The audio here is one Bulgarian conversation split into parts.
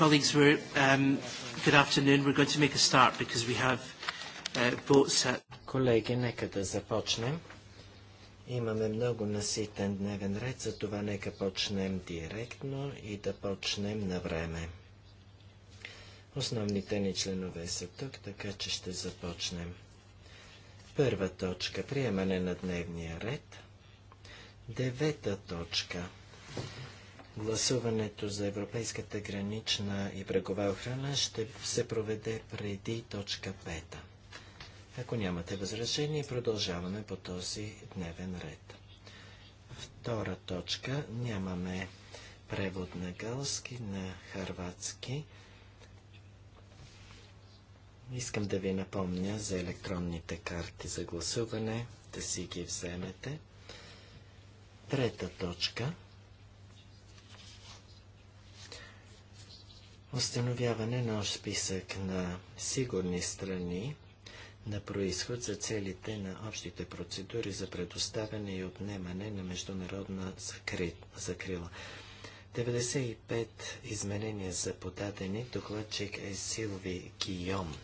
Colleagues, we're, um, good afternoon. We're going to make a start because we have uh, votes at... Колеги, нека да започнем. Имаме много наситен дневен ред, затова нека почнем директно и да почнем на време. Основните ни членове са тук, така че ще започнем. Първа точка – приемане на дневния ред. Девета точка – Гласуването за Европейската гранична и брегова охрана ще се проведе преди точка 5. Ако нямате възражение, продължаваме по този дневен ред. Втора точка. Нямаме превод на галски, на харватски. Искам да ви напомня за електронните карти за гласуване, да си ги вземете. Трета точка – установяване на общ списък на сигурни страни на происход за целите на общите процедури за предоставяне и отнемане на международна закрила. 95 изменения за подадени. Докладчик е Силви Киом.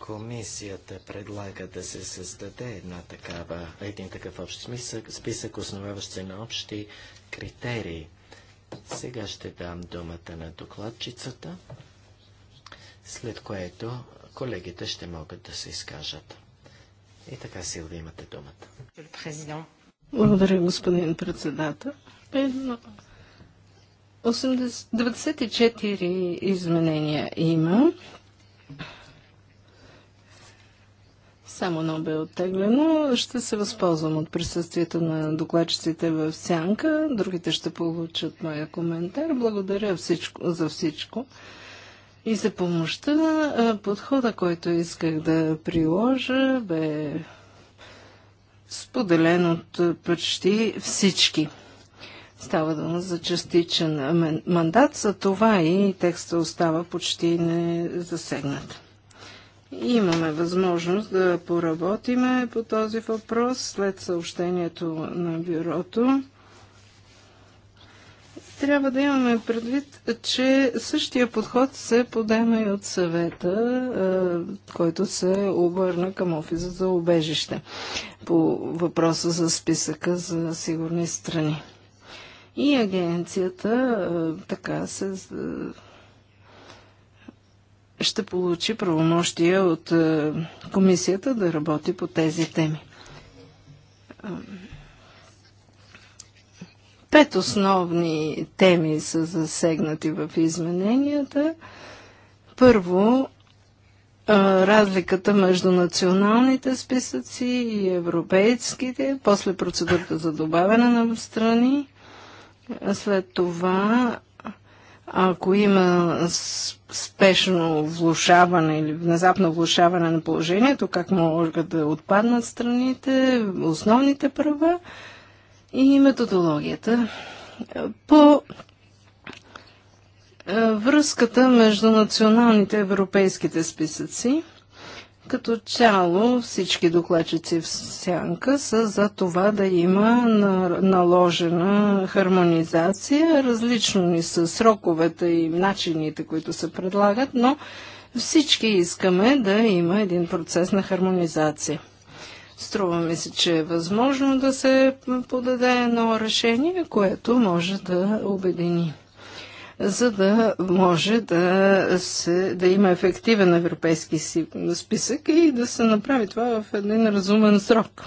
Комисията предлага да се създаде една такава, един такъв общ списък, списък, основаващ се на общи критерии. Сега ще дам думата на докладчицата, след което колегите ще могат да се изкажат. И така, Силви, имате думата. Благодаря, господин председател. 94 изменения има. Само едно бе оттеглено. Ще се възползвам от присъствието на докладчиците в Сянка. Другите ще получат моя коментар. Благодаря всичко, за всичко. И за помощта подхода, който исках да приложа, бе споделен от почти всички. Става дума за частичен мандат, за това и текста остава почти незасегнат. Имаме възможност да поработиме по този въпрос след съобщението на бюрото. Трябва да имаме предвид, че същия подход се подема и от съвета, е, който се обърна към офиса за обежище по въпроса за списъка за сигурни страни. И агенцията е, така се е, ще получи правомощия от е, комисията да работи по тези теми. Пет основни теми са засегнати в измененията. Първо, е, разликата между националните списъци и европейските, после процедурата за добавяне на страни, след това ако има спешно влушаване или внезапно влушаване на положението, как могат да отпаднат страните, основните права и методологията. По е, връзката между националните европейските списъци – като цяло всички докладчици в сянка са за това да има наложена хармонизация. Различно ни са сроковете и начините, които се предлагат, но всички искаме да има един процес на хармонизация. Струва ми се, че е възможно да се подаде едно решение, което може да обедини за да може да, се, да има ефективен европейски списък и да се направи това в един разумен срок.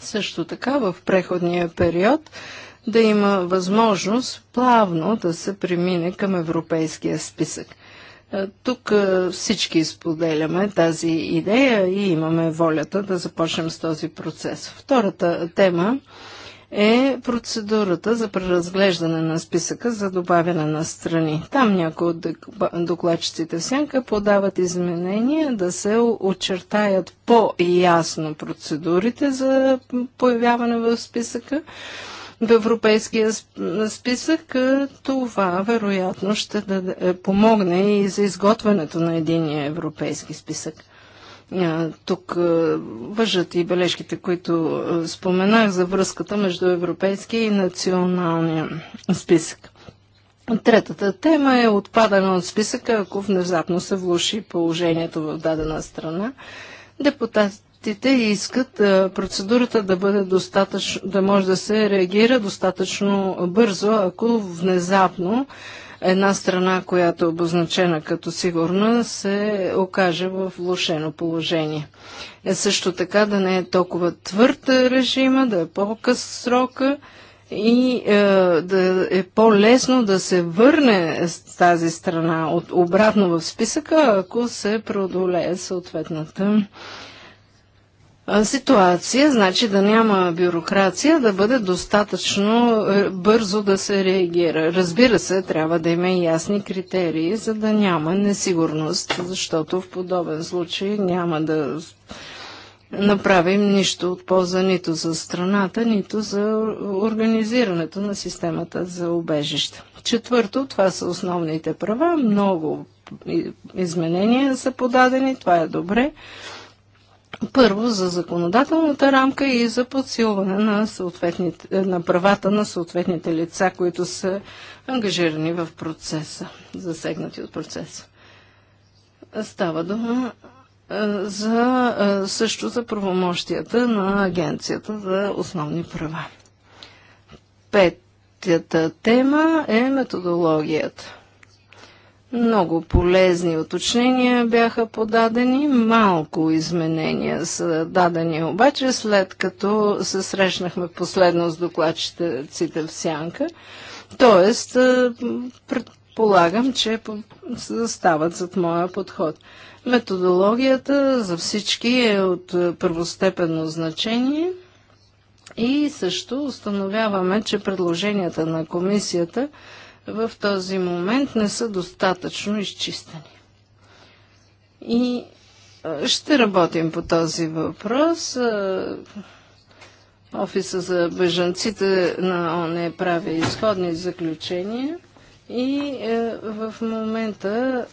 Също така в преходния период да има възможност плавно да се премине към европейския списък. Тук всички споделяме тази идея и имаме волята да започнем с този процес. Втората тема е процедурата за преразглеждане на списъка за добавяне на страни. Там някои от докладчиците в сянка подават изменения да се очертаят по-ясно процедурите за появяване в списъка в европейския списък, това вероятно ще помогне и за изготвянето на единия европейски списък. Тук въжат и бележките, които споменах за връзката между европейския и националния списък. Третата тема е отпадане от списъка, ако внезапно се влуши положението в дадена страна. Депутатите искат процедурата да бъде достатъчно, да може да се реагира достатъчно бързо, ако внезапно една страна, която е обозначена като сигурна, се окаже в влушено положение. Е също така да не е толкова твърд режима, да е по-къс срока и е, да е по-лесно да се върне с тази страна от, обратно в списъка, ако се преодолее съответната ситуация, значи да няма бюрокрация, да бъде достатъчно е, бързо да се реагира. Разбира се, трябва да има и ясни критерии, за да няма несигурност, защото в подобен случай няма да направим нищо от полза нито за страната, нито за организирането на системата за убежище. Четвърто, това са основните права. Много изменения са подадени, това е добре. Първо за законодателната рамка и за подсилване на, на правата на съответните лица, които са ангажирани в процеса, засегнати от процеса. Става дума за, също за правомощията на Агенцията за основни права. Петата тема е методологията. Много полезни уточнения бяха подадени, малко изменения са дадени обаче, след като се срещнахме последно с докладчиците в Сянка. Тоест, е, предполагам, че стават зад моя подход. Методологията за всички е от е, първостепенно значение и също установяваме, че предложенията на комисията – в този момент не са достатъчно изчистени. И ще работим по този въпрос. Офиса за бежанците на ОНЕ прави изходни заключения и е, в момента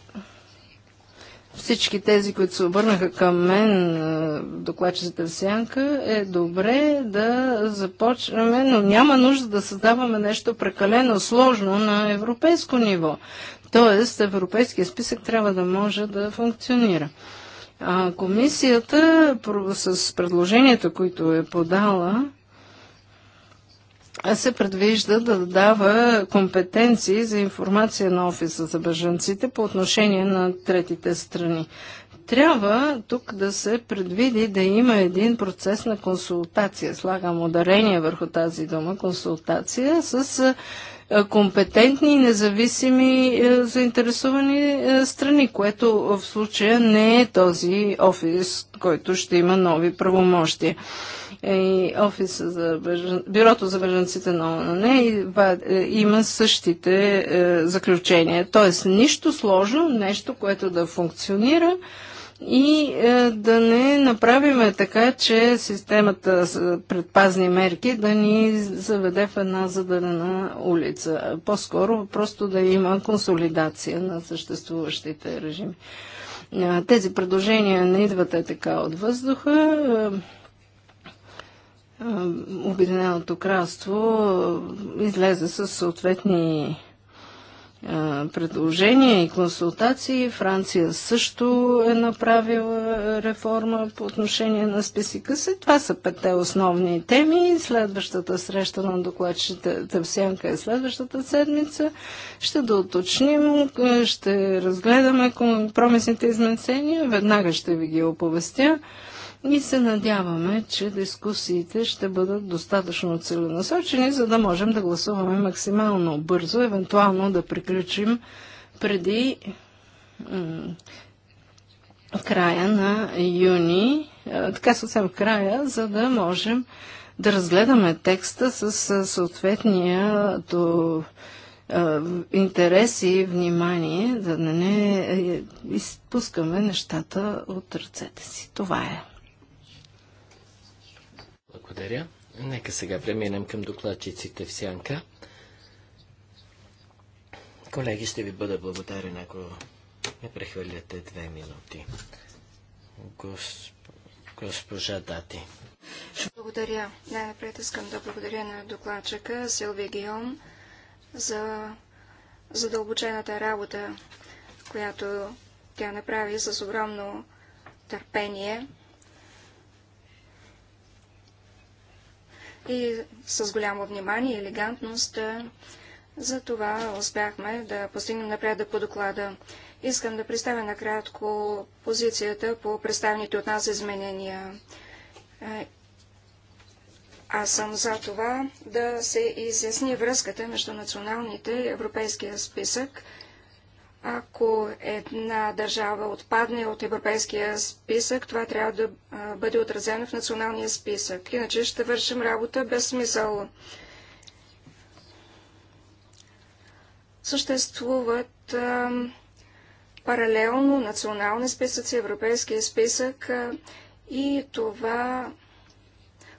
всички тези, които се обърнаха към мен, докладчицата Сянка, е добре да започваме, но няма нужда да създаваме нещо прекалено сложно на европейско ниво. Тоест, европейския списък трябва да може да функционира. А комисията с предложението, които е подала, се предвижда да дава компетенции за информация на офиса за бежанците по отношение на третите страни. Трябва тук да се предвиди да има един процес на консултация, слагам ударение върху тази дума, консултация с компетентни и независими е, заинтересовани е, страни, което в случая не е този офис, който ще има нови правомощия. Е, и офиса за бежан... бюрото за бежанците на ООН е, има същите е, заключения. Тоест нищо сложно, нещо, което да функционира и е, да не направиме така, че системата за предпазни мерки да ни заведе в една зададена улица. По-скоро просто да има консолидация на съществуващите режими. Тези предложения не идват е така от въздуха. Е, Обединеното кралство излезе с съответни предложения и консултации. Франция също е направила реформа по отношение на списъка си. Това са петте основни теми. Следващата среща на докладчите в Сянка е следващата седмица. Ще да уточним, ще разгледаме компромисните изменения. Веднага ще ви ги оповестя и се надяваме, че дискусиите ще бъдат достатъчно целенасочени, за да можем да гласуваме максимално бързо, евентуално да приключим преди края на юни, така съвсем края, за да можем да разгледаме текста с съответния до интерес и внимание, да не е, е, изпускаме нещата от ръцете си. Това е. Благодаря. Нека сега преминем към докладчиците в сянка. Колеги, ще ви бъда благодарен, ако не прехвърляте две минути. Госп... Госпожа Дати. Благодаря. Най-напред искам да благодаря на докладчика Силви Гион за задълбочената работа, която тя направи с огромно търпение. и с голямо внимание и елегантност. За това успяхме да постигнем напредък по доклада. Искам да представя накратко позицията по представените от нас изменения. Аз съм за това да се изясни връзката между националните и европейския списък ако една държава отпадне от европейския списък, това трябва да бъде отразено в националния списък. Иначе ще вършим работа без смисъл. Съществуват а, паралелно национални списъци, европейския списък а, и това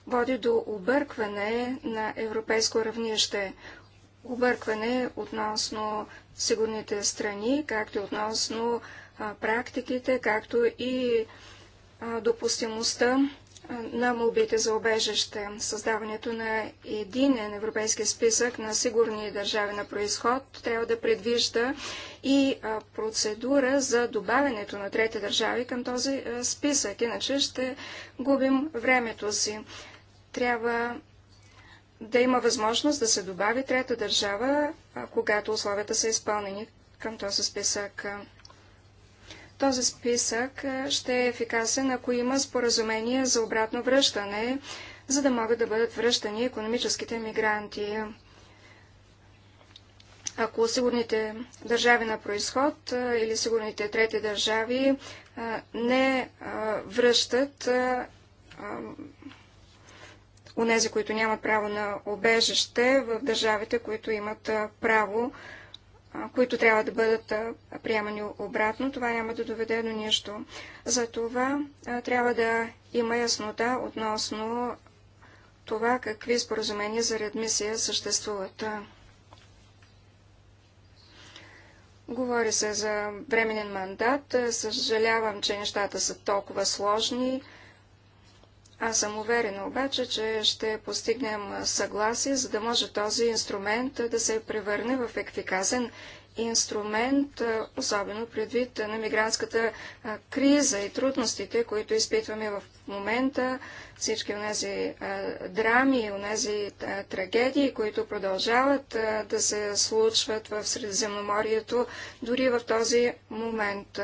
води до объркване на европейско равнище объркване относно сигурните страни, както и относно практиките, както и допустимостта на молбите за обежище. Създаването на единен европейски списък на сигурни държави на происход трябва да предвижда и процедура за добавянето на трети държави към този списък, иначе ще губим времето си. Трябва да има възможност да се добави трета държава, когато условията са изпълнени към този списък. Този списък ще е ефикасен, ако има споразумение за обратно връщане, за да могат да бъдат връщани економическите мигранти. Ако сигурните държави на происход или сигурните трети държави не връщат онези, които нямат право на обежище в държавите, които имат право, които трябва да бъдат приемани обратно. Това няма да доведе до нищо. Затова трябва да има яснота относно това какви споразумения за редмисия съществуват. Говори се за временен мандат. Съжалявам, че нещата са толкова сложни. Аз съм уверена обаче, че ще постигнем съгласие, за да може този инструмент да се превърне в ефикасен инструмент, особено предвид на мигрантската криза и трудностите, които изпитваме в момента, всички онези драми, и онези трагедии, които продължават да се случват в Средиземноморието, дори в този момент.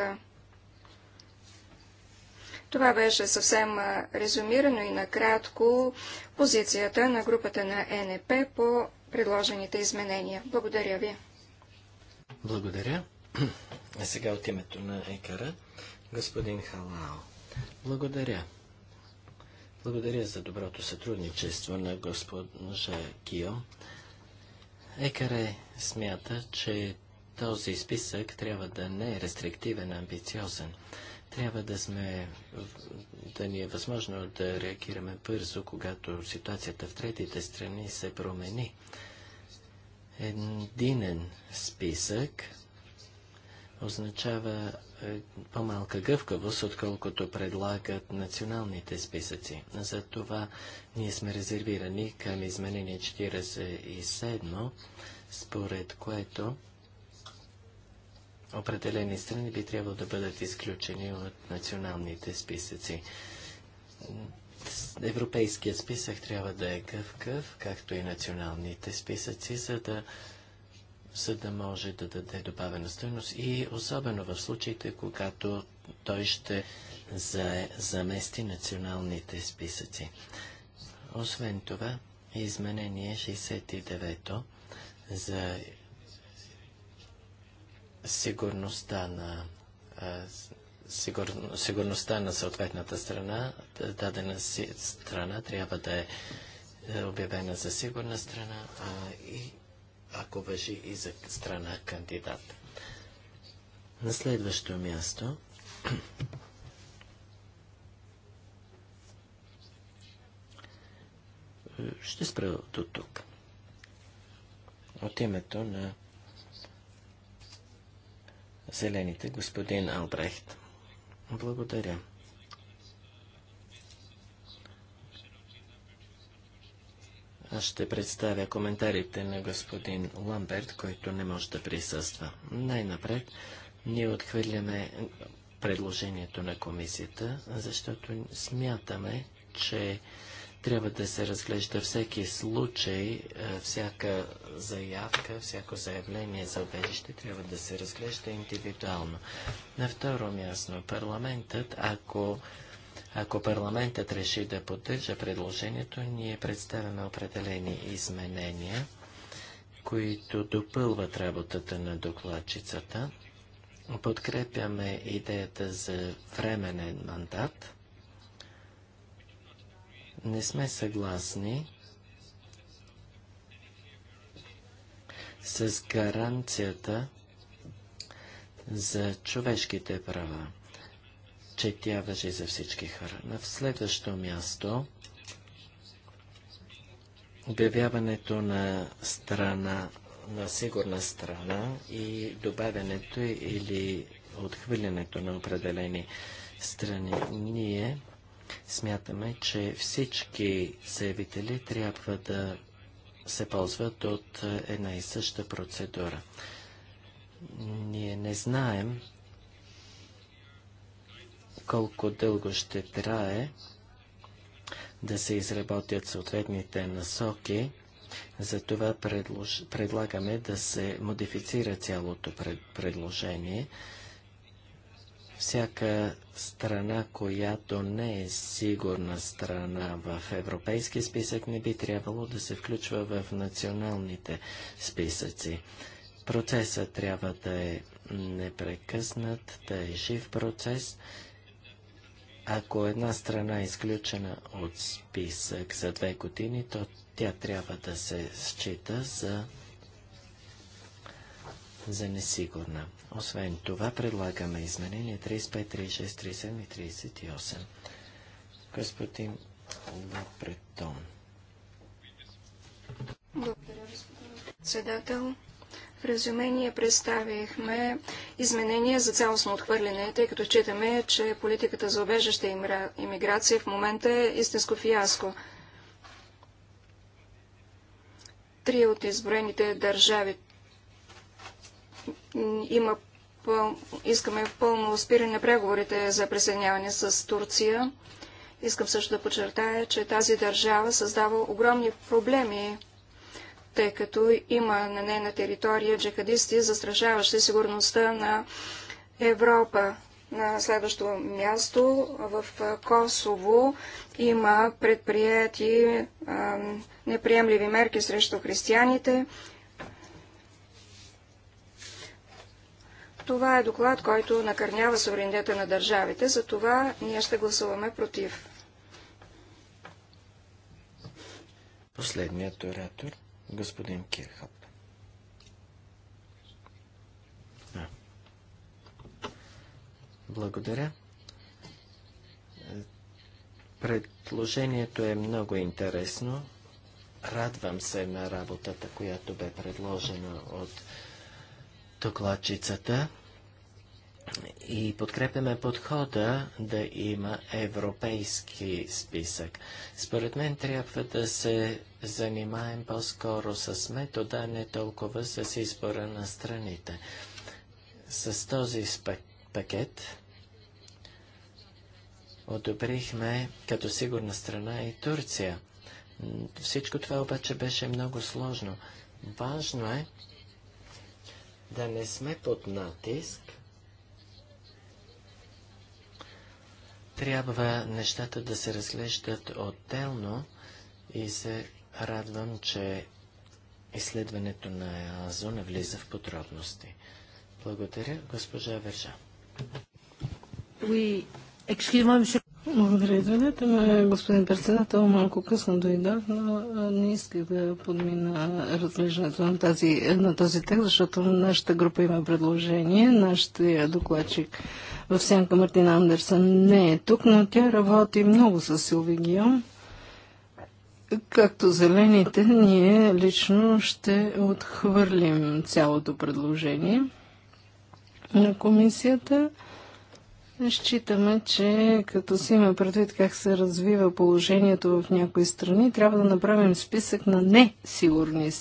Това беше съвсем резюмирано и накратко позицията на групата на НП по предложените изменения. Благодаря ви. Благодаря. А сега от името на ЕКАРА, господин Халао. Благодаря. Благодаря за доброто сътрудничество на госпожа Кио. Екаре смята, че този списък трябва да не е рестриктивен, амбициозен. Трябва да сме, да ни е възможно да реагираме бързо, когато ситуацията в третите страни се промени. Единен списък означава е, по-малка гъвкавост, отколкото предлагат националните списъци. Затова ние сме резервирани към изменение 47, според което определени страни би трябвало да бъдат изключени от националните списъци. Европейският списък трябва да е гъвкав, както и националните списъци, за да, за да може да даде добавена стоеност и особено в случаите, когато той ще за, замести националните списъци. Освен това, изменение 69-то за сигурността на, сигур, сигурността на съответната страна, дадена си, страна трябва да е, е обявена за сигурна страна, а и ако въжи и за страна кандидат. На следващо място ще спра до тук. От името на Зелените, господин Албрехт. Благодаря. Аз ще представя коментарите на господин Ламберт, който не може да присъства. Най-напред ние отхвърляме предложението на комисията, защото смятаме, че трябва да се разглежда всеки случай, е, всяка заявка, всяко заявление за убежище трябва да се разглежда индивидуално. На второ място, парламентът, ако ако парламентът реши да поддържа предложението, ние представяме определени изменения, които допълват работата на докладчицата. Подкрепяме идеята за временен мандат не сме съгласни с гаранцията за човешките права, че тя въжи за всички хора. На следващо място обявяването на страна, на сигурна страна и добавянето или отхвърлянето на определени страни. Ние Смятаме, че всички заявители трябва да се ползват от е, една и съща процедура. Ние не знаем колко дълго ще трае да се изработят съответните насоки. Затова предлож... предлагаме да се модифицира цялото пред... предложение. Всяка страна, която не е сигурна страна в европейски списък, не би трябвало да се включва в националните списъци. Процесът трябва да е непрекъснат, да е жив процес. Ако една страна е изключена от списък за две години, то тя трябва да се счита за за несигурна. Освен това, предлагаме изменения 35, 36, 37 и 38. Господин Лапретон. Благодаря, господин председател. В резюмение представихме изменения за цялостно отхвърляне, тъй като считаме, че политиката за обежаща иммиграция в момента е истинско фиаско. Три от изброените държави има пъл... искаме пълно спиране на преговорите за присъединяване с Турция. Искам също да подчертая, че тази държава създава огромни проблеми, тъй като има на нейна територия джихадисти, застрашаващи сигурността на Европа. На следващо място в Косово има предприяти неприемливи мерки срещу християните. Това е доклад, който накърнява суверенитета на държавите, за това ние ще гласуваме против. Последният оратор, господин Кирхоп. Благодаря. Предложението е много интересно. Радвам се на работата, която бе предложена от докладчицата и подкрепяме подхода да има европейски списък. Според мен трябва да се занимаем по-скоро с метода, не толкова с избора на страните. С този пакет одобрихме като сигурна страна и Турция. Всичко това обаче беше много сложно. Важно е да не сме под натиск, трябва нещата да се разглеждат отделно и се радвам, че изследването на ЕАЗО влиза в подробности. Благодаря, госпожа Вержа. monsieur. Благодаря. Извинете ме, господин председател, малко късно дойдах, но не исках да подмина разглеждането на, тази, на този текст, защото нашата група има предложение. Нашия е докладчик в сянка Мартин Андерсън не е тук, но тя работи много с Силви Гион. Както зелените, ние лично ще отхвърлим цялото предложение на комисията. Считаме, че като си има предвид как се развива положението в някои страни, трябва да направим списък на несигурни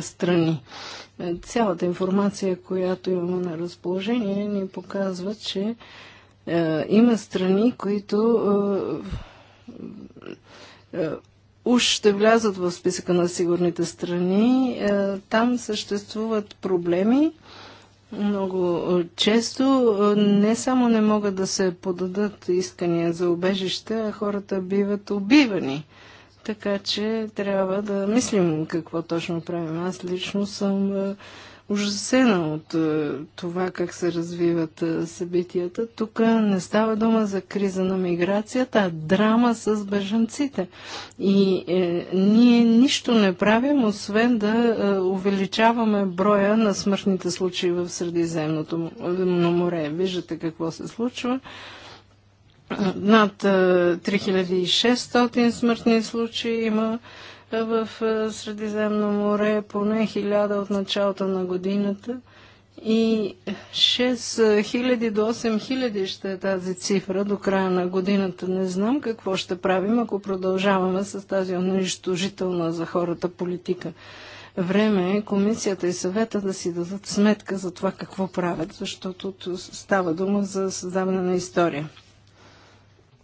страни. Е, цялата информация, която имаме на разположение, ни показва, че е, има страни, които е, е, уж ще влязат в списъка на сигурните страни. Е, там съществуват проблеми много често не само не могат да се подадат искания за убежище, а хората биват убивани. Така че трябва да мислим какво точно правим. Аз лично съм ужасена от е, това как се развиват е, събитията. Тук не става дума за криза на миграцията, а драма с бежанците. И е, ние нищо не правим, освен да е, увеличаваме броя на смъртните случаи в Средиземното море. Виждате какво се случва над 3600 е, смъртни случаи има в Средиземно море поне 1000 от началото на годината и 6000 до 8000 ще е тази цифра до края на годината. Не знам какво ще правим, ако продължаваме с тази унищожителна за хората политика. Време е комисията и съвета да си дадат сметка за това какво правят, защото става дума за създаване на история.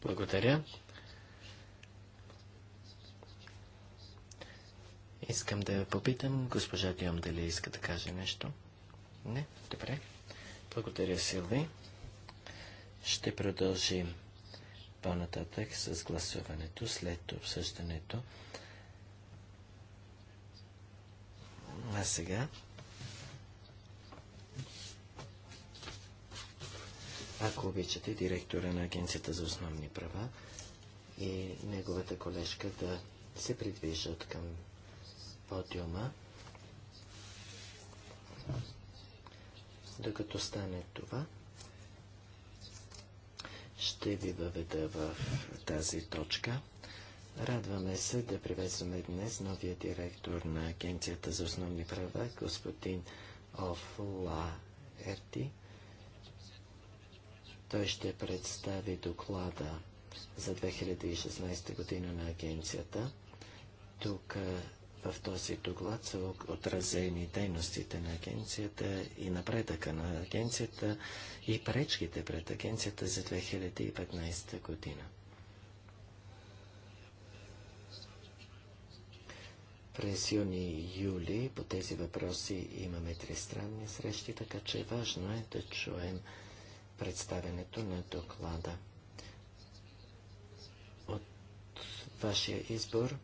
Благодаря. Искам да попитам госпожа Диом дали иска да каже нещо. Не? Добре. Благодаря, Силви. Ще продължим по-нататък с гласуването след обсъждането. А сега ако обичате, директора на Агенцията за основни права и неговата колежка да се придвижат към подиума, докато стане това, ще ви въведа в тази точка. Радваме се да привезваме днес новия директор на Агенцията за основни права, господин Офла Ерти. Той ще представи доклада за 2016 година на агенцията. Тук в този доклад са отразени дейностите на агенцията и напредъка на агенцията и пречките пред агенцията за 2015 година. През юни и юли по тези въпроси имаме тристранни срещи, така че важно е да чуем представенето на доклада. От вашия избор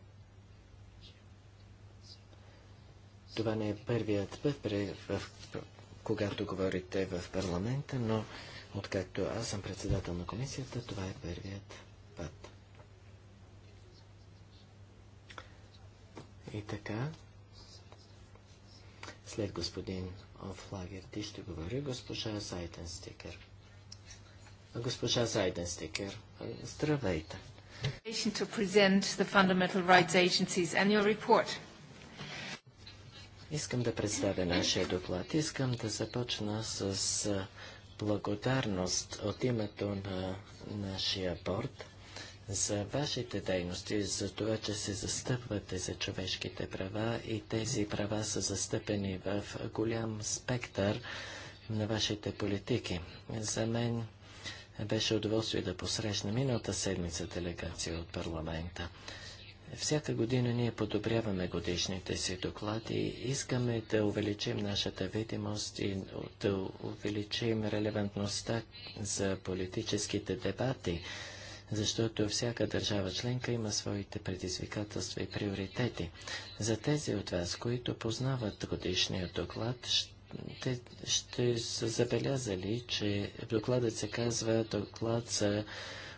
Това не е първият път, когато говорите в парламента, но откакто аз съм председател на комисията, това е първият път. И така, след господин Офлагер, ти ще говори госпожа Зайденстикер. Госпожа Зайденстикер, здравейте. To present the Fundamental Rights Agency's annual report. Искам да представя нашия доклад. Искам да започна с благодарност от името на нашия борт за вашите дейности, за това, че се застъпвате за човешките права и тези права са застъпени в голям спектър на вашите политики. За мен беше удоволствие да посрещна миналата седмица делегация от парламента. Всяка година ние подобряваме годишните си доклади, искаме да увеличим нашата видимост и да увеличим релевантността за политическите дебати, защото всяка държава членка има своите предизвикателства и приоритети. За тези от вас, които познават годишния доклад, те ще са забелязали, че докладът се казва доклад за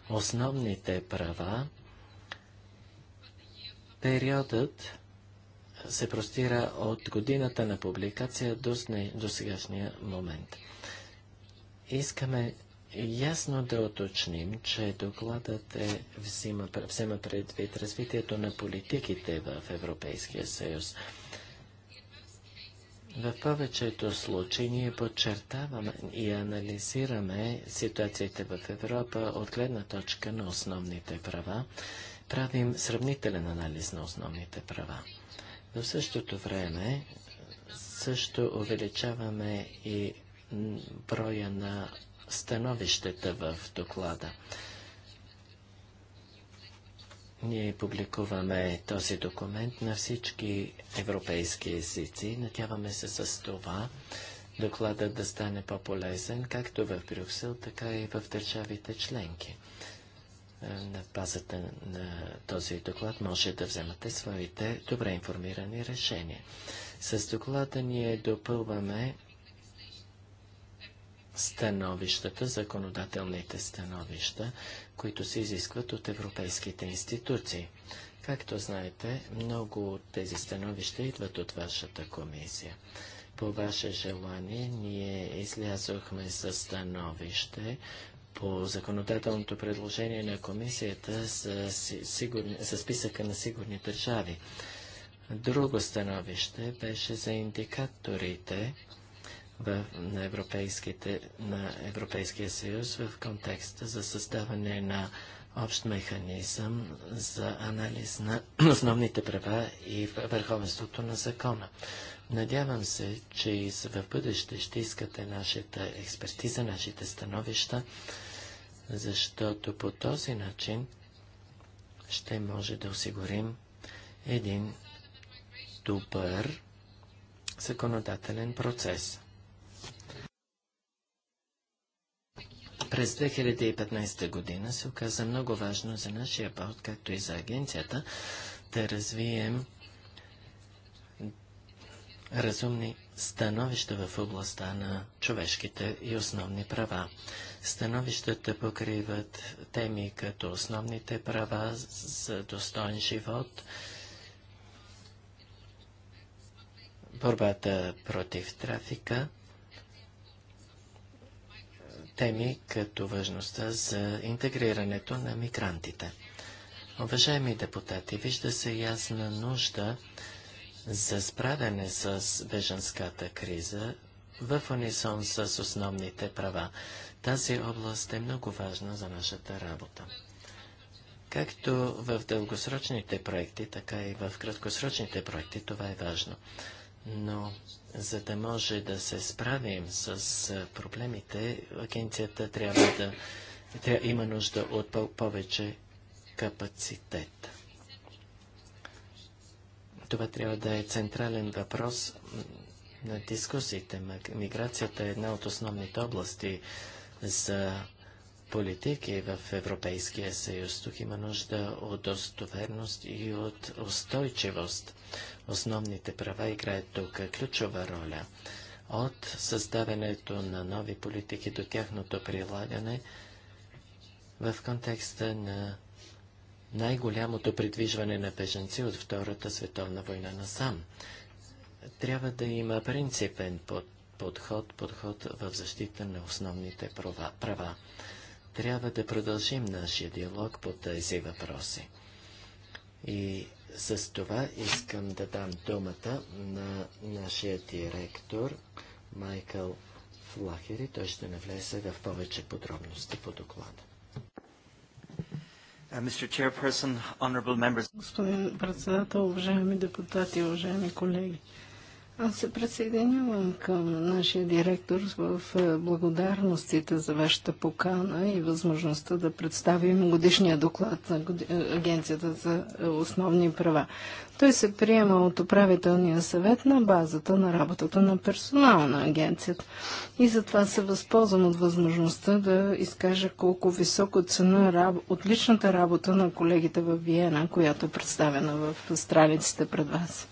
основните права, Периодът се простира от годината на публикация до, сне, до сегашния момент. Искаме ясно да уточним, че докладът е, взима, взема предвид развитието на политиките в Европейския съюз. В повечето случаи ние подчертаваме и анализираме ситуациите в Европа от гледна точка на основните права правим сравнителен анализ на основните права. Но в същото време също увеличаваме и броя на становищата в доклада. Ние публикуваме този документ на всички европейски езици. Надяваме се с това докладът да стане по-полезен както в Брюксел, така и в държавите членки. Е, на базата на този доклад може да вземате своите добре информирани решения. С доклада ние допълваме становищата, законодателните становища, които се изискват от европейските институции. Както знаете, много от тези становища идват от вашата комисия. По ваше желание ние излязохме със становище по законодателното предложение на комисията за, сигурни, за списъка на сигурни държави. Друго становище беше за индикаторите в, на, европейските, на Европейския съюз в контекста за създаване на общ механизъм за анализ на основните права и върховенството на закона. Надявам се, че и в бъдеще ще искате нашата експертиза, нашите становища, защото по този начин ще може да осигурим един добър законодателен процес. През 2015 година се оказа много важно за нашия път, както и за агенцията, да развием разумни становища в областта на човешките и основни права. Становищата покриват теми като основните права за достоен живот, борбата против трафика, теми като важността за интегрирането на мигрантите. Уважаеми депутати, вижда се ясна нужда за справяне с беженската криза в унисон с основните права. Тази област е много важна за нашата работа. Както в дългосрочните проекти, така и в краткосрочните проекти това е важно. Но за да може да се справим с проблемите, агенцията трябва да, трябва, има нужда от повече капацитет. Това трябва да е централен въпрос на дискусиите. Миграцията е една от основните области за политики в Европейския съюз. Тук има нужда от достоверност и от устойчивост. Основните права играят тук ключова роля. От създаването на нови политики до тяхното прилагане в контекста на най-голямото придвижване на беженци от Втората световна война насам. Трябва да има принципен под, подход, подход в защита на основните права. права. Трябва да продължим нашия диалог по тези въпроси. И с това искам да дам думата на нашия директор Майкъл Флахери. Той ще навлезе в повече подробности по доклада. Uh, Господин председател, уважаеми депутати, уважаеми колеги. Аз се присъединявам към нашия директор в е, благодарностите за вашата покана и възможността да представим годишния доклад на е, Агенцията за е, основни права. Той се приема от управителния съвет на базата на работата на персонал на агенцията. И затова се възползвам от възможността да изкажа колко високо цена раб... отличната работа на колегите в Виена, която е представена в страниците пред вас.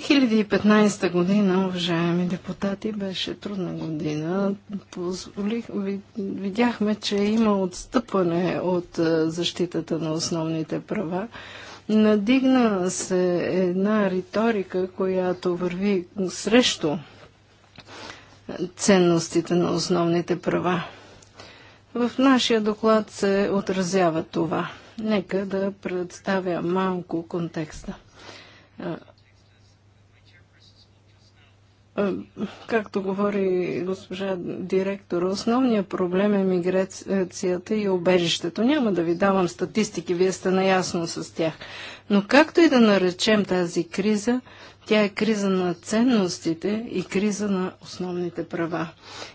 2015 година, уважаеми депутати, беше трудна година. Позволих, видяхме, че има отстъпване от защитата на основните права. Надигна се една риторика, която върви срещу ценностите на основните права. В нашия доклад се отразява това. Нека да представя малко контекста. Е, както говори госпожа директор, основният проблем е миграцията и обежището. Няма да ви давам статистики, вие сте наясно с тях. Но както и да наречем тази криза, тя е криза на ценностите и криза на основните права.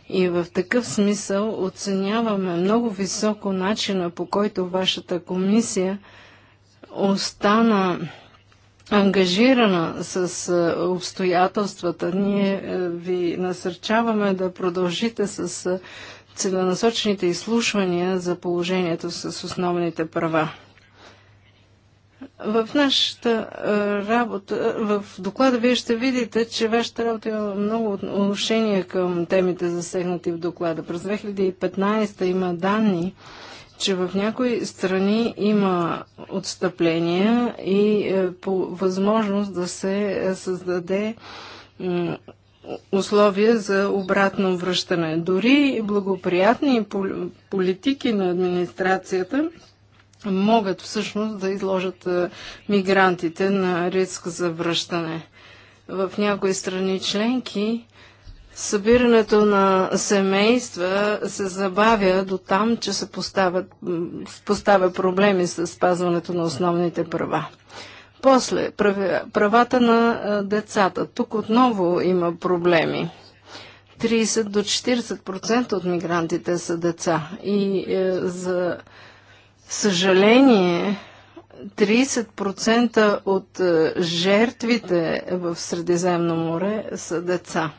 И в такъв смисъл оценяваме много високо начина, по който вашата комисия остана ангажирана с е, обстоятелствата. Ние е, ви насърчаваме да продължите с е, целенасочените изслушвания за положението с основните права. В нашата работа, в доклада вие ще видите, че вашата работа има много отношение към темите засегнати в доклада. През 2015 има данни, че в някои страни има отстъпления и е, по възможност да се е, създаде условия за обратно връщане. Дори благоприятни политики на администрацията могат всъщност да изложат е, мигрантите на риск за връщане. В някои страни членки събирането на семейства се забавя до там, че се поставят, поставя проблеми с спазването на основните права. После, правата на децата. Тук отново има проблеми. 30 до 40% от мигрантите са деца. И е, за съжаление, 30% от е, жертвите в Средиземно море са деца.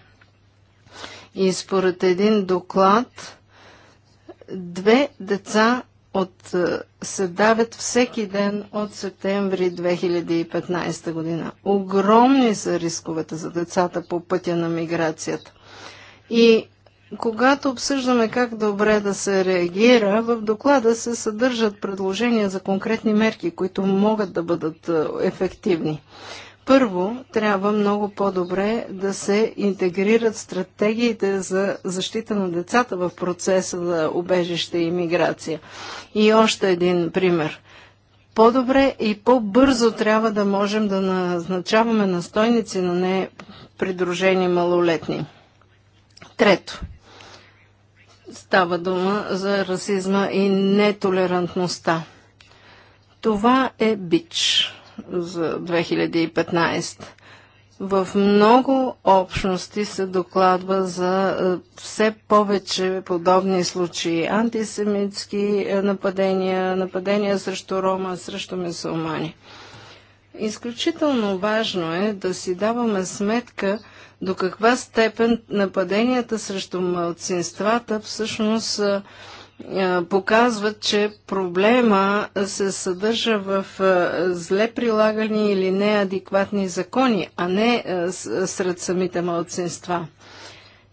И според един доклад, две деца от, е, се давят всеки ден от септември 2015 година. Огромни са рисковете за децата по пътя на миграцията. И когато обсъждаме как добре да се реагира, в доклада се съдържат предложения за конкретни мерки, които могат да бъдат е, ефективни. Първо, трябва много по-добре да се интегрират стратегиите за защита на децата в процеса за убежище и миграция. И още един пример. По-добре и по-бързо трябва да можем да назначаваме настойници на не придружени малолетни. Трето, става дума за расизма и нетолерантността. Това е бич за 2015. В много общности се докладва за е, все повече подобни случаи. Антисемитски е, нападения, нападения срещу рома, срещу мусулмани. Изключително важно е да си даваме сметка до каква степен нападенията срещу мълцинствата всъщност е, показват, че проблема се съдържа в зле прилагани или неадекватни закони, а не сред самите малцинства.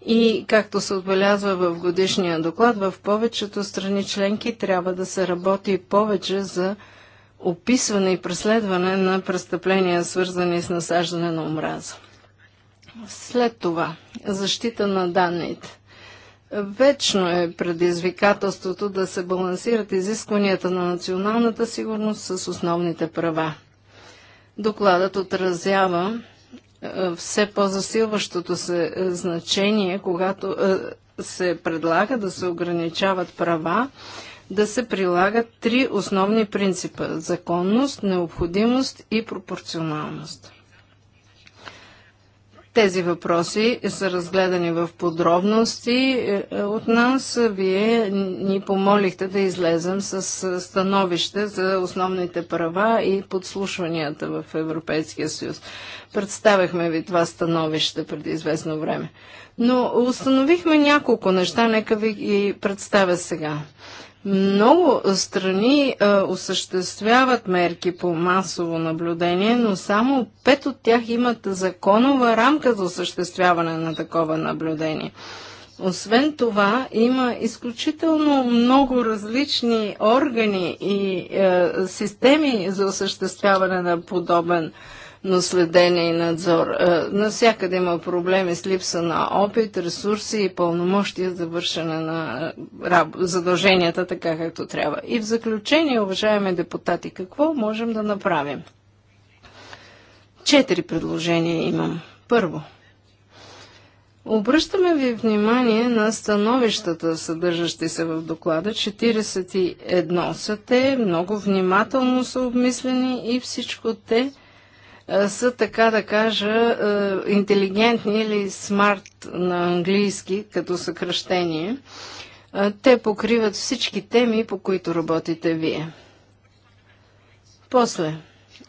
И, както се отбелязва в годишния доклад, в повечето страни членки трябва да се работи повече за описване и преследване на престъпления, свързани с насаждане на омраза. След това, защита на данните. Вечно е предизвикателството да се балансират изискванията на националната сигурност с основните права. Докладът отразява е, все по-засилващото се е, значение, когато е, се предлага да се ограничават права, да се прилагат три основни принципа – законност, необходимост и пропорционалност. Тези въпроси са разгледани в подробности е, е, от нас. Вие ни помолихте да излезем с е, становище за основните права и подслушванията в Европейския съюз. Представихме ви това становище преди известно време. Но установихме няколко неща, нека ви ги представя сега. Много страни а, осъществяват мерки по масово наблюдение, но само пет от тях имат законова рамка за осъществяване на такова наблюдение. Освен това, има изключително много различни органи и е, системи за осъществяване на подобен наследение и надзор. Е, Насякъде има проблеми с липса на опит, ресурси и пълномощия за вършене на е, задълженията така както трябва. И в заключение, уважаеми депутати, какво можем да направим? Четири предложения имам. Първо, Обръщаме ви внимание на становищата, съдържащи се в доклада. 41 са те, много внимателно са обмислени и всичко те е, са, така да кажа, е, интелигентни или смарт на английски, като съкръщение. Е, те покриват всички теми, по които работите вие. После,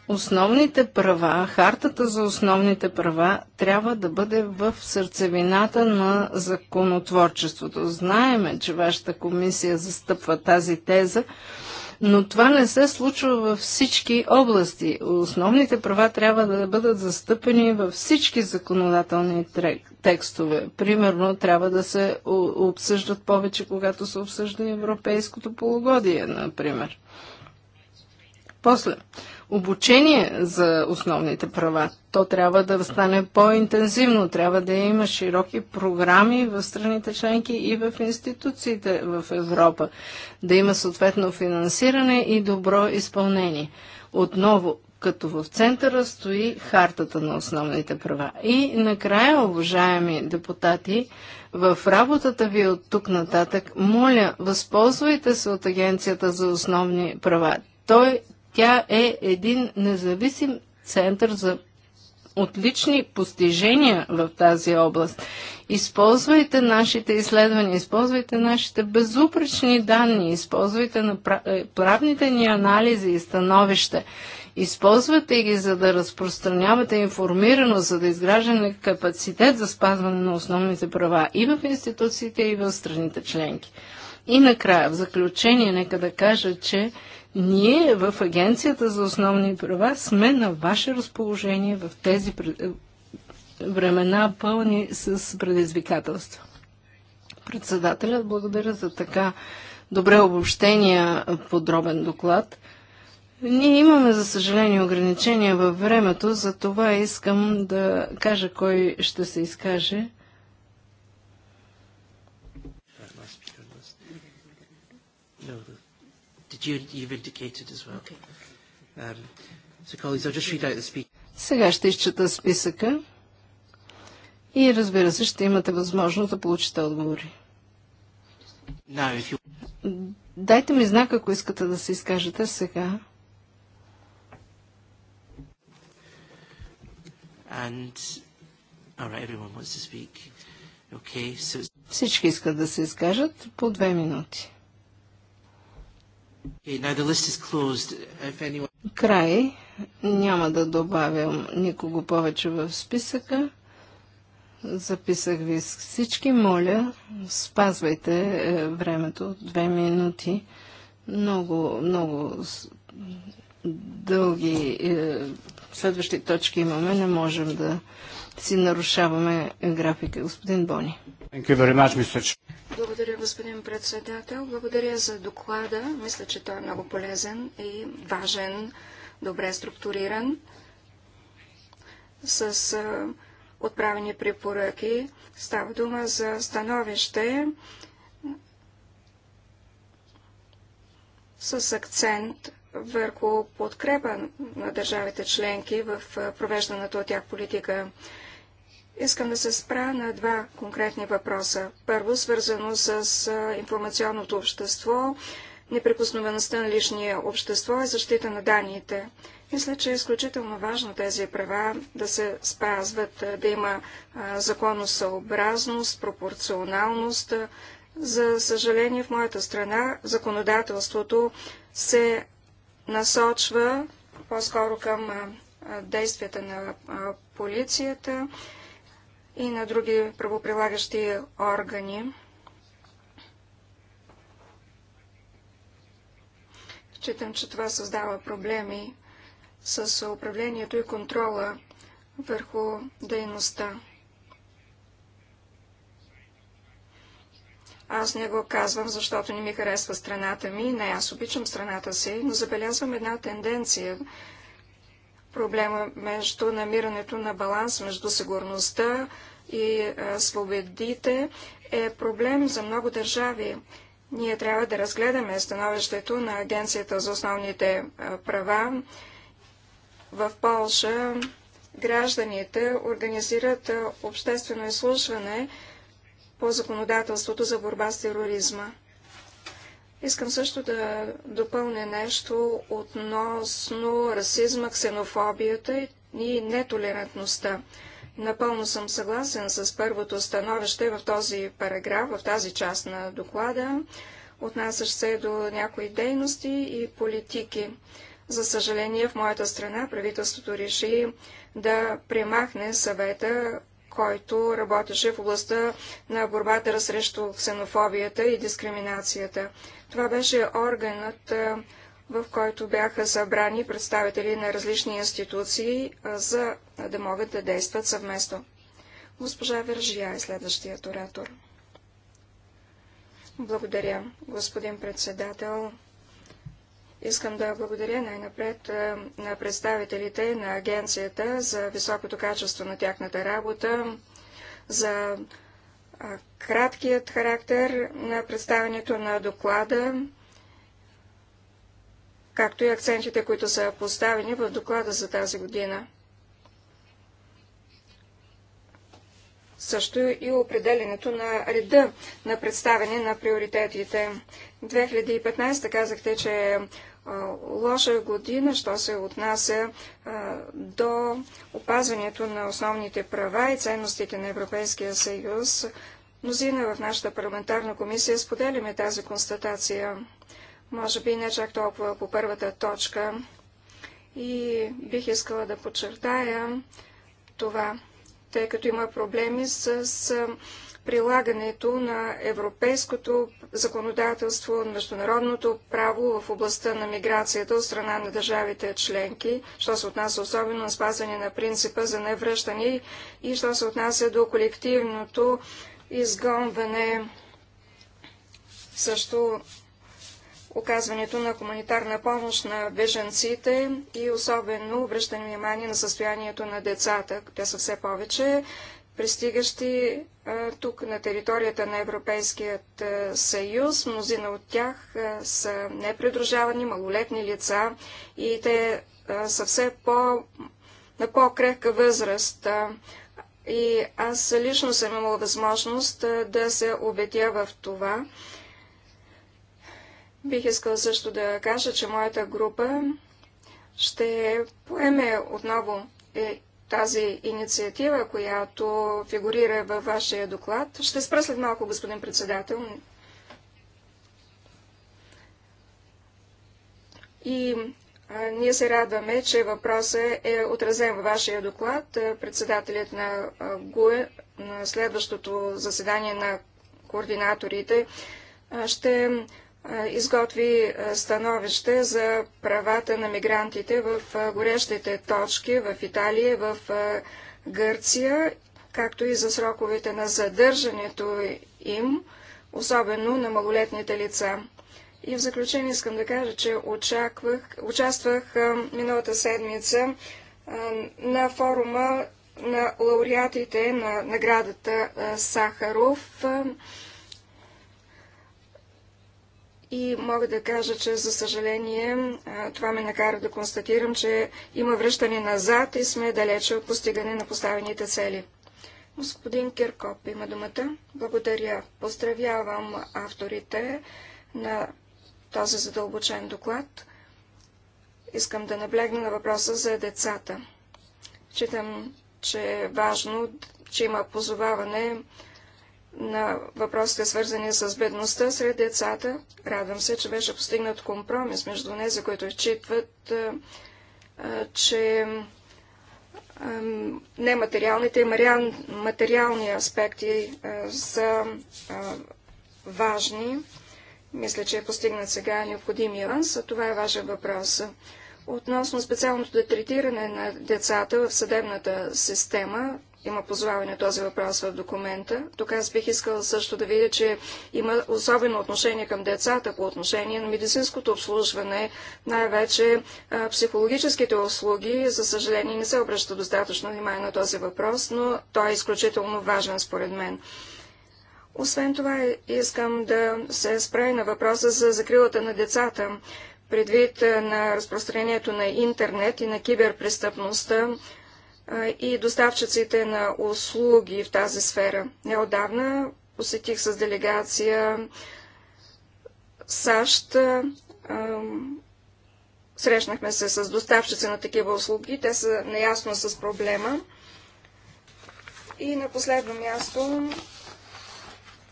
основните права, хартата за основните права трябва да бъде в сърцевината на законотворчеството. Знаеме, че вашата комисия застъпва тази теза, но това не се случва във всички области. Основните права трябва да бъдат застъпени във всички законодателни текстове. Примерно трябва да се обсъждат повече, когато се обсъжда европейското полугодие, например. После, обучение за основните права. То трябва да стане по-интензивно, трябва да има широки програми в страните членки и в институциите в Европа, да има съответно финансиране и добро изпълнение. Отново, като в центъра стои хартата на основните права. И накрая, уважаеми депутати, в работата ви от тук нататък, моля, възползвайте се от Агенцията за основни права. Той, тя е един независим център за отлични постижения в тази област. Използвайте нашите изследвания, използвайте нашите безупречни данни, използвайте е, правните ни анализи и становища. Използвате ги, за да разпространявате информираност, за да изграждане капацитет за спазване на основните права и в институциите, и в страните членки. И накрая, в заключение, нека да кажа, че ние в Агенцията за основни права сме на ваше разположение в тези е, времена пълни с предизвикателства. Председателят, благодаря за така добре обобщения е, подробен доклад. Ние имаме, за съжаление, ограничения във времето, за това искам да кажа кой ще се изкаже. Um, сега ще изчета списъка и разбира се, ще имате възможност да получите отговори. Дайте ми знак, ако искате да се изкажете сега. And... All right, everyone wants to speak. Okay, so... Всички искат да се изкажат по две минути. Край. Няма да добавям никого повече в списъка. Записах ви всички. Моля, спазвайте е, времето. Две минути. Много, много дълги е, следващи точки имаме, не можем да си нарушаваме графика. Господин Бони. Благодаря, господин председател. Благодаря за доклада. Мисля, че той е много полезен и важен, добре структуриран, с отправени препоръки. Става дума за становище с акцент върху подкрепа на държавите членки в провежданата от тях политика. Искам да се спра на два конкретни въпроса. Първо, свързано с информационното общество, неприкосновеността на личния общество и защита на данните. Мисля, че е изключително важно тези права да се спазват, да има законосъобразност, пропорционалност. За съжаление, в моята страна законодателството се насочва по-скоро към действията на полицията и на други правоприлагащи органи. Считам, че това създава проблеми с управлението и контрола върху дейността. Аз не го казвам, защото не ми харесва страната ми. Не, аз обичам страната си, но забелязвам една тенденция. Проблема между намирането на баланс между сигурността и а, свободите е проблем за много държави. Ние трябва да разгледаме становището на Агенцията за основните а, права. В Полша гражданите организират а, обществено изслушване по законодателството за борба с тероризма. Искам също да допълня нещо относно расизма, ксенофобията и нетолерантността. Напълно съм съгласен с първото становище в този параграф, в тази част на доклада, отнасящ се до някои дейности и политики. За съжаление, в моята страна правителството реши да премахне съвета, който работеше в областта на борбата срещу ксенофобията и дискриминацията. Това беше органът, в който бяха събрани представители на различни институции, за да могат да действат съвместно. Госпожа Вержия е следващият оратор. Благодаря, господин председател. Искам да благодаря най-напред е, на представителите на агенцията за високото качество на тяхната работа, за краткият характер на представянето на доклада, както и акцентите, които са поставени в доклада за тази година. също и определенето на реда на представяне на приоритетите. 2015 казахте, че е лоша година, що се отнася до опазването на основните права и ценностите на Европейския съюз. Мнозина в нашата парламентарна комисия споделяме тази констатация. Може би не чак толкова по първата точка. И бих искала да подчертая това, тъй като има проблеми с, с прилагането на европейското законодателство, международното право в областта на миграцията от страна на държавите членки, що се отнася особено на спазване на принципа за невръщане и що се отнася до колективното изгонване, също оказването на хуманитарна помощ на беженците и особено обръщане внимание на състоянието на децата. Те са все повече пристигащи тук на територията на Европейският съюз. Мнозина от тях са непридружавани, малолетни лица и те са все по, на по-крехка възраст. И аз лично съм имала възможност да се убедя в това. Бих искал също да кажа, че моята група ще поеме отново е, тази инициатива, която фигурира във вашия доклад. Ще спра след малко, господин председател. И а, ние се радваме, че въпросът е отразен във вашия доклад. Председателят на ГУЕ на следващото заседание на координаторите ще изготви становище за правата на мигрантите в горещите точки в Италия, в Гърция, както и за сроковете на задържането им, особено на малолетните лица. И в заключение искам да кажа, че очаквах, участвах миналата седмица на форума на лауреатите на наградата Сахаров и мога да кажа, че за съжаление това ме накара да констатирам, че има връщане назад и сме далече от постигане на поставените цели. Господин Киркоп има думата. Благодаря. Поздравявам авторите на този задълбочен доклад. Искам да наблегна на въпроса за децата. Читам, че е важно, че има позоваване на въпросите, свързани с бедността сред децата. Радвам се, че беше постигнат компромис между тези, които изчитват, че нематериалните и материални аспекти са важни. Мисля, че е постигнат сега необходимия ланс, а това е важен въпрос. Относно специалното третиране на децата в съдебната система, има позваване на този въпрос в документа. Тук аз бих искала също да видя, че има особено отношение към децата по отношение на медицинското обслужване, най-вече психологическите услуги. За съжаление не се обръща достатъчно внимание на този въпрос, но той е изключително важен според мен. Освен това, искам да се спра на въпроса за закрилата на децата. Предвид на разпространението на интернет и на киберпрестъпността, и доставчиците на услуги в тази сфера. Неодавна посетих с делегация САЩ. Срещнахме се с доставчици на такива услуги. Те са неясно с проблема. И на последно място,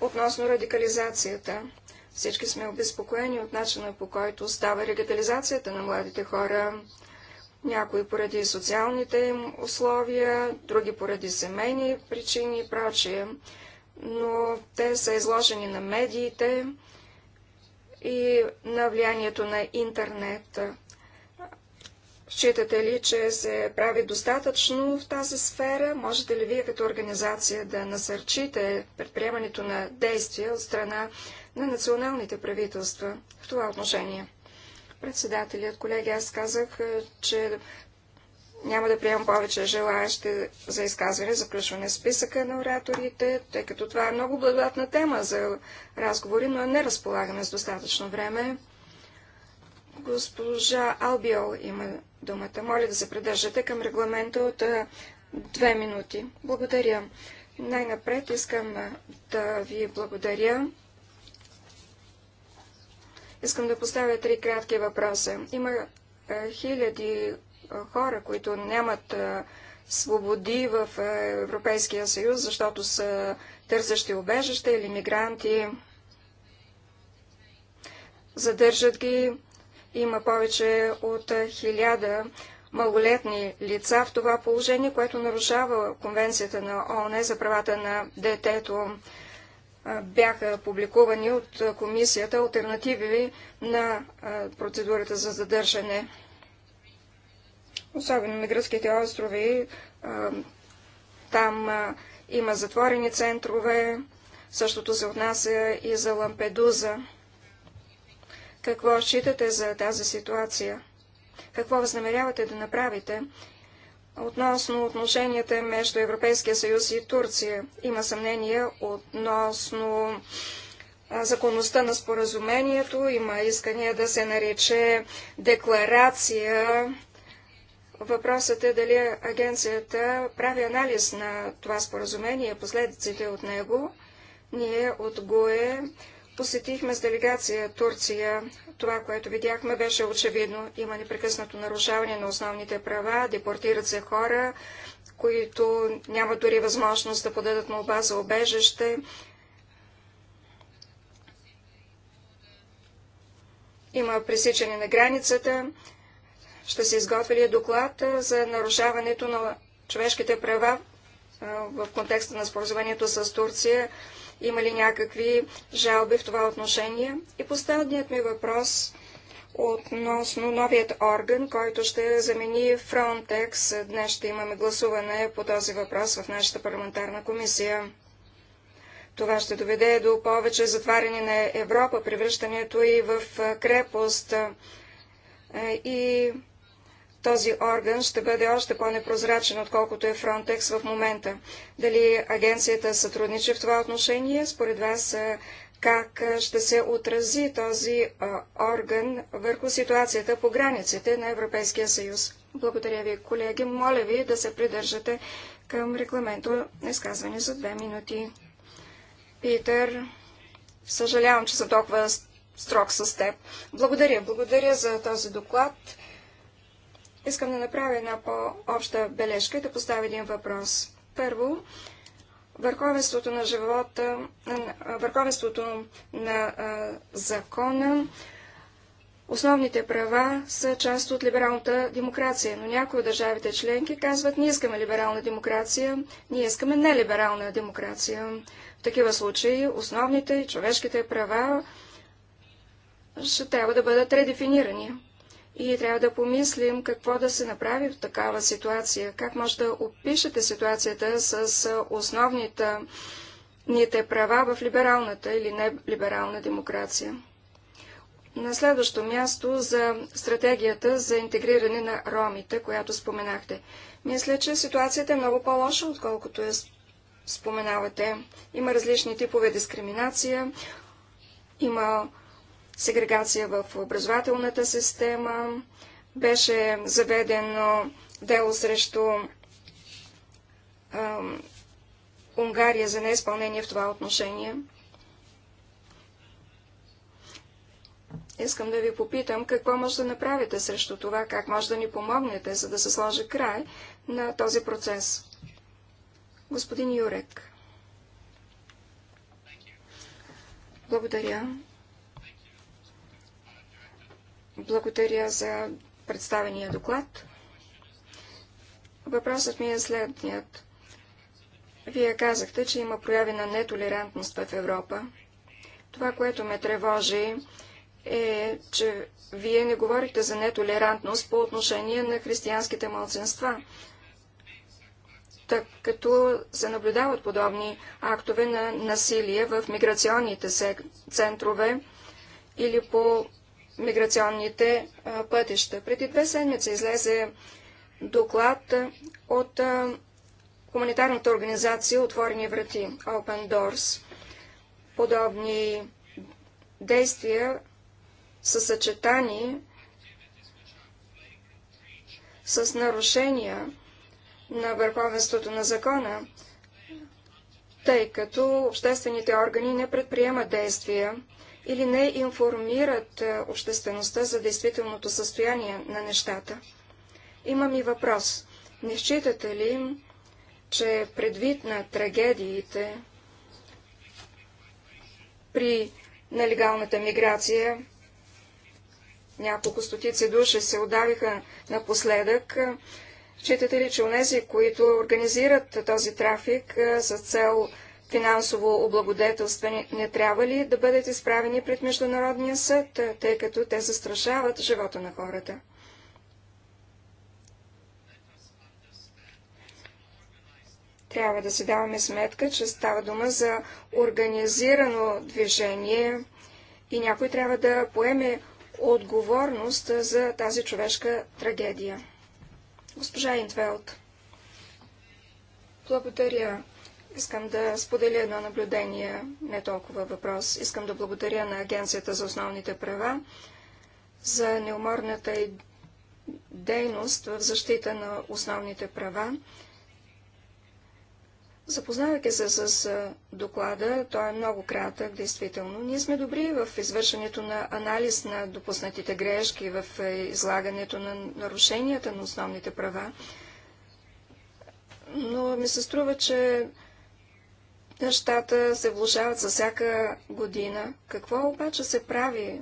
относно радикализацията. Всички сме обезпокоени от начина по който става радикализацията на младите хора някои поради социалните им условия, други поради семейни причини и прочие. Но те са изложени на медиите и на влиянието на интернет. Считате ли, че се прави достатъчно в тази сфера? Можете ли вие като организация да насърчите предприемането на действия от страна на националните правителства в това отношение? Председателят, колеги, аз казах, е, че няма да приемам повече желаящи за изказване, за включване в списъка на ораторите, тъй като това е много благодатна тема за разговори, но не разполагаме с достатъчно време. Госпожа Албиол има думата. Моля да се придържате към регламента от е, две минути. Благодаря. Най-напред искам е, да ви благодаря Искам да поставя три кратки въпроса. Има е, хиляди е, хора, които нямат е, свободи в Европейския съюз, защото са търсещи убежище или мигранти. Задържат ги. Има повече от хиляда малолетни лица в това положение, което нарушава Конвенцията на ООН за правата на детето бяха публикувани от комисията альтернативи на процедурата за задържане. Особено на гръцките острови, там има затворени центрове, същото се отнася и за Лампедуза. Какво считате за тази ситуация? Какво възнамерявате да направите? Относно отношенията между Европейския съюз и Турция, има съмнение относно законността на споразумението, има искания да се нарече декларация. Въпросът е дали агенцията прави анализ на това споразумение, последиците от него. Ние от ГУЕ Посетихме с делегация Турция. Това, което видяхме, беше очевидно. Има непрекъснато нарушаване на основните права, депортират се хора, които нямат дори възможност да подадат молба за обежище. Има пресичане на границата. Ще се изготвили е доклад за нарушаването на човешките права в контекста на споразумението с Турция? Има ли някакви жалби в това отношение? И последният ми въпрос относно новият орган, който ще замени Frontex. Днес ще имаме гласуване по този въпрос в нашата парламентарна комисия. Това ще доведе до повече затваряне на Европа, превръщането и в крепост е, и този орган ще бъде още по-непрозрачен, отколкото е Фронтекс в момента. Дали агенцията сътрудничи в това отношение? Според вас как ще се отрази този орган върху ситуацията по границите на Европейския съюз? Благодаря ви, колеги. Моля ви да се придържате към регламента изказване за две минути. Питър, съжалявам, че съм толкова строг с теб. Благодаря. Благодаря за този доклад. Искам да направя една по-обща бележка и да поставя един въпрос. Първо, върховенството на живота, върховенството на а, закона, Основните права са част от либералната демокрация, но някои от държавите членки казват, ние искаме либерална демокрация, ние искаме нелиберална демокрация. В такива случаи основните и човешките права ще трябва да бъдат редефинирани. И трябва да помислим какво да се направи в такава ситуация. Как може да опишете ситуацията с основните ните права в либералната или нелиберална демокрация? На следващо място за стратегията за интегриране на ромите, която споменахте. Мисля, че ситуацията е много по-лоша, отколкото я споменавате. Има различни типове дискриминация, има сегрегация в образователната система. Беше заведено дело срещу Унгария за неизпълнение в това отношение. Искам да ви попитам какво може да направите срещу това, как може да ни помогнете, за да се сложи край на този процес. Господин Юрек. Благодаря. Благодаря за представения доклад. Въпросът ми е следният. Вие казахте, че има прояви на нетолерантност в Европа. Това, което ме тревожи, е, че вие не говорите за нетолерантност по отношение на християнските младсенства, тъй като се наблюдават подобни актове на насилие в миграционните центрове или по миграционните пътища. Преди две седмици излезе доклад от хуманитарната организация Отворени врати, Open Doors. Подобни действия са съчетани с нарушения на върховенството на закона, тъй като обществените органи не предприемат действия или не информират е, обществеността за действителното състояние на нещата. Имам и въпрос. Не считате ли, че предвид на трагедиите при нелегалната миграция, няколко стотици души се удавиха напоследък, е, Считате ли, че нези, които организират този трафик е, с цел финансово облагодетелствани не трябва ли да бъдат изправени пред Международния съд, е, тъй като те застрашават живота на хората? Трябва да си даваме сметка, че става дума за организирано движение и някой трябва да поеме отговорност за тази човешка трагедия. Госпожа Интвелт. Благодаря, Искам да споделя едно наблюдение, не толкова въпрос. Искам да благодаря на Агенцията за основните права за неуморната и дейност в защита на основните права. Запознавайки се с доклада, той е много кратък, действително. Ние сме добри в извършването на анализ на допуснатите грешки, в излагането на нарушенията на основните права, но ми се струва, че нещата се влушават за всяка година. Какво обаче се прави?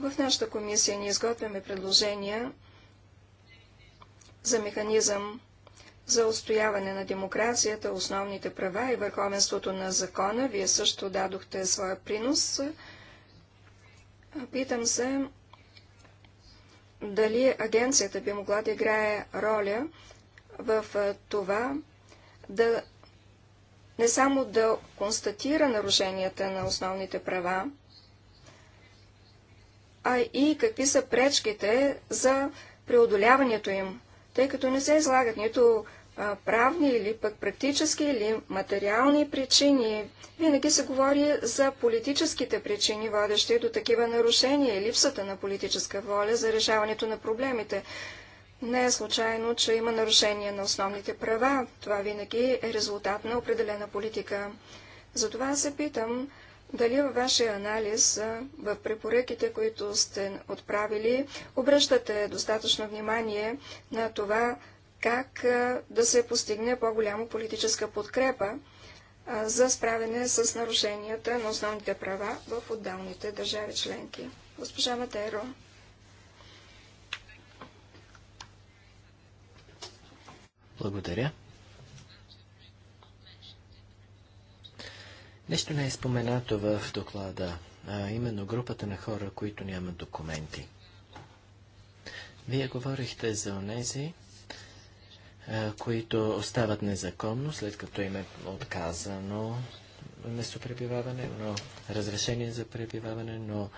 В нашата комисия ни изготвяме предложения за механизъм за устояване на демокрацията, основните права и върховенството на закона. Вие също дадохте своя принос. Питам се дали агенцията би могла да играе роля в това да не само да констатира нарушенията на основните права, а и какви са пречките за преодоляването им, тъй като не се излагат нито правни или пък практически или материални причини. Винаги се говори за политическите причини, водещи до такива нарушения и липсата на политическа воля за решаването на проблемите. Не е случайно, че има нарушение на основните права. Това винаги е резултат на определена политика. Затова се питам, дали във вашия анализ, в препоръките, които сте отправили, обръщате достатъчно внимание на това, как да се постигне по-голяма политическа подкрепа за справяне с нарушенията на основните права в отдалните държави членки. Госпожа Матеро. Благодаря. Нещо не е споменато в доклада, а именно групата на хора, които нямат документи. Вие говорихте за онези, които остават незаконно, след като им е отказано местопребиваване, но разрешение за пребиваване, но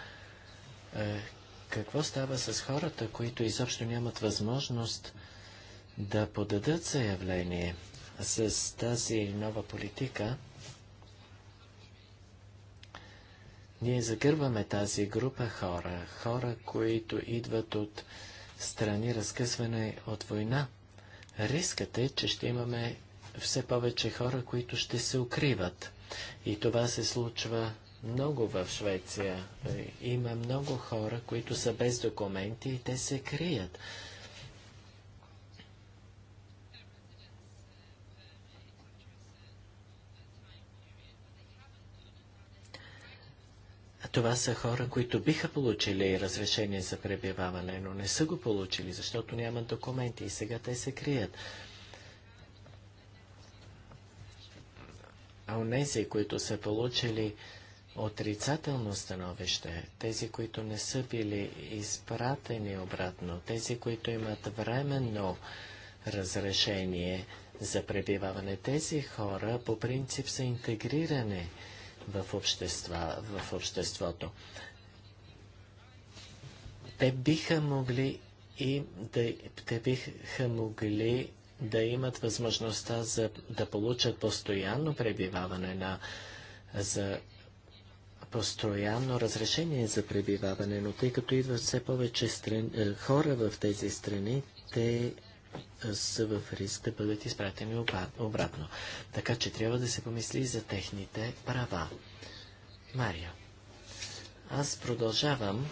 е, какво става с хората, които изобщо нямат възможност да подадат заявление с тази нова политика, ние загърваме тази група хора, хора, които идват от страни разкъсване от война. Рискът е, че ще имаме все повече хора, които ще се укриват. И това се случва много в Швеция. Има много хора, които са без документи и те се крият. Това са хора, които биха получили разрешение за пребиваване, но не са го получили, защото нямат документи и сега те се крият. А онези, които са получили отрицателно становище, тези, които не са били изпратени обратно, тези, които имат временно разрешение за пребиваване, тези хора по принцип са интегрирани в, общества, в обществото. Те биха могли и да, те биха могли да имат възможността за, да получат постоянно пребиваване на, за постоянно разрешение за пребиваване, но тъй като идват все повече страни, е, хора в тези страни, те са в риск да бъдат изпратени обратно. Така че трябва да се помисли и за техните права. Мария, аз продължавам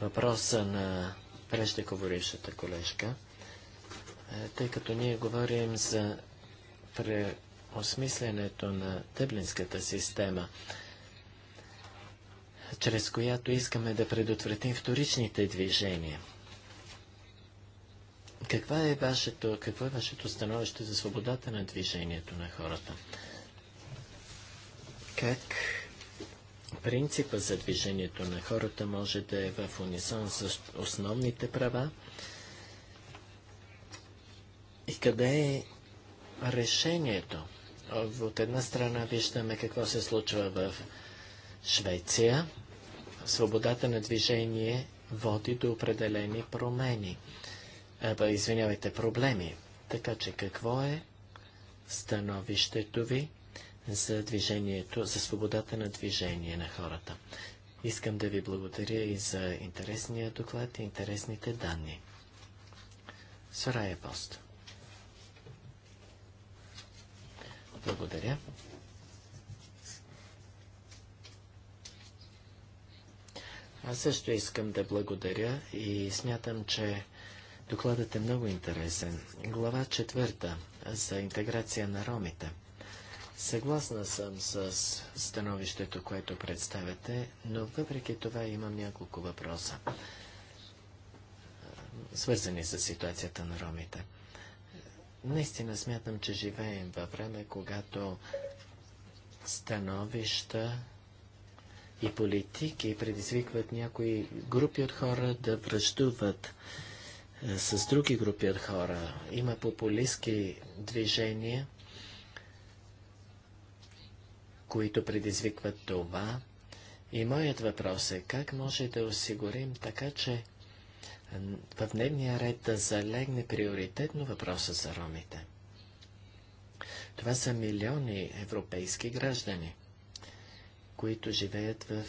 въпроса на преждеговорившата колежка, е, тъй като ние говорим за преосмислянето на Тъблинската система, чрез която искаме да предотвратим вторичните движения. Каква е вашето, какво е вашето становище за свободата на движението на хората? Как принципа за движението на хората може да е в унисон с основните права? И къде е решението? От една страна виждаме какво се случва в Швеция. Свободата на движение води до определени промени а, извинявайте, проблеми. Така че какво е становището ви за движението, за свободата на движение на хората? Искам да ви благодаря и за интересния доклад и интересните данни. Сарая Пост. Благодаря. Аз също искам да благодаря и смятам, че Докладът е много интересен. Глава четвърта за интеграция на ромите. Съгласна съм с становището, което представяте, но въпреки това имам няколко въпроса, свързани с ситуацията на ромите. Наистина смятам, че живеем във време, когато становища и политики предизвикват някои групи от хора да връщуват. Е, с други групи от хора. Има популистски движения, които предизвикват това. И моят въпрос е, как може да осигурим така, че в дневния ред да залегне приоритетно въпроса за ромите? Това са милиони европейски граждани, които живеят в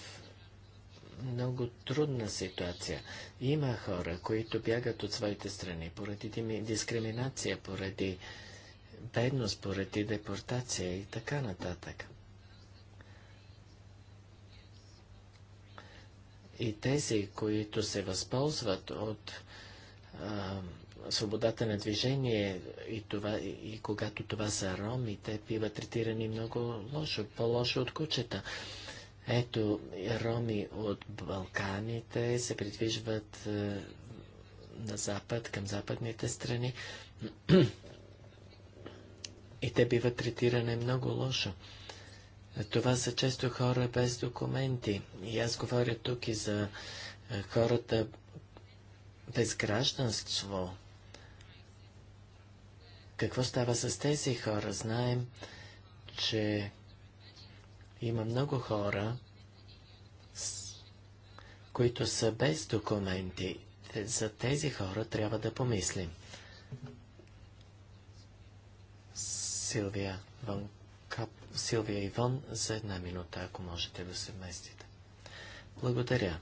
много трудна ситуация. Има хора, които бягат от своите страни поради дискриминация, поради бедност, поради депортация и така нататък. И тези, които се възползват от а, свободата на движение и, това, и когато това са роми, те биват третирани много лошо, по-лошо от кучета. Ето, роми от Балканите се придвижват е, на запад, към западните страни и те биват третирани много лошо. Е, това са често хора без документи. И аз говоря тук и за е, хората без гражданство. Какво става с тези хора? Знаем, че има много хора, които са без документи. За тези хора трябва да помислим. Силвия, Вон Кап... Силвия Ивон за една минута, ако можете да се вместите. Благодаря.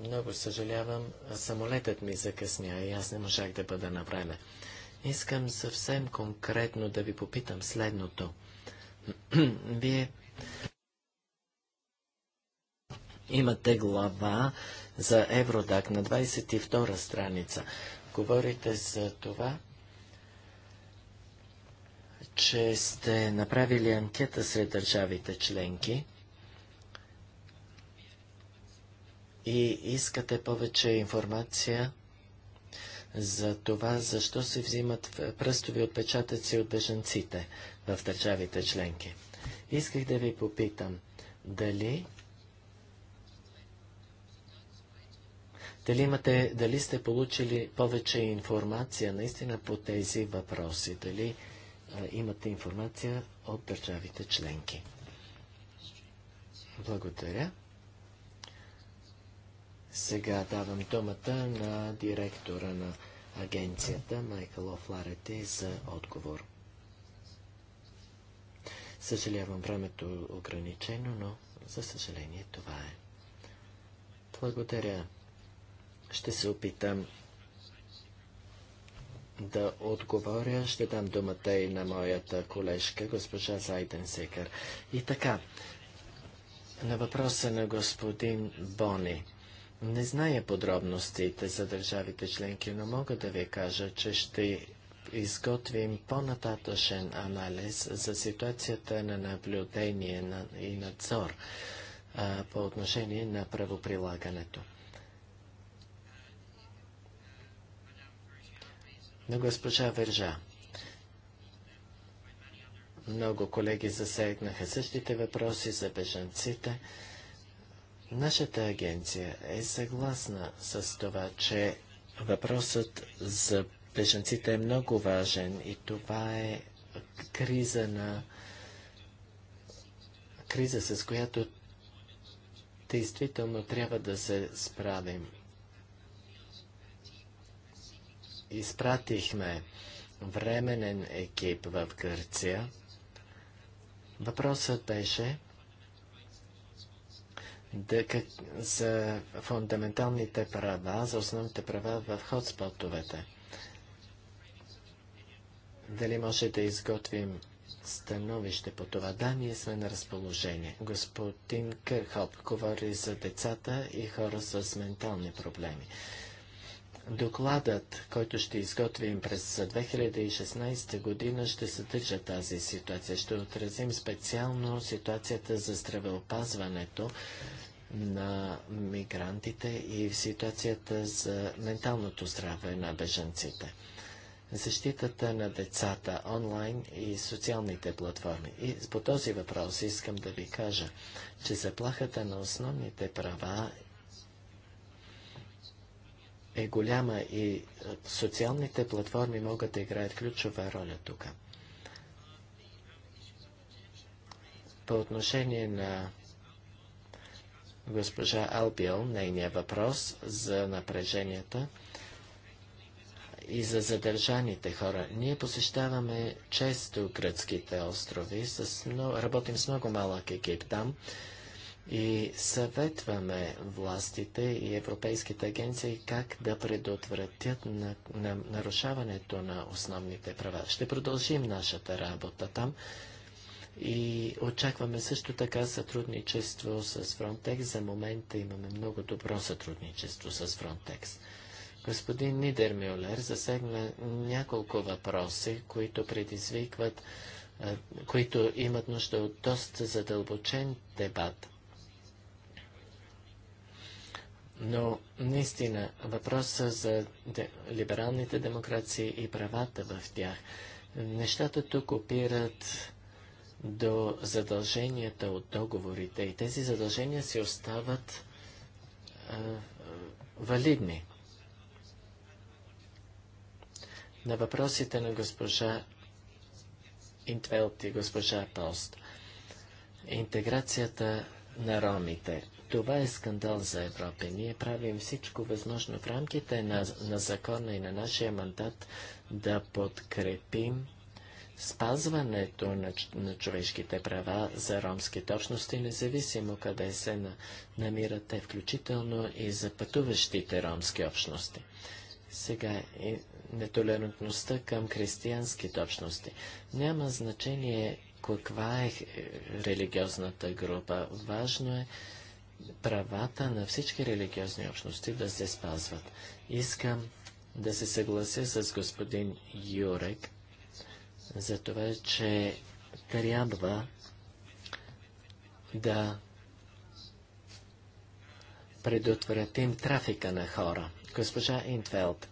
Много съжалявам, самолетът ми закъсня и аз не можах да бъда на време. Искам съвсем конкретно да ви попитам следното. Вие имате глава за Евродак на 22-ра страница. Говорите за това, че сте направили анкета сред държавите членки и искате повече информация за това, защо се взимат пръстови отпечатъци от бежанците в държавите членки. Исках да ви попитам, дали Дали, имате, дали сте получили повече информация наистина по тези въпроси? Дали а, имате информация от държавите членки? Благодаря. Сега давам думата на директора на агенцията Майкъл Офларете за отговор. Съжалявам, времето е ограничено, но за съжаление това е. Благодаря. Ще се опитам да отговоря. Ще дам думата и на моята колежка, госпожа Зайден Секър. И така, на въпроса на господин Бони. Не зная подробностите за държавите членки, но мога да ви кажа, че ще изготвим по-нататъчен анализ за ситуацията на наблюдение и надзор а, по отношение на правоприлагането. На госпожа Вержа. Много колеги засегнаха същите въпроси за бежанците. Нашата агенция е съгласна с това, че въпросът за бежанците е много важен и това е криза на криза, с която действително трябва да се справим. Изпратихме временен екип в Гърция. Въпросът беше за фундаменталните права, за основните права в хотспотовете. Дали може да изготвим становище по това? Да, ние сме на разположение. Господин Кърхоп говори за децата и хора с ментални проблеми. Докладът, който ще изготвим през 2016 година, ще съдържа тази ситуация. Ще отразим специално ситуацията за здравеопазването на мигрантите и ситуацията за менталното здраве на бежанците. Защитата на децата онлайн и социалните платформи. И по този въпрос искам да ви кажа, че заплахата на основните права е голяма и е, социалните платформи могат да играят ключова роля тук. По отношение на госпожа Албил, нейния въпрос за напреженията и за задържаните хора. Ние посещаваме често гръцките острови, с много, работим с много малък екип там и съветваме властите и европейските агенции как да предотвратят на, на, нарушаването на основните права. Ще продължим нашата работа там и очакваме също така сътрудничество с Фронтекс. За момента имаме много добро сътрудничество с Фронтекс. Господин Нидермюлер засегна няколко въпроси, които предизвикват, които имат нужда от доста задълбочен дебат. Но наистина въпроса за де, либералните демокрации и правата в тях. Нещата тук опират до задълженията от договорите и тези задължения си остават а, валидни. На въпросите на госпожа Интвелт и госпожа Пост. Интеграцията на ромите – това е скандал за Европа. Ние правим всичко възможно в рамките на, на закона и на нашия мандат да подкрепим спазването на, на човешките права за ромските общности, независимо къде се на, намират включително и за пътуващите ромски общности. Сега и нетолерантността към християнските общности. Няма значение каква е, е религиозната група. Важно е правата на всички религиозни общности да се спазват. Искам да се съглася с господин Юрек за това, че трябва да предотвратим трафика на хора. Госпожа Инфелд,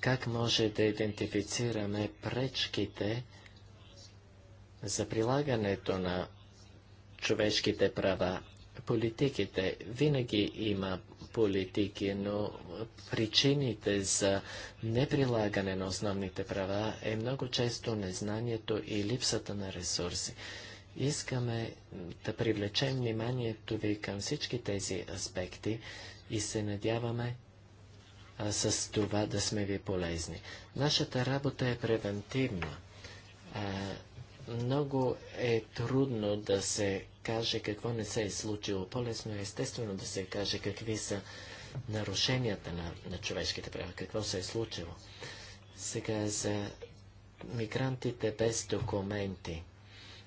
как може да идентифицираме пречките за прилагането на човешките права, политиките. Винаги има политики, но причините за неприлагане на основните права е много често незнанието и липсата на ресурси. Искаме да привлечем вниманието ви към всички тези аспекти и се надяваме а, с това да сме ви полезни. Нашата работа е превентивна. А, много е трудно да се каже какво не се е случило. По-лесно е естествено да се каже какви са нарушенията на, на човешките права, какво се е случило. Сега за мигрантите без документи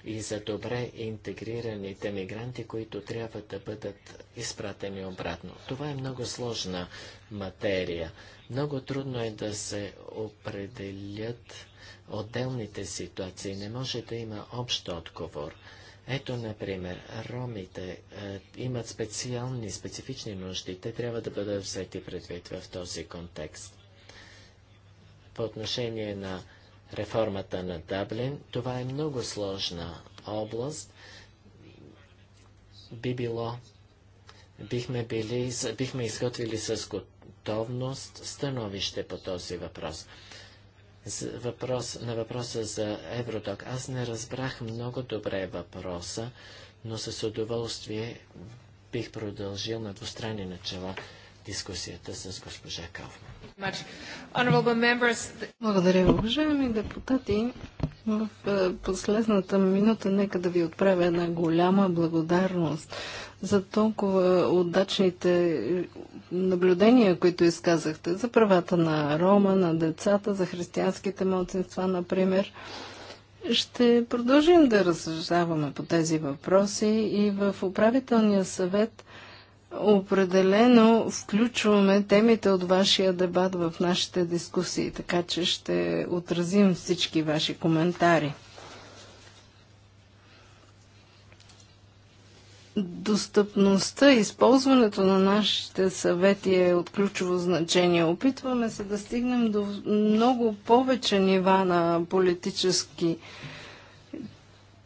и за добре интегрираните мигранти, които трябва да бъдат изпратени обратно. Това е много сложна материя. Много трудно е да се определят отделните ситуации. Не може да има общ отговор. Ето, например, ромите е, имат специални, специфични нужди. Те трябва да бъдат взети предвид в този контекст. По отношение на реформата на Даблин. Това е много сложна област. Би било, бихме, били, бихме изготвили с готовност становище по този въпрос. въпрос, на въпроса за Евродок. Аз не разбрах много добре въпроса, но с удоволствие бих продължил на двустранни начала дискусията с госпожа Кауфман. Благодаря, уважаеми депутати. В е, последната минута нека да ви отправя една голяма благодарност за толкова удачните е, наблюдения, които изказахте за правата на Рома, на децата, за християнските младсинства, например. Ще продължим да разсъждаваме по тези въпроси и в управителния съвет Определено включваме темите от вашия дебат в нашите дискусии, така че ще отразим всички ваши коментари. Достъпността, използването на нашите съвети е от ключово значение. Опитваме се да стигнем до много повече нива на политически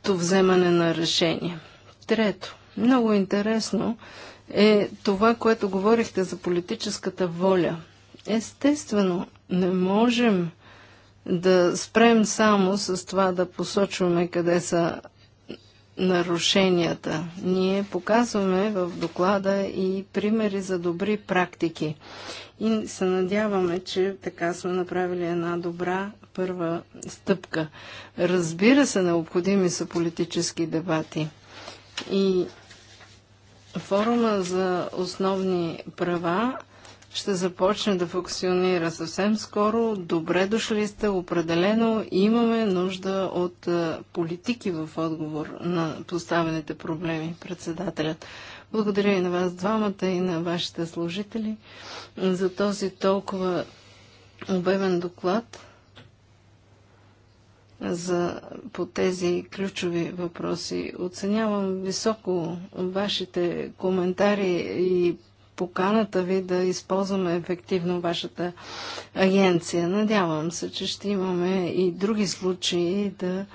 вземане на решения. Трето, много интересно, е това, което говорихте за политическата воля. Естествено, не можем да спрем само с това да посочваме къде са нарушенията. Ние показваме в доклада и примери за добри практики. И се надяваме, че така сме направили една добра първа стъпка. Разбира се, необходими са политически дебати. И Форума за основни права ще започне да функционира съвсем скоро. Добре дошли сте, определено имаме нужда от е, политики в отговор на поставените проблеми, председателят. Благодаря и на вас двамата и на вашите служители за този толкова обемен доклад за, по тези ключови въпроси. Оценявам високо вашите коментари и поканата ви да използваме ефективно вашата агенция. Надявам се, че ще имаме и други случаи да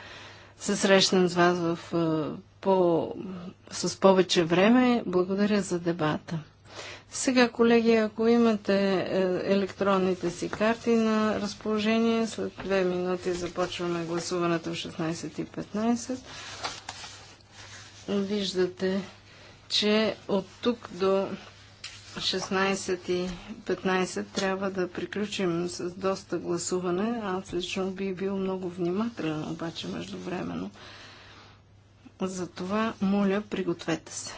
се срещнем с вас в, е, по, с повече време. Благодаря за дебата. Сега, колеги, ако имате е, електронните си карти на разположение, след две минути започваме гласуването в 16.15. Виждате, че от тук до 16.15 трябва да приключим с доста гласуване. Аз лично би бил много внимателен, обаче междувременно. Затова, моля, пригответе се.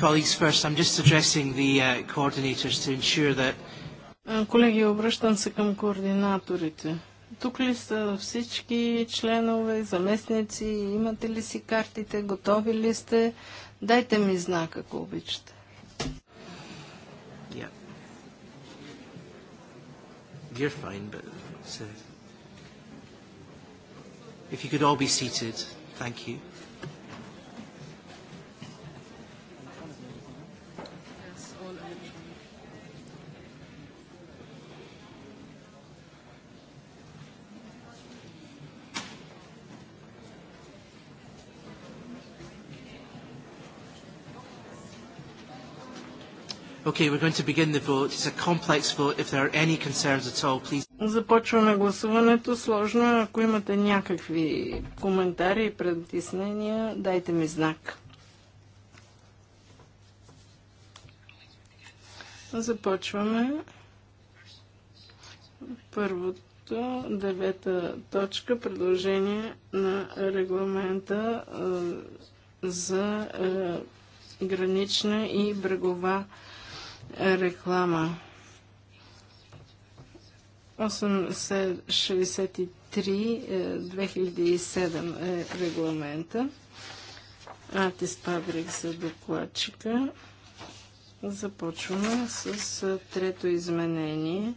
colleagues first. I'm just addressing the uh, coordinators to ensure that... Колеги, обръщам се към координаторите. Тук ли са всички членове, заместници? Имате ли си картите? Готови ли сте? Дайте ми знак, ако обичате. Yeah. You're fine, but so if you could all be seated, thank you. Okay, we're going to begin the vote. It's a complex vote. If there are any concerns at all, please. Започваме гласуването. Сложно е. Ако имате някакви коментари и предтиснения, дайте ми знак. Започваме. Първото, девета точка, предложение на регламента е, за е, гранична и брегова реклама. 863-2007 е, е регламента. Атис Пабрик за докладчика. Започваме с е, трето изменение.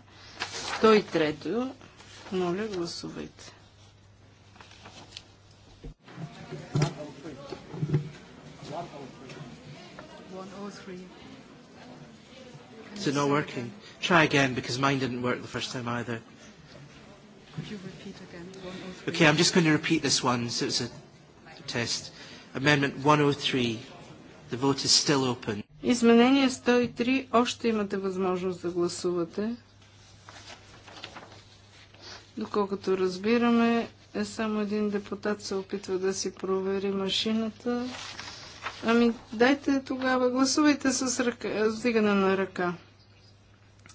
103. Моля, гласувайте. One, oh Is it not working? Try again because mine didn't work the first time either. Could you repeat again? Okay, I'm just going to repeat this one so it's a test. Amendment 103. The vote is still open. Изменение 103. Още имате възможност да гласувате. Доколкото разбираме, е само един депутат се опитва да си провери машината. Ами, дайте тогава, гласувайте с ръка, вдигане на ръка.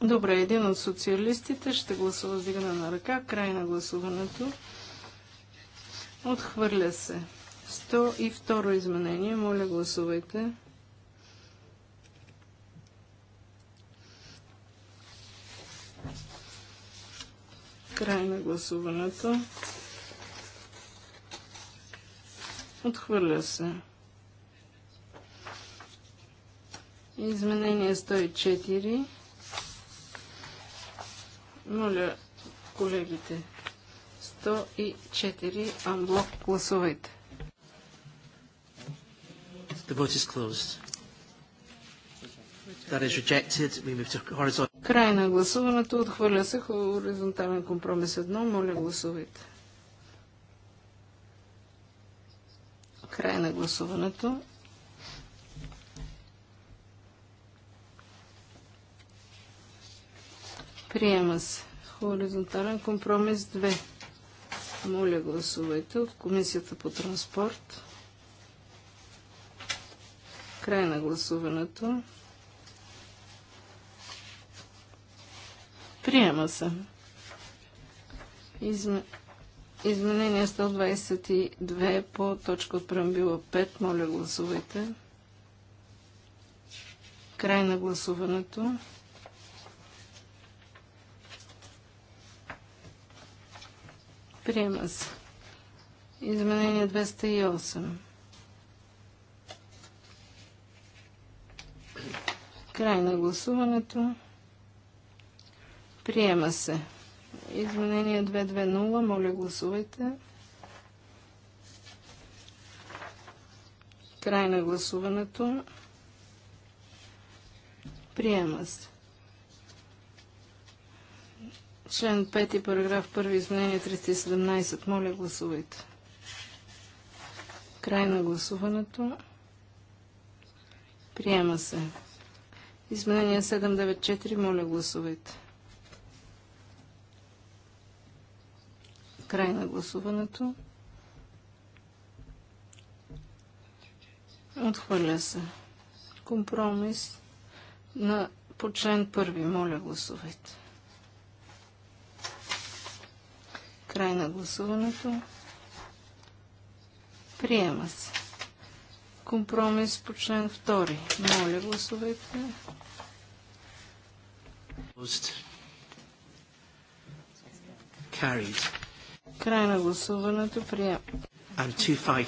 Добре, един от социалистите ще гласува с дигане на ръка. Край на гласуването. Отхвърля се. 102 изменение. Моля, гласувайте. Край на гласуването. Отхвърля се. Изменение 104. Моля, колегите, 104 анблок гласувайте. The vote is closed. That is rejected. We move to horizontal. Край на гласуването. Отхвърля се хоризонтален компромис 1. Моля, гласувайте. Край на гласуването. Приема се. Хоризонтален компромис 2. Моля гласувайте от Комисията по транспорт. Край на гласуването. Приема се. Изме... Изменение 122 по точка от преамбила 5. Моля гласувайте. Край на гласуването. Приема се. Изменение 208. Край на гласуването. Приема се. Изменение 220. Моля, гласувайте. Край на гласуването. Приема се. Член 5, параграф 1, изменение 317. Моля, гласувайте. Край на гласуването. Приема се. Изменение 794. Моля, гласувайте. Край на гласуването. Отхвърля се. Компромис на по член първи. Моля, гласувайте. Край на гласуването. Приема се. Компромис по член 2. Моля, гласувайте. Carried. Край на гласуването. Приема. 249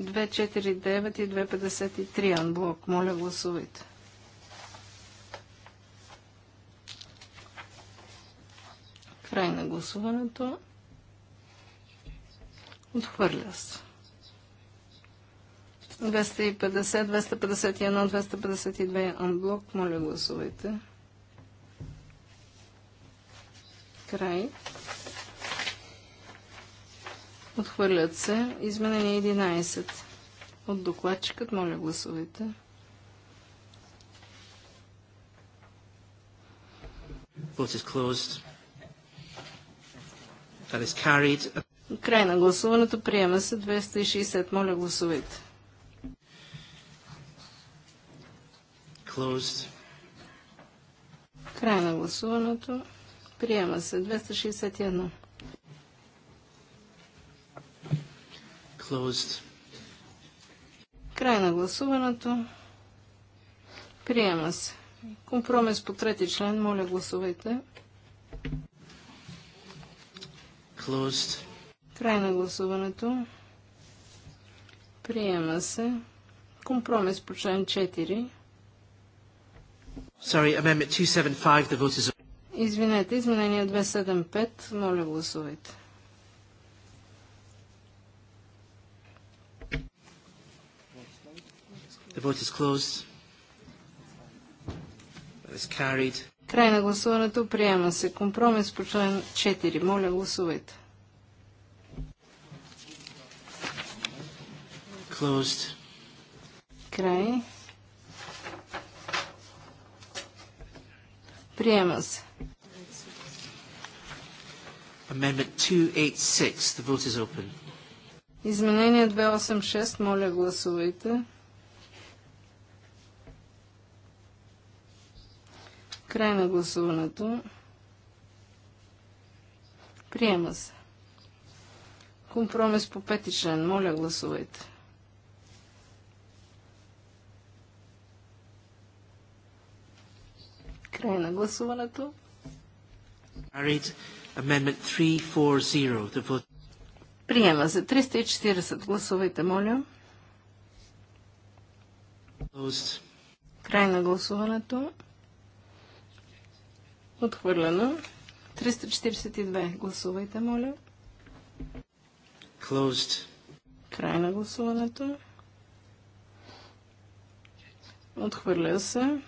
и 253 анблок. Моля, гласувайте. Край на гласуването. Отхвърля се. 250, 251, 252 анблок. Моля, гласувайте. Край. Отхвърлят се. Изменение 11. От докладчикът, моля, гласувайте. Vote is closed. That is carried. Край на гласуването. Приема се 260. Моля, гласувайте. Closed. Край на гласуването. Приема се 261. Closed. Край на гласуването. Приема се. Компромис по трети член. Моля, гласувайте. Closed. Край на гласуването. Приема се. Компромис по член 4. Sorry, amendment 275, the vote is... Извинете, изменение 275. Моля, гласувайте. The vote is closed. That is carried. Край на гласуването приема се компромис по член 4. Моля, гласувайте. closed. Край. Приема се. Amendment 286. The vote is open. Изменение 286. Моля, гласувайте. Край на гласуването. Приема се. Компромис по пети член. Моля, гласувайте. Край на гласуването. Приема се 340. Гласувайте, моля. Край на гласуването. Отхвърлено. 342. Гласувайте, моля. Closed. Край на гласуването. Отхвърля се.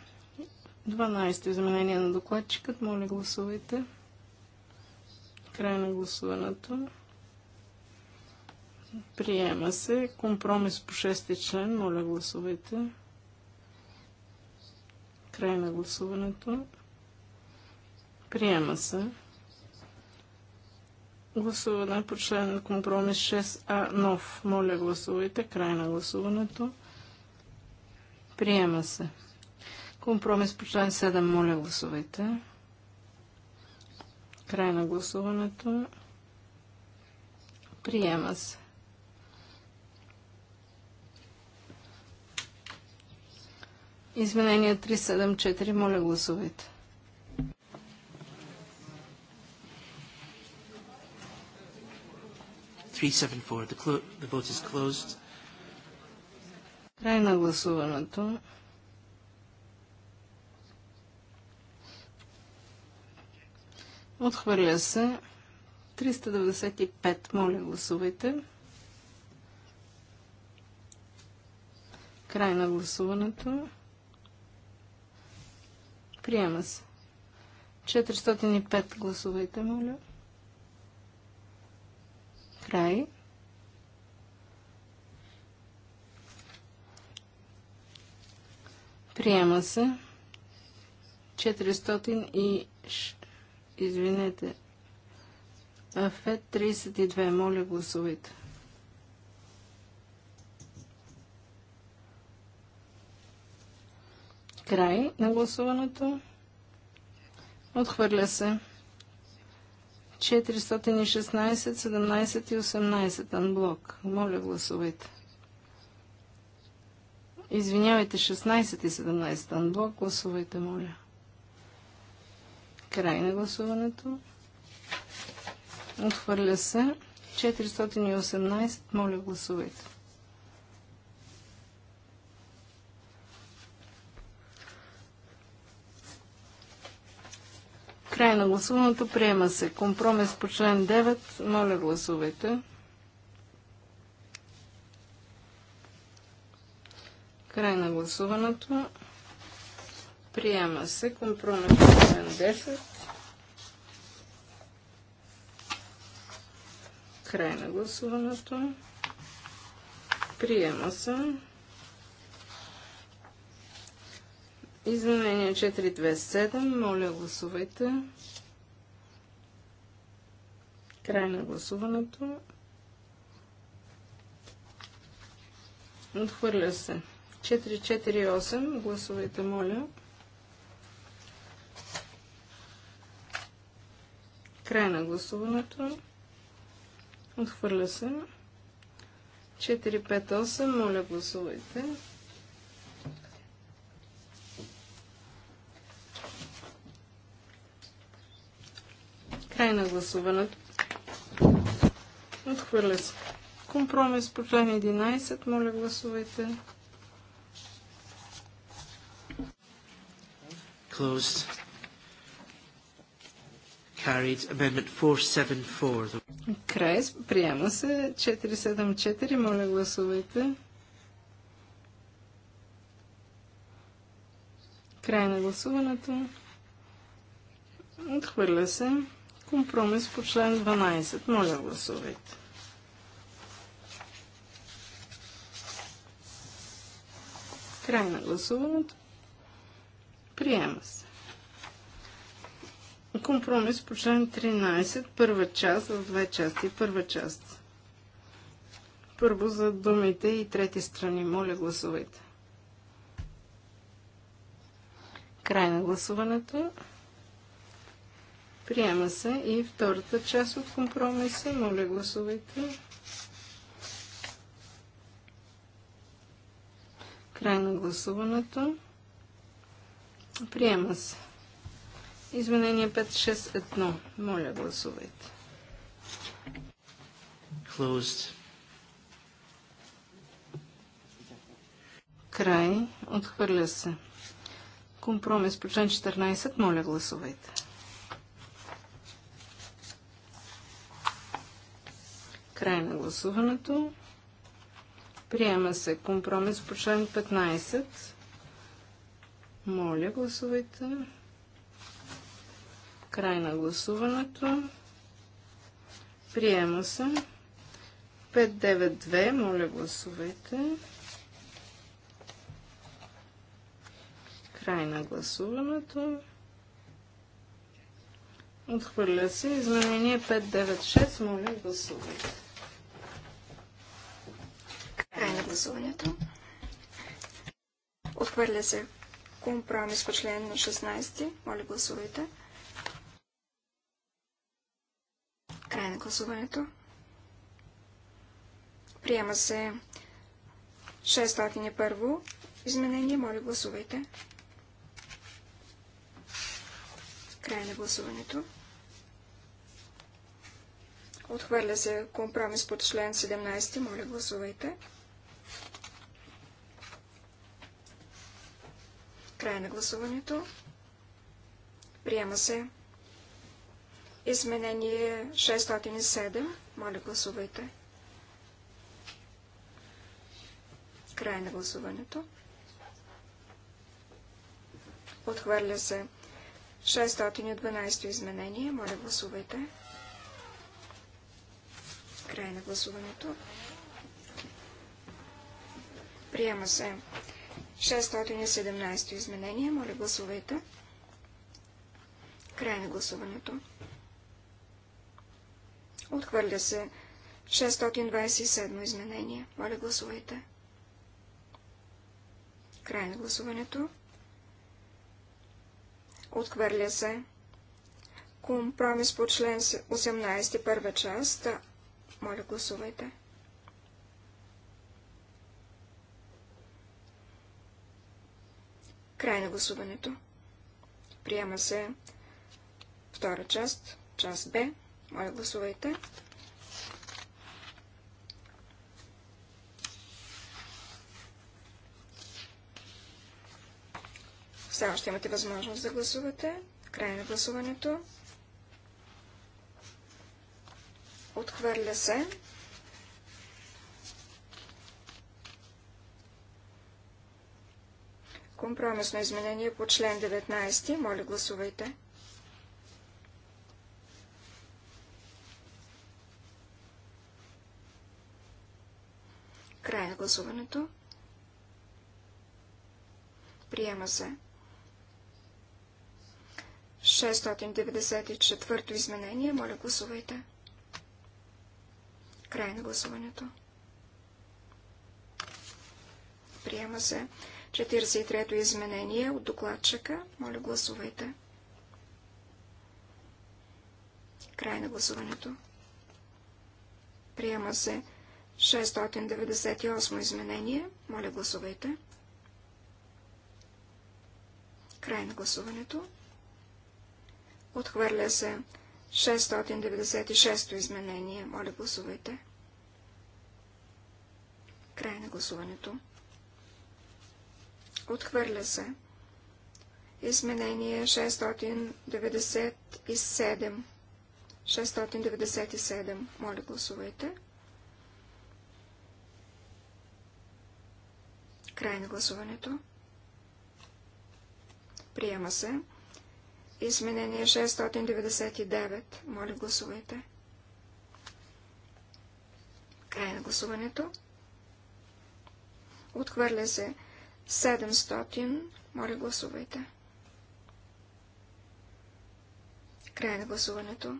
12-то изменение на докладчикът. Моля, гласувайте. Край на гласуването. Приема се. Компромис по 6 член. Моля, гласувайте. Край на гласуването. Приема се. Гласуване по член на компромис 6А нов. Моля, гласувайте. Край на гласуването. Приема се. Компромис по член 7. Моля, гласувайте. Край на гласуването. Приема се. Изменение 374. Моля, гласувайте. Край на гласуването. Отхвърля се. 395. Моля, гласувайте. Край на гласуването. Приема се. 405. Гласувайте, моля. Край. Приема се. 406. Извинете. Афет 32. Моля, гласовете. Край на гласуването. Отхвърля се. 416, 17 и 18 анблок. Моля, гласовете. Извинявайте, 16 и 17 анблок. Гласувайте, моля. Край на гласуването. Отхвърля се. 418. Моля, гласувайте. Край на гласуването. Приема се. Компромис по член 9. Моля, гласувайте. Край на гласуването. Приема се компромисен 10. Край на гласуването. Приема се. Изменение 427. Моля, гласувайте. Край на гласуването. Отхвърля се. 448. Гласувайте, моля. Край на гласуването. Отхвърля се. 4, 5, 8. моля гласувайте. Край на гласуването. Отхвърля се. Компромис по член 11, моля гласувайте. Closed. Carried. Amendment 474. Край. Приема се. 474. Моля гласувайте. Край на гласуването. Отхвърля се. Компромис по член 12. Моля гласувайте. Край на гласуването. Приема се. Компромис по член 13, първа част, в две части. Първа част. Първо за думите и трети страни. Моля, гласувайте. Край на гласуването. Приема се и втората част от компромиса. Моля, гласувайте. Край на гласуването. Приема се. Изменение 561. Моля, гласувайте. Closed. Край. Отхвърля се. Компромис по член 14. Моля, гласувайте. Край на гласуването. Приема се компромис по член 15. Моля, гласувайте. Край на гласуването. Приема се. 592, моля гласувайте. Край на гласуването. Отхвърля се. Изменение 596, моля гласувайте. Край на гласуването. Отхвърля се. Компромис по член на 16. Моля гласувайте. Край на гласуването. Приема се 601 изменение. Моля, гласувайте. Край на гласуването. Отхвърля се компромис под член 17. Моля, гласувайте. Край на гласуването. Приема се Изменение 607. Моля, гласувайте. Край на гласуването. Отхвърля се 612 изменение. Моля, гласувайте. Край на гласуването. Приема се 617 изменение. Моля, гласувайте. Край на гласуването. Отхвърля се 627 изменение. Моля, гласувайте. Край на гласуването. Отхвърля се. Компромис по член 18, първа част. Моля, гласувайте. Край на гласуването. Приема се втора част, част Б. Моля, гласувайте. Все още имате възможност да гласувате. Край на гласуването. Отхвърля се. Компромисно изменение по член 19. Моля, гласувайте. Край на гласуването. Приема се. 694 изменение. Моля, гласувайте. Край на гласуването. Приема се. 43-то изменение от докладчика. Моля, гласувайте. Край на гласуването. Приема се. 698 изменение. Моля, гласувайте. Край на гласуването. Отхвърля се 696 изменение. Моля, гласувайте. Край на гласуването. Отхвърля се. Изменение 697. 697. Моля, гласувайте. Край на гласуването. Приема се. Изменение 699. Моля, гласувайте. Край на гласуването. Отхвърля се 700. Моля, гласувайте. Край на гласуването.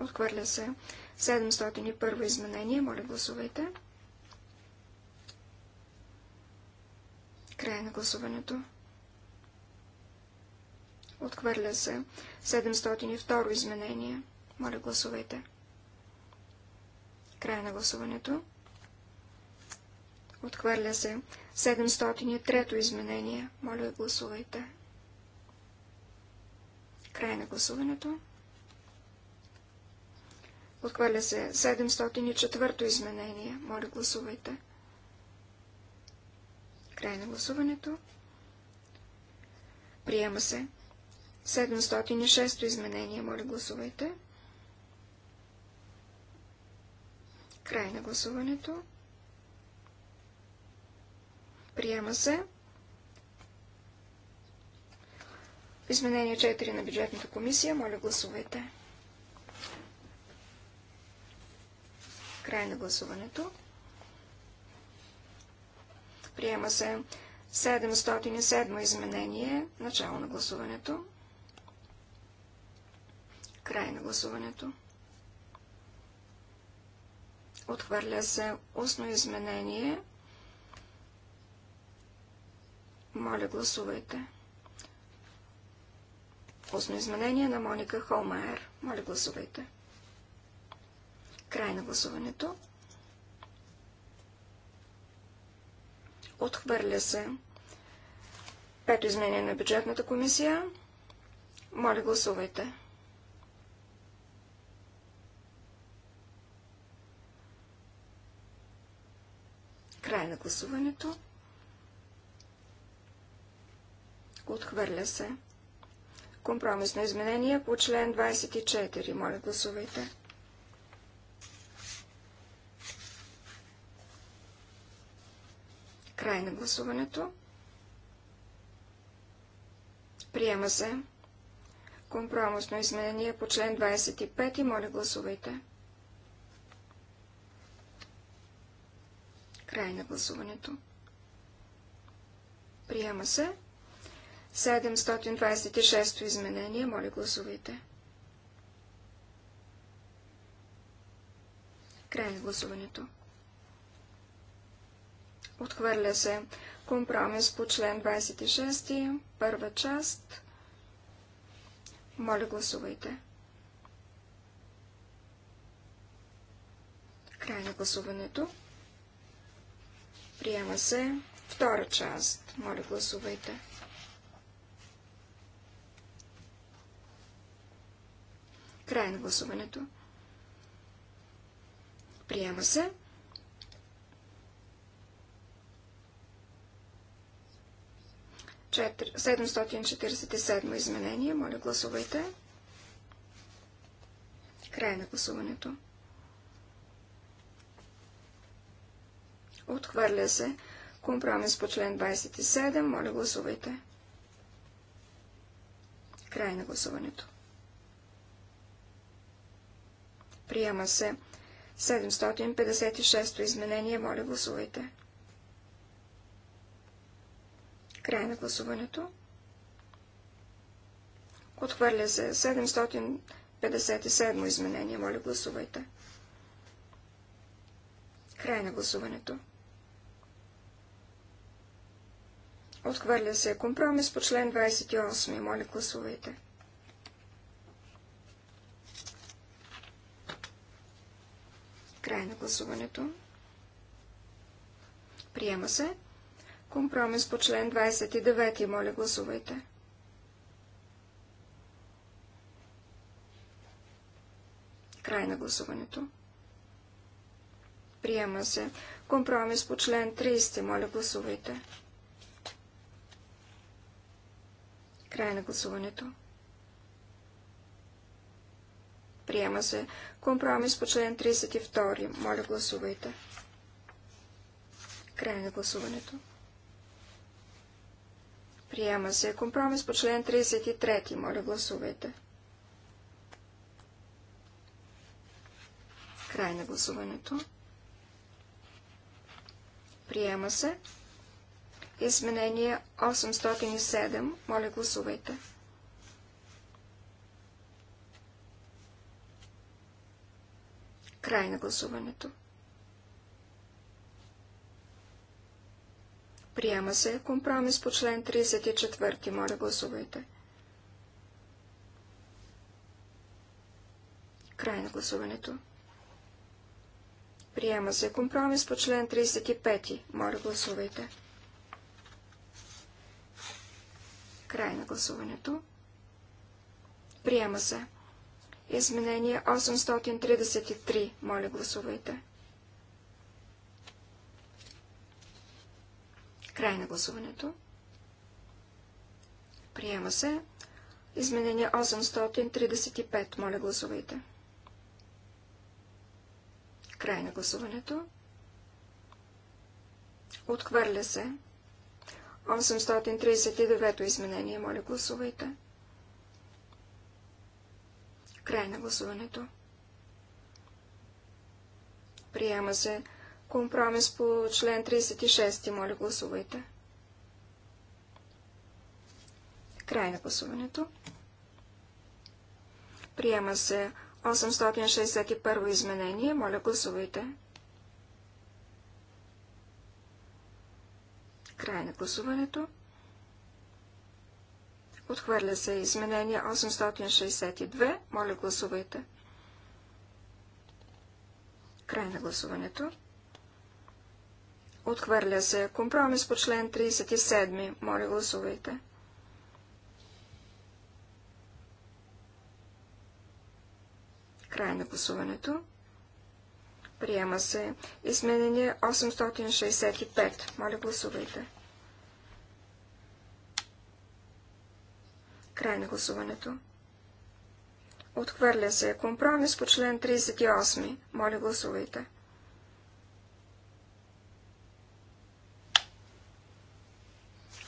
Отхвърля се 701 изменение. Моля, гласувайте. Край на гласуването. Отхвърля се 702 изменение. Моля, гласувайте. Край на гласуването. Отхвърля се 703 изменение. Моля, гласувайте. Край на гласуването. Отхвърля се 704 изменение. Моля, гласувайте. Край на гласуването. Приема се. 706 изменение. Моля, гласувайте. Край на гласуването. Приема се. Изменение 4 на бюджетната комисия. Моля, гласувайте. Край на гласуването. Приема се 707 изменение. Начало на гласуването. Край на гласуването. Отхвърля се устно изменение. Моля, гласувайте. Устно изменение на Моника Холмайер. Моля, гласувайте. Край на гласуването. Отхвърля се. Пето изменение на бюджетната комисия. Моля, гласувайте. Край на гласуването. Отхвърля се. Компромисно изменение по член 24. Моля, гласувайте. Край на гласуването. Приема се. Компромисно изменение по член 25. и Моля, гласувайте. Край на гласуването. Приема се. 726 изменение. Моля, гласувайте. Край на гласуването. Отхвърля се. Компромис по член 26, първа част. Моля, гласувайте. Край на гласуването. Приема се втора част. Моля, гласувайте. Край на гласуването. Приема се. 747 изменение. Моля, гласувайте. Край на гласуването. Отхвърля се. Компромис по член 27. Моля, гласувайте. Край на гласуването. Приема се. 756 изменение. Моля, гласувайте. Край на гласуването. Отхвърля се 757 изменение. Моля, гласувайте. Край на гласуването. Отхвърля се компромис по член 28. Моля, гласувайте. Край на гласуването. Приема се. Компромис по член 29. Моля, гласувайте. Край на гласуването. Приема се. Компромис по член 30. Моля, гласувайте. Край на гласуването. Приема се. Компромис по член 32. Моля, гласувайте. Край на гласуването. Приема се компромис по член 33. Моля, гласувайте. Край на гласуването. Приема се. Изменение 807. Моля, гласувайте. Край на гласуването. Приема се компромис по член 34. Моля, гласувайте. Край на гласуването. Приема се компромис по член 35. Моля, гласувайте. Край на гласуването. Приема се. Изменение 833. Моля, гласувайте. Край на гласуването. Приема се. Изменение 835. Моля, гласувайте. Край на гласуването. Отхвърля се. 839 то изменение. Моля, гласувайте. Край на гласуването. Приема се Компромис по член 36. Моля, гласувайте. Край на гласуването. Приема се 861 изменение. Моля, гласувайте. Край на гласуването. Отхвърля се изменение 862. Моля, гласувайте. Край на гласуването. Отхвърля се. Компромис по член 37. Моля, гласувайте. Край на гласуването. Приема се. Изменение 865. Моля, гласувайте. Край на гласуването. Отхвърля се. Компромис по член 38. Моля, гласувайте.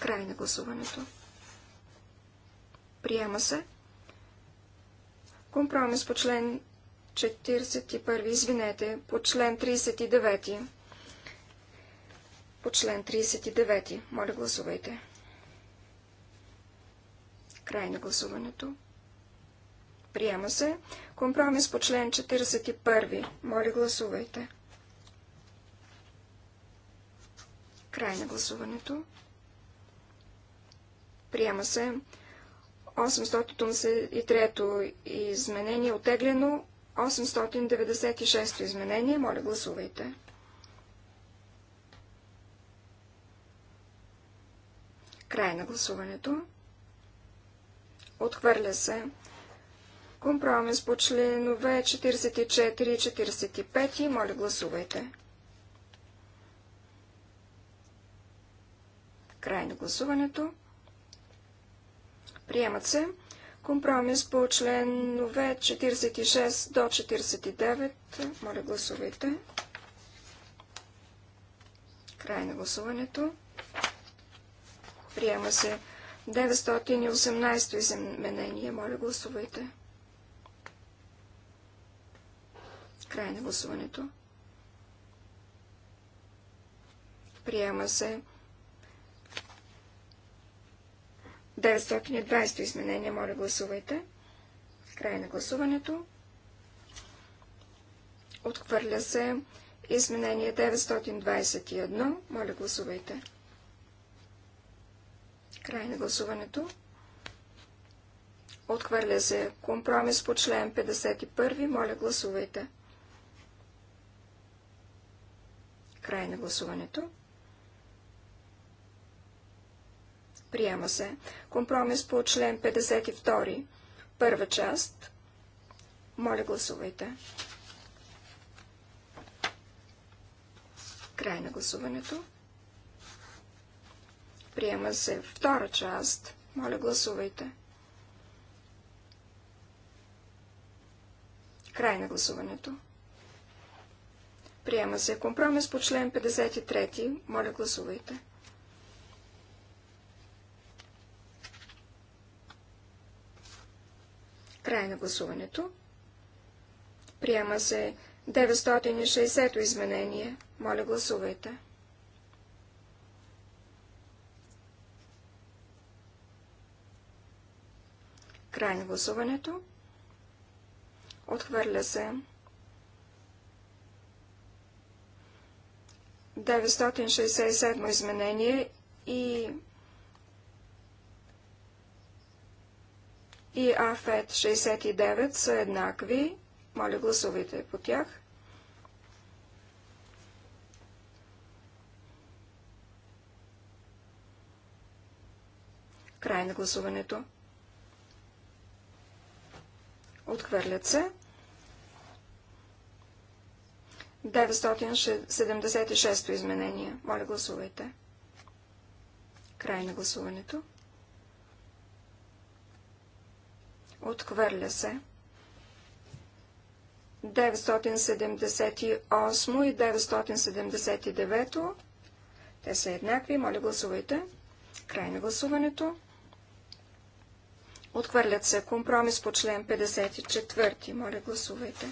Край на гласуването. Приема се. Компромис по член 41, извинете, по член 39. По член 39. Моля, гласувайте. Край на гласуването. Приема се. Компромис по член 41. Моля, гласувайте. Край на гласуването. Приема се. 803 изменение отеглено. 896 изменение. Моля, гласувайте. Край на гласуването. Отхвърля се. Компромис по членове 44 и 45. Моля, гласувайте. Край на гласуването. Приемат се. Компромис по членове 46 до 49. Моля, гласувайте. Край на гласуването. Приема се 918 изменение. Моля, гласувайте. Край на гласуването. Приема се 920 изменение. Моля, гласувайте. Край на гласуването. Отхвърля се изменение 921. Моля, гласувайте. Край на гласуването. Отхвърля се компромис по член 51. Моля, гласувайте. Край на гласуването. Приема се. Компромис по член 52. Първа част. Моля, гласувайте. Край на гласуването. Приема се втора част. Моля, гласувайте. Край на гласуването. Приема се компромис по член 53. Моля, гласувайте. Край на гласуването. Приема се 960-то изменение. Моля, гласувайте. Край на гласуването. Отхвърля се. 967 изменение и и АФЕТ 69 са еднакви. Моля, гласувайте по тях. Край на гласуването. Отхвърлят се. 976 изменение. Моля, гласувайте. Край на гласуването. Отхвърля се. 978 и 979. Те са еднакви. Моля, гласувайте. Край на гласуването. Отхвърлят се компромис по член 54. Моля, гласувайте.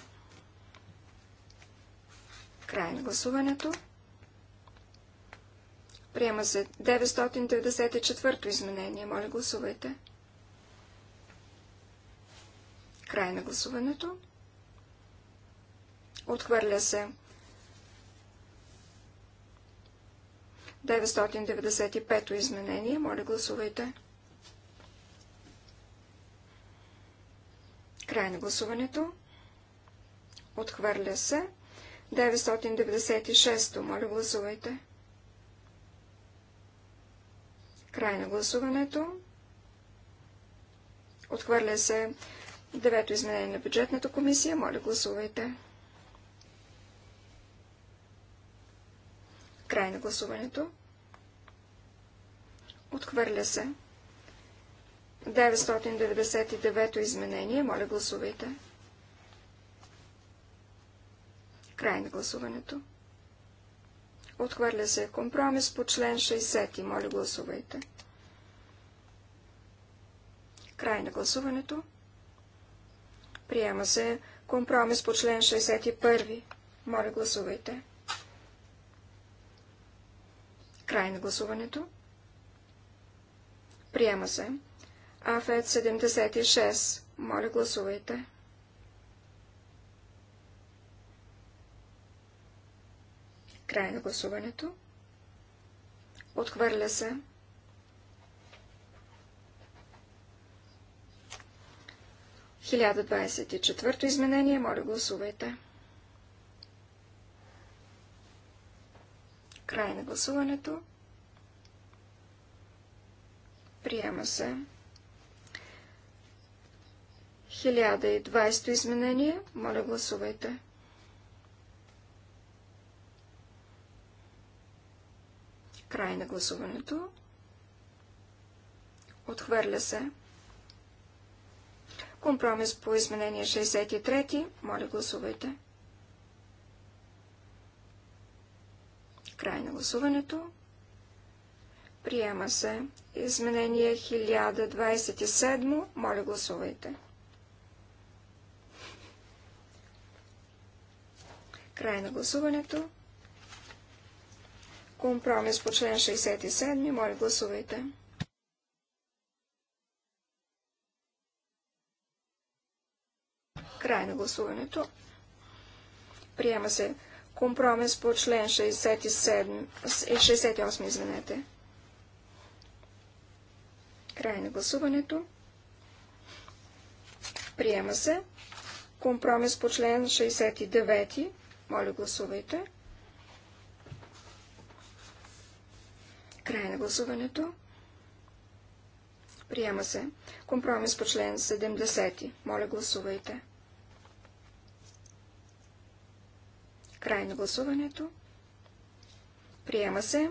Край на гласуването. Приема се 994 изменение. Моля, гласувайте. Край на гласуването. Отхвърля се. 995-то изменение. Моля, гласувайте. Край на гласуването. Отхвърля се. 996-то. Моля, гласувайте. Край на гласуването. Отхвърля се. Девето изменение на бюджетната комисия. Моля, гласувайте. Край на гласуването. Отхвърля се. 999 изменение. Моля, гласувайте. Край на гласуването. Отхвърля се компромис по член 60. Моля, гласувайте. Край на гласуването. Приема се компромис по член 61. Моля, гласувайте. Край на гласуването. Приема се. АФЕТ 76. Моля, гласувайте. Край на гласуването. Отхвърля се. 1024 изменение. Моля, гласувайте. Край на гласуването. Приема се. 1020 изменение. Моля, гласувайте. Край на гласуването. Отхвърля се. Компромис по изменение 63. Моля, гласувайте. Край на гласуването. Приема се. Изменение 1027. Моля, гласувайте. Край на гласуването. Компромис по член 67. Моля, гласувайте. Край на гласуването. Приема се компромис по член 67, 68, е, извинете. Край на гласуването. Приема се компромис по член 69. Моля, гласувайте. Край на гласуването. Приема се компромис по член 70. Моля, гласувайте. Край на гласуването. Приема се.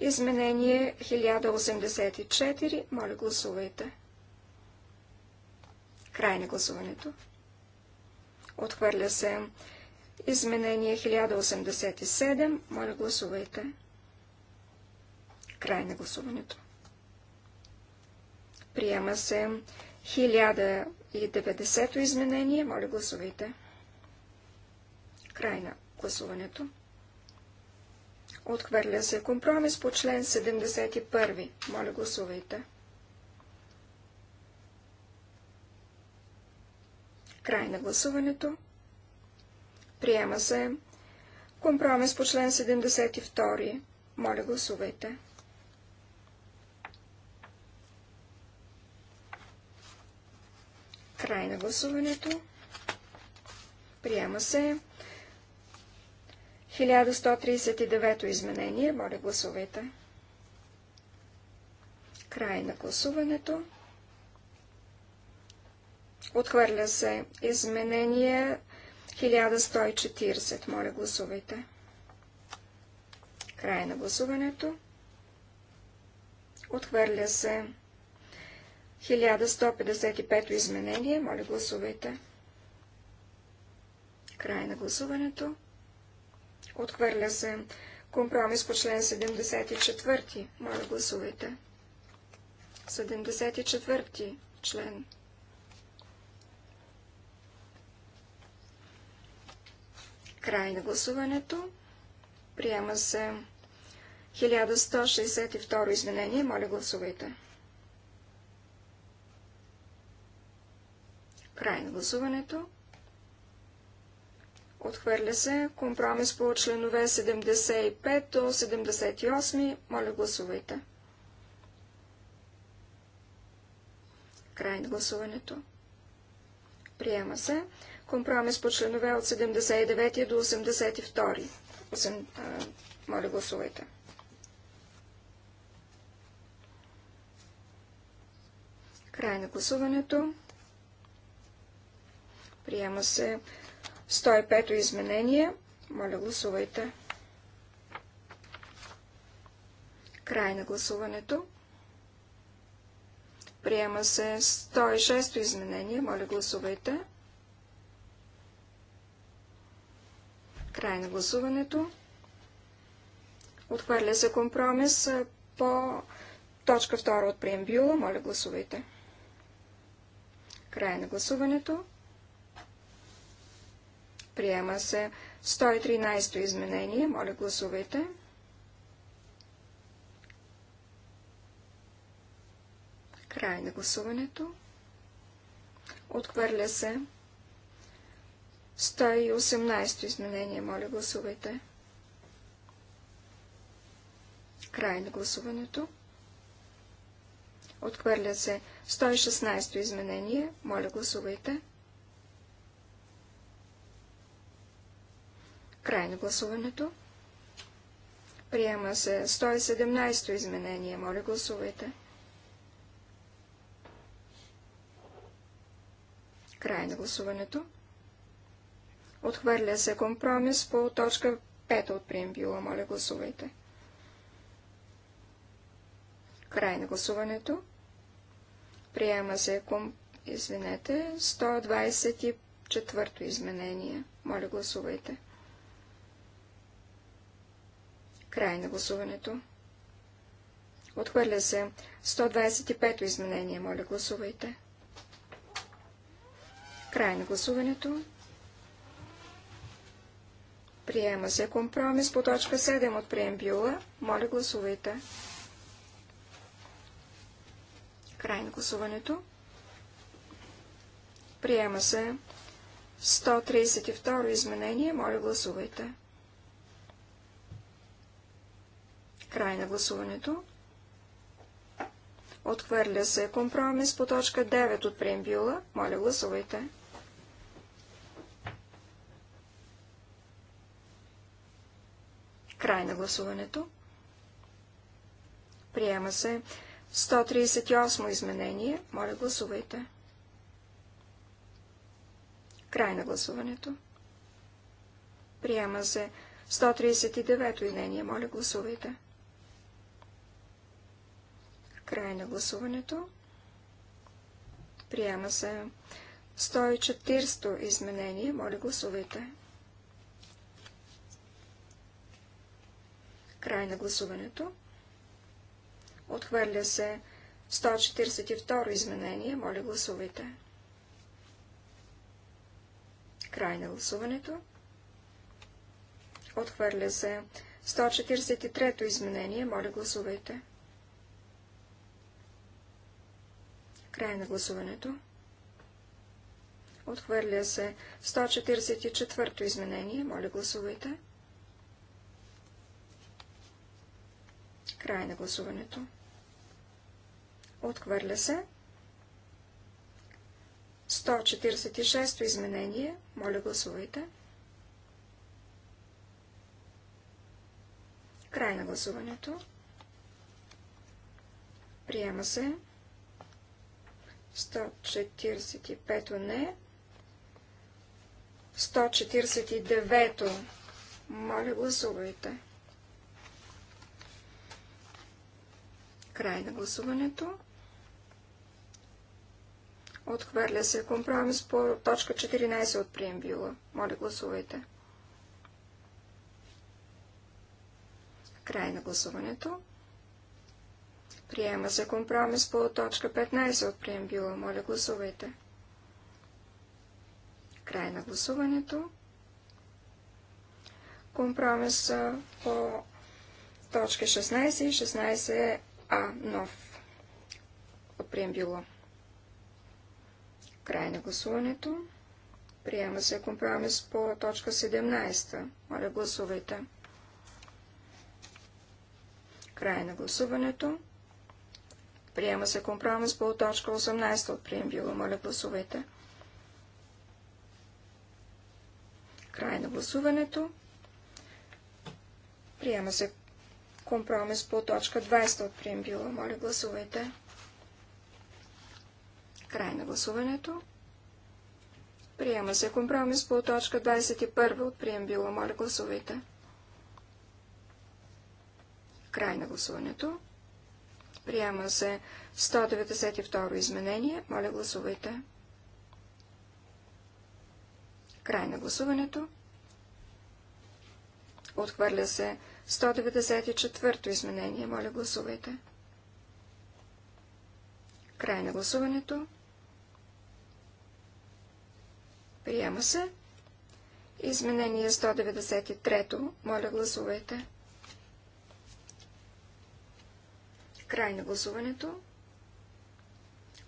Изменение 1084. Моля, гласувайте. Край на гласуването. Отхвърля се. Изменение 1087. Моля, гласувайте. Край на гласуването. Приема се 1090 изменение. Моля, гласувайте. Край на гласуването. Отхвърля се компромис по член 71. Моля, гласувайте. Край на гласуването. Приема се компромис по член 72. Моля, гласувайте. Край на гласуването. Приема се 1139 изменение. Моля, гласувайте. Край на гласуването. Отхвърля се изменение 1140. Моля, гласувайте. Край на гласуването. Отхвърля се 1155 изменение. Моля, гласувайте. Край на гласуването. Отхвърля се. Компромис по член 74. Моля, гласувайте. 74 член. Край на гласуването. Приема се 1162 изменение. Моля, гласувайте. Край на гласуването. Отхвърля се. Компромис по членове 75 до 78. Моля, гласувайте. Край на гласуването. Приема се. Компромис по членове от 79 до 82. 8, моля, гласувайте. Край на гласуването. Приема се 105-то изменение. Моля, гласувайте. Край на гласуването. Приема се 106-то изменение. Моля, гласувайте. Край на гласуването. Отхвърля се компромис по точка 2 от преембюла. Моля, гласувайте. Край на гласуването. Приема се 113-то изменение. Моля, гласувайте. Край на гласуването. Отхвърля се 118-то изменение. Моля, гласувайте. Край на гласуването. Отхвърля се 116-то изменение. Моля, гласувайте. Край на гласуването. Приема се 117 то изменение. Моля, гласувайте. Край на гласуването. Отхвърля се компромис по точка 5 от преембюла. Моля, гласувайте. Край на гласуването. Приема се ком... Извинете, 124 изменение. Моля, гласувайте. Край на гласуването. Отхвърля се 125-то изменение. Моля, гласувайте. Край на гласуването. Приема се компромис по точка 7 от преембюла. Моля, гласувайте. Край на гласуването. Приема се 132 изменение. Моля, гласувайте. Край на гласуването. Отхвърля се компромис по точка 9 от преембюла. Моля, гласувайте. Край на гласуването. Приема се 138 изменение. Моля, гласувайте. Край на гласуването. Приема се 139 изменение. Моля, гласувайте. Край на гласуването. Приема се 140 изменение. Моля, гласувайте. Край на гласуването. Отхвърля се 142 изменение. Моля, гласувайте. Край на гласуването. Отхвърля се 143 изменение. Моля, гласувайте. Край на гласуването. Отхвърля се 144-то изменение. Моля, гласувайте. Край на гласуването. Отхвърля се 146-то изменение. Моля, гласувайте. Край на гласуването. Приема се 145 не. 149. Моля, гласувайте. Край на гласуването. Отхвърля се компромис по точка 14 от приембила. Моля, гласувайте. Край на гласуването. Приема се компромис по точка 15 от преембюла. Моля, гласувайте. Край на гласуването. Компромис по точки 16 и 16а нов от преембюла. Край на гласуването. Приема се компромис по точка 17. Моля, гласувайте. Край на гласуването. Приема се компромис по точка 18 от приембила, Моля, гласувайте. Край на гласуването. Приема се компромис по точка 20 от приембила, Моля, гласувайте. Край на гласуването. Приема се компромис по точка 21 от приембила, Моля, гласувайте. Край на гласуването. Приема се 192 изменение. Моля, гласувайте. Край на гласуването. Отхвърля се 194 изменение. Моля, гласувайте. Край на гласуването. Приема се. Изменение 193. Моля, гласувайте. Край на гласуването.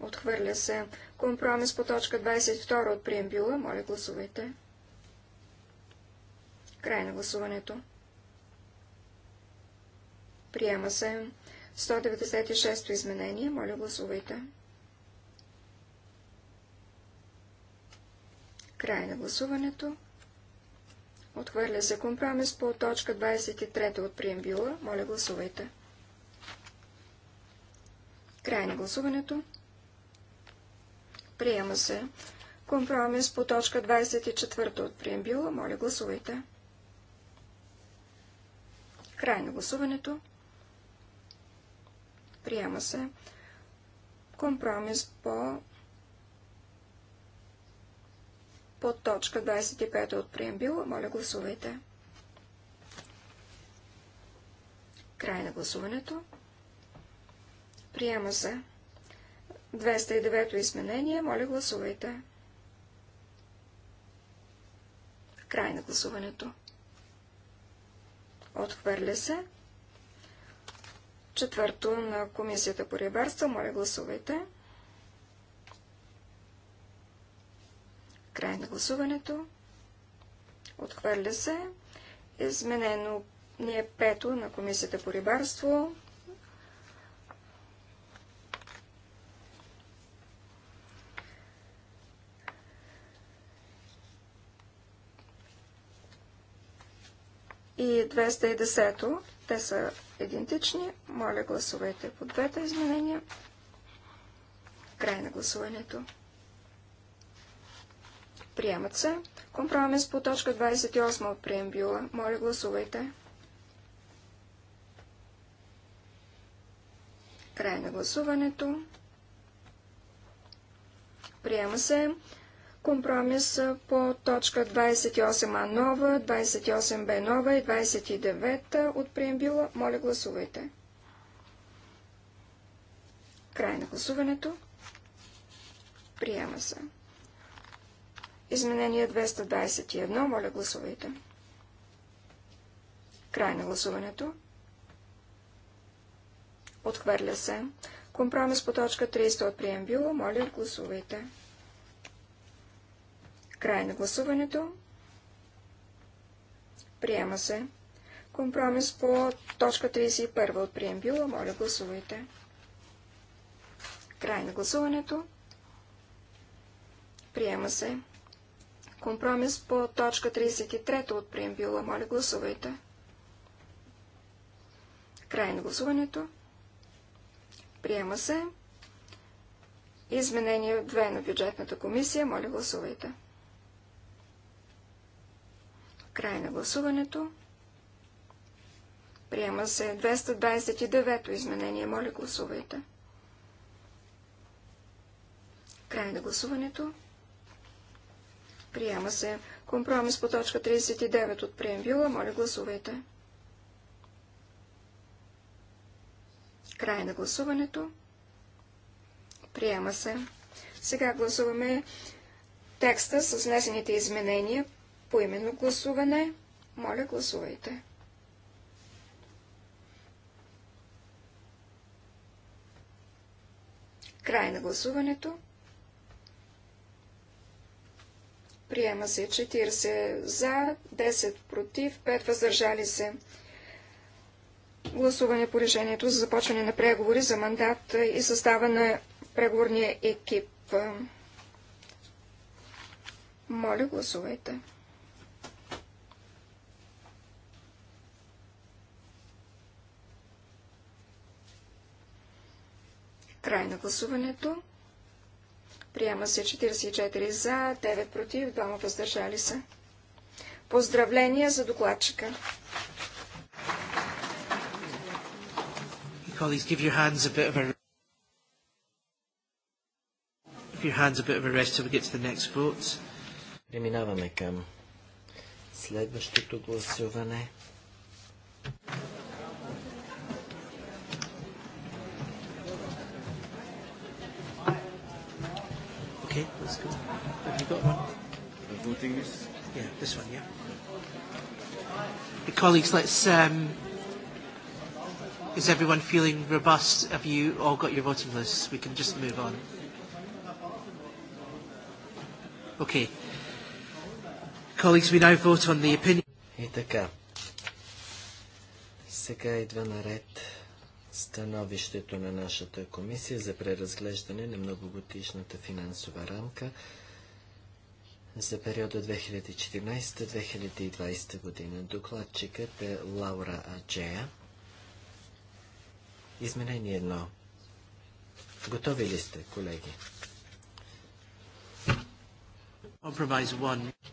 Отхвърля се. Компромис по точка 22 от приембюла, Моля, гласувайте. Край на гласуването. Приема се. 196-то изменение. Моля, гласувайте. Край на гласуването. Отхвърля се компромис по точка 23 от приембюла. Моля, гласувайте. Край на гласуването. Приема се. Компромис по точка 24 от приембила, Моля, гласувайте. Край на гласуването. Приема се. Компромис по по точка 25 от приембила, Моля, гласувайте. Край на гласуването. Приема се. 209 изменение. Моля, гласувайте. Край на гласуването. Отхвърля се. Четвърто на Комисията по рибарство. Моля, гласувайте. Край на гласуването. Отхвърля се. Изменено ни е пето на Комисията по рибарство. и 210. Те са идентични. Моля, гласувайте по двете изменения. Край на гласуването. Приемат се. Компромис по точка 28 от преембюла. Моля, гласувайте. Край на гласуването. Приема се компромис по точка 28А нова, 28Б нова и 29 от преембила. Моля, гласувайте. Край на гласуването. Приема се. Изменение 221. Моля, гласувайте. Край на гласуването. Отхвърля се. Компромис по точка 30 от преембила. Моля, гласувайте. Край на гласуването. Приема се. Компромис по точка 31 от приембила. Моля, гласувайте. Край на гласуването. Приема се. Компромис по точка 33 от била. Моля, гласувайте. Край на гласуването. Приема се. Изменение 2 на бюджетната комисия. Моля, гласувайте. Край на гласуването. Приема се 229 то изменение. Моля, гласувайте. Край на гласуването. Приема се компромис по точка 39 от преембюла. Моля, гласувайте. Край на гласуването. Приема се. Сега гласуваме текста с внесените изменения по именно гласуване. Моля, гласувайте. Край на гласуването. Приема се 40 за, 10 против, 5 въздържали се. Гласуване по решението за започване на преговори за мандат и състава на преговорния екип. Моля, гласувайте. Край на гласуването. Приема се 44 за, 9 против, 2 въздържали се. Поздравления за докладчика. Colleagues, give your hands a bit of a your hands a bit of a rest till we get to the next vote. Преминаваме към следващото гласуване. that's good. Have you got one? The voting list? Yeah, this one, yeah. Hey, colleagues, let's. Um, is everyone feeling robust? Have you all got your voting lists? We can just move on. Okay. Colleagues, we now vote on the opinion. И така. Сега идва наред становището на нашата комисия за преразглеждане на многогодишната финансова рамка за периода 2014-2020 година. Докладчикът е Лаура Аджея. Изменение едно. Готови ли сте, колеги?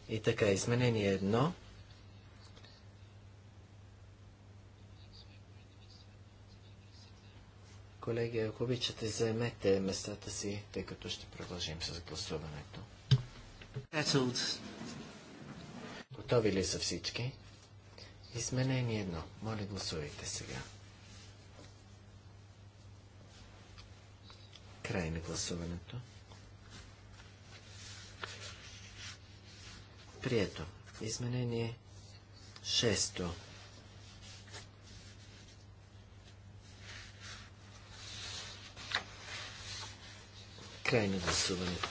И така, изменение едно. колеги, ако обичате, заемете местата си, тъй като ще продължим с гласуването. Готови ли са всички? Изменение едно. Моля, гласувайте сега. Край на гласуването. Прието. Изменение шесто. Край на гласуването.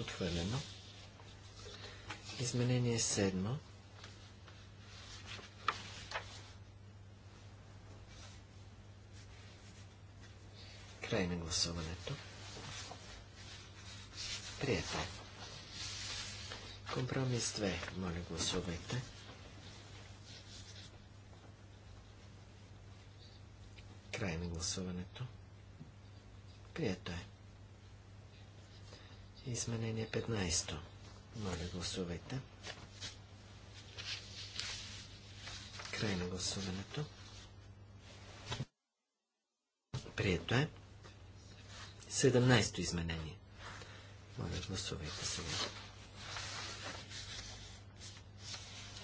Отхвърлено. Изменение седмо. Край на гласуването. Прието. Компромис 2. Моля, гласувайте. Край на гласуването. Прието е. Изменение 15. Моля, гласувайте. Край на гласуването. Прието е. 17 изменение. Моля, гласувайте сега.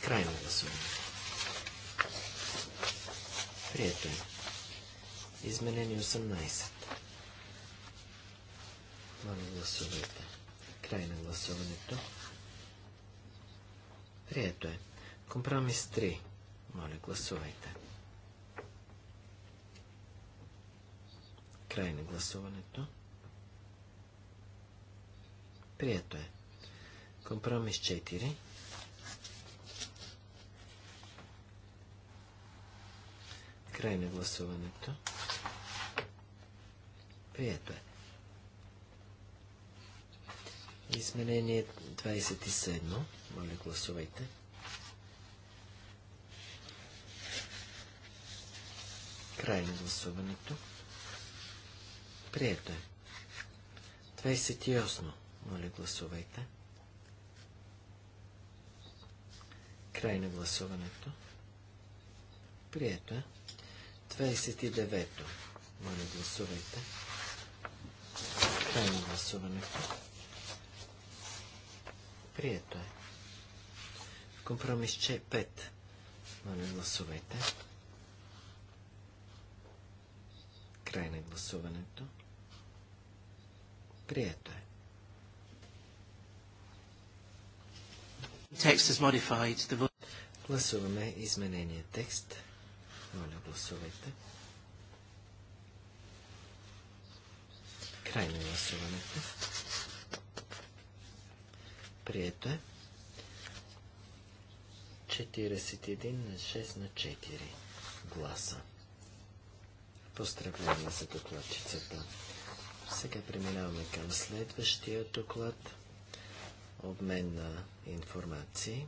Край на гласуването. Прието е. Изменение 18. Моля, гласувайте. Край на гласуването. Прието е. Компромис 3. Моля, гласувайте. Край на гласуването. Прието е. Компромис 4. Край на гласуването. Прието е. Изменение 27. Моля, гласувайте. Край на гласуването. Прието е. 28. Моля, гласувайте. Край на гласуването. Прието е. 29. Моля, гласувайте. Край на гласуването. Прието е. Компромис че 5. Моля, гласувайте. Край на гласуването. Прието е. Текст is modified. The... Гласуваме изменения текст. Моля, гласувайте. Край на гласуването. Прието е. 41 на 6 на 4 гласа. Поздравяваме за докладчицата. Сега преминаваме към следващия доклад. Обмен на информации.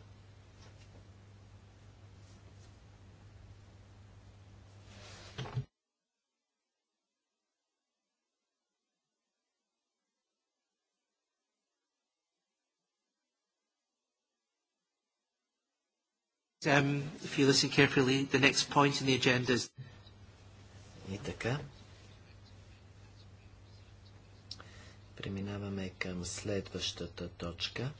Um, if you listen carefully, the next point in the agenda is... И така. Преминаваме към следващата точка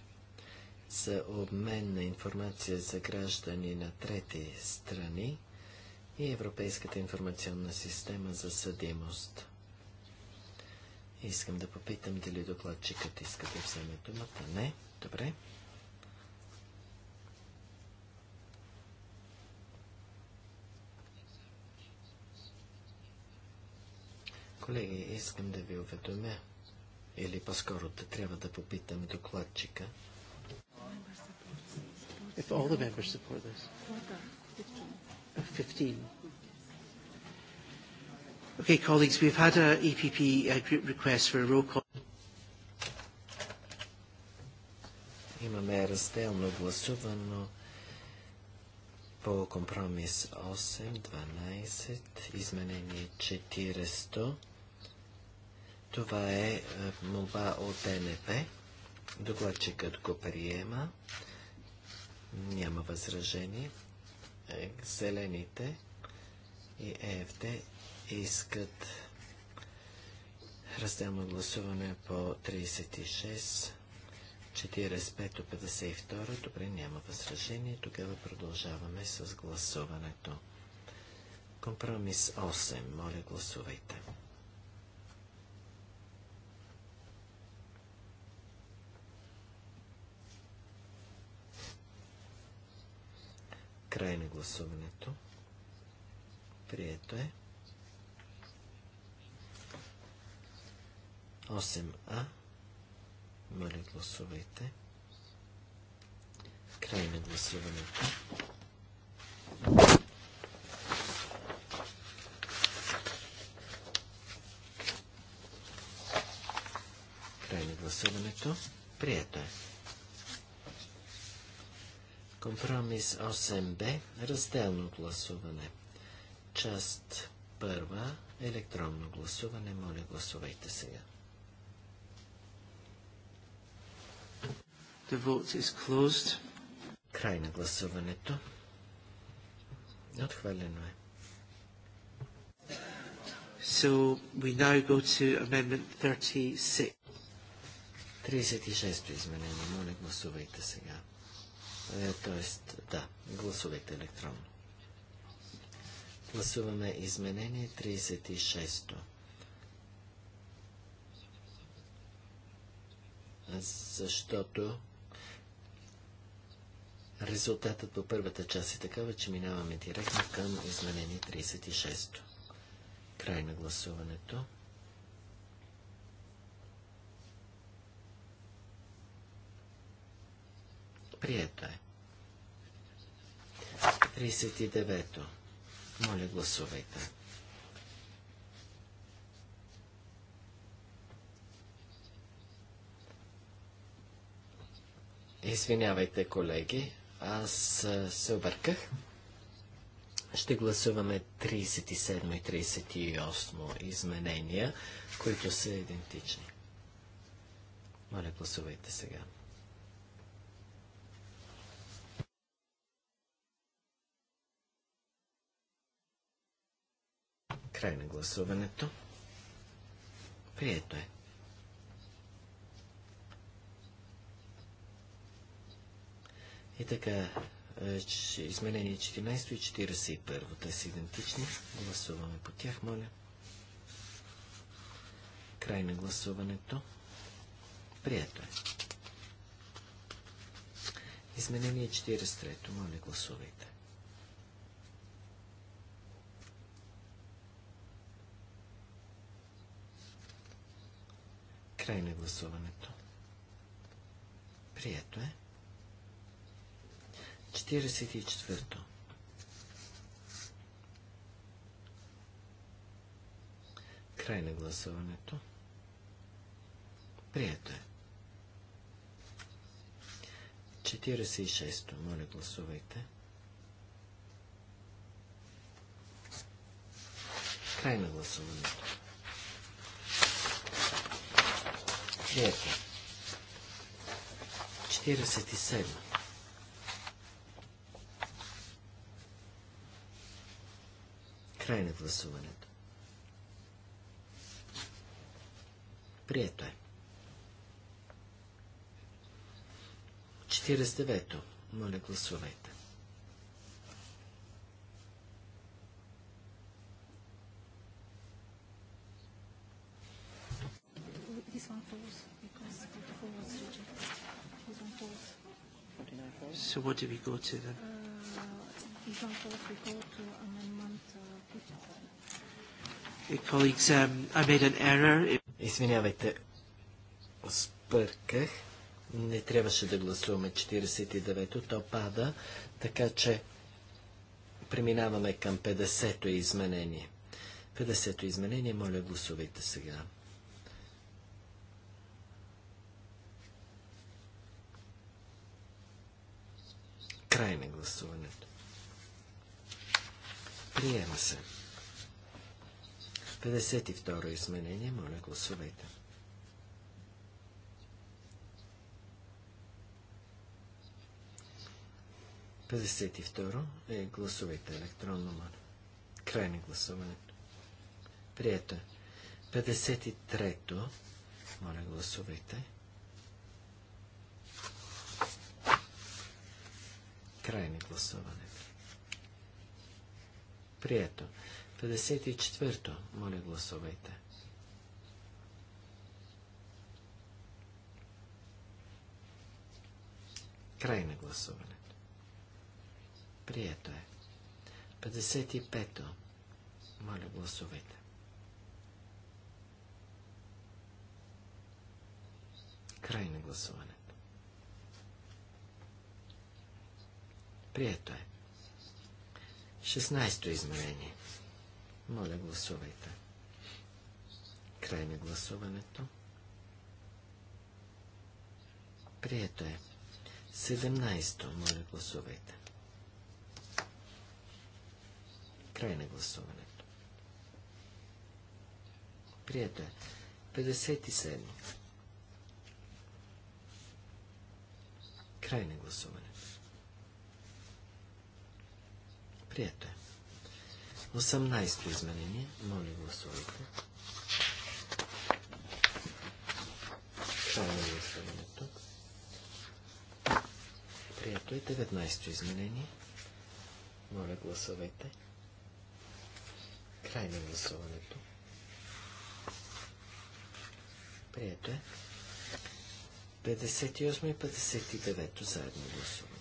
за обмен на информация за граждани на трети страни и Европейската информационна система за съдимост. Искам да попитам дали докладчикът иска да вземе думата. Не? Добре. Колеги, искам да ви уведомя, или по-скоро да трябва да попитам докладчика. If all the members support this. 15. Okay, colleagues, we've had a EPP uh, group request for a roll call. Имаме разделно гласувано по компромис 8, 12, изменение 400. Това е, е молба от НП. Докладчикът го приема. Няма възражение. Е, зелените и ЕФТ искат разделно гласуване по 36, 45 52. Добре, няма възражение. Тогава продължаваме с гласуването. Компромис 8. Моля, гласувайте. Край на гласуването. Прието е. 8А. Моля, гласувайте. Край на гласуването. Край на гласуването. Прието е. Компромис 8 б Разделно гласуване. Част първа. Електронно гласуване. Моля, гласувайте сега. The vote is closed. Край на гласуването. Отхвалено е. So we now go to amendment 36. 36 изменение. Моля, гласувайте сега. Е, тоест, да, гласувайте електронно. Гласуваме изменение 36-то. Защото резултатът по първата част е такава, че минаваме директно към изменение 36-то. Край на гласуването. Прието е. 39-то. Моля, гласувайте. Извинявайте, колеги, аз се обърках. Ще гласуваме 37 и 38 изменения, които са идентични. Моля, гласувайте сега. Край на гласуването. Прието е. И така, е, изменение 14 и 41. Те са идентични. Гласуваме по тях, моля. Край на гласуването. Прието е. Изменение 43. Моля, гласувайте. Край на гласуването. Прието е. 44-то. Край на гласуването. Прието е. 46-то. Моля, гласувайте. Край на гласуването. Четвърто. 47. Край на гласуването. Прието е. 49. Моля, гласувайте. So what do we go to then? Uh, uh, colleagues, um, I made an error. Извинявайте, спърках. Не трябваше да гласуваме 49-то, то пада, така че преминаваме към 50-то изменение. 50-то изменение, моля гласувайте сега. Край на гласуването. Приема се. 52 изменение. Моля, гласувайте. Пъдесет и второ е гласувайте електронно, моля. Край на гласуването. Прието е. 53-то. Моля, гласувайте. Край на гласуването. Прието. 54-то. Моля, гласувайте. Край на гласуването. Прието е. 55-то. Моля, гласувайте. Край на гласуване. Прието е. 16-то измерение. Моля, гласувайте. Край на гласуването. Прието е. 17-то. Моля, гласувайте. Край на гласуването. Прието е. 57. Край на гласуването. Прието е. 18-то изменение. Моля, гласувайте. Това е гласуването. Прието е 19-то изменение. Моля, гласувайте. Край на гласуването. Прието е. 58 е. и 59 заедно гласуваме.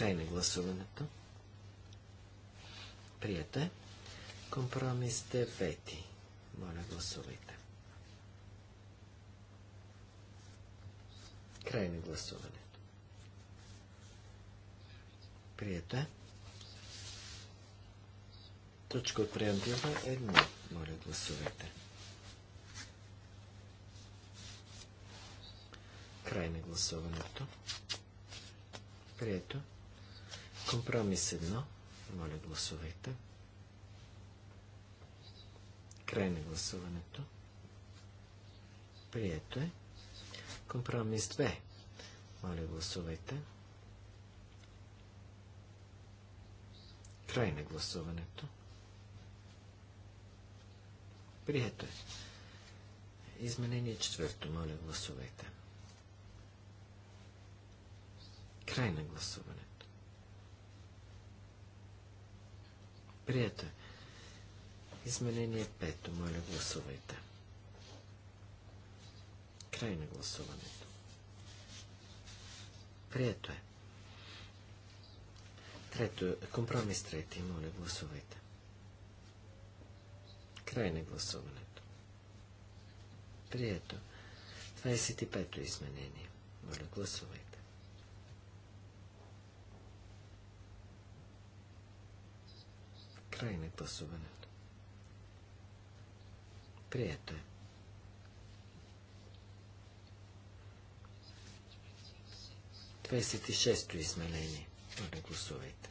Край на гласуването. Прията. Е. Компромис пети. Моля, гласувайте. Край на гласуването. Прията. Е. Точка от преамбила едно Моля, гласувайте. Край на гласуването. Прието. Компромис 1. Моля, гласувайте. Край на гласуването. Прието е. Компромис 2. Моля, гласувайте. Край на гласуването. Прието е. Изменение четвърто. Моля, гласувайте. Край на гласуването. Прието е. Изменение пето. Моля, гласувайте. Край на гласуването. Прието е. Трето, компромис трети. Моля, гласувайте. Край на гласуването. Прието. 25-то изменение. Моля, гласувайте. Крайне пасуването. гласуването. Прието е. Двадесет и шесто изменение. Моля, гласувайте.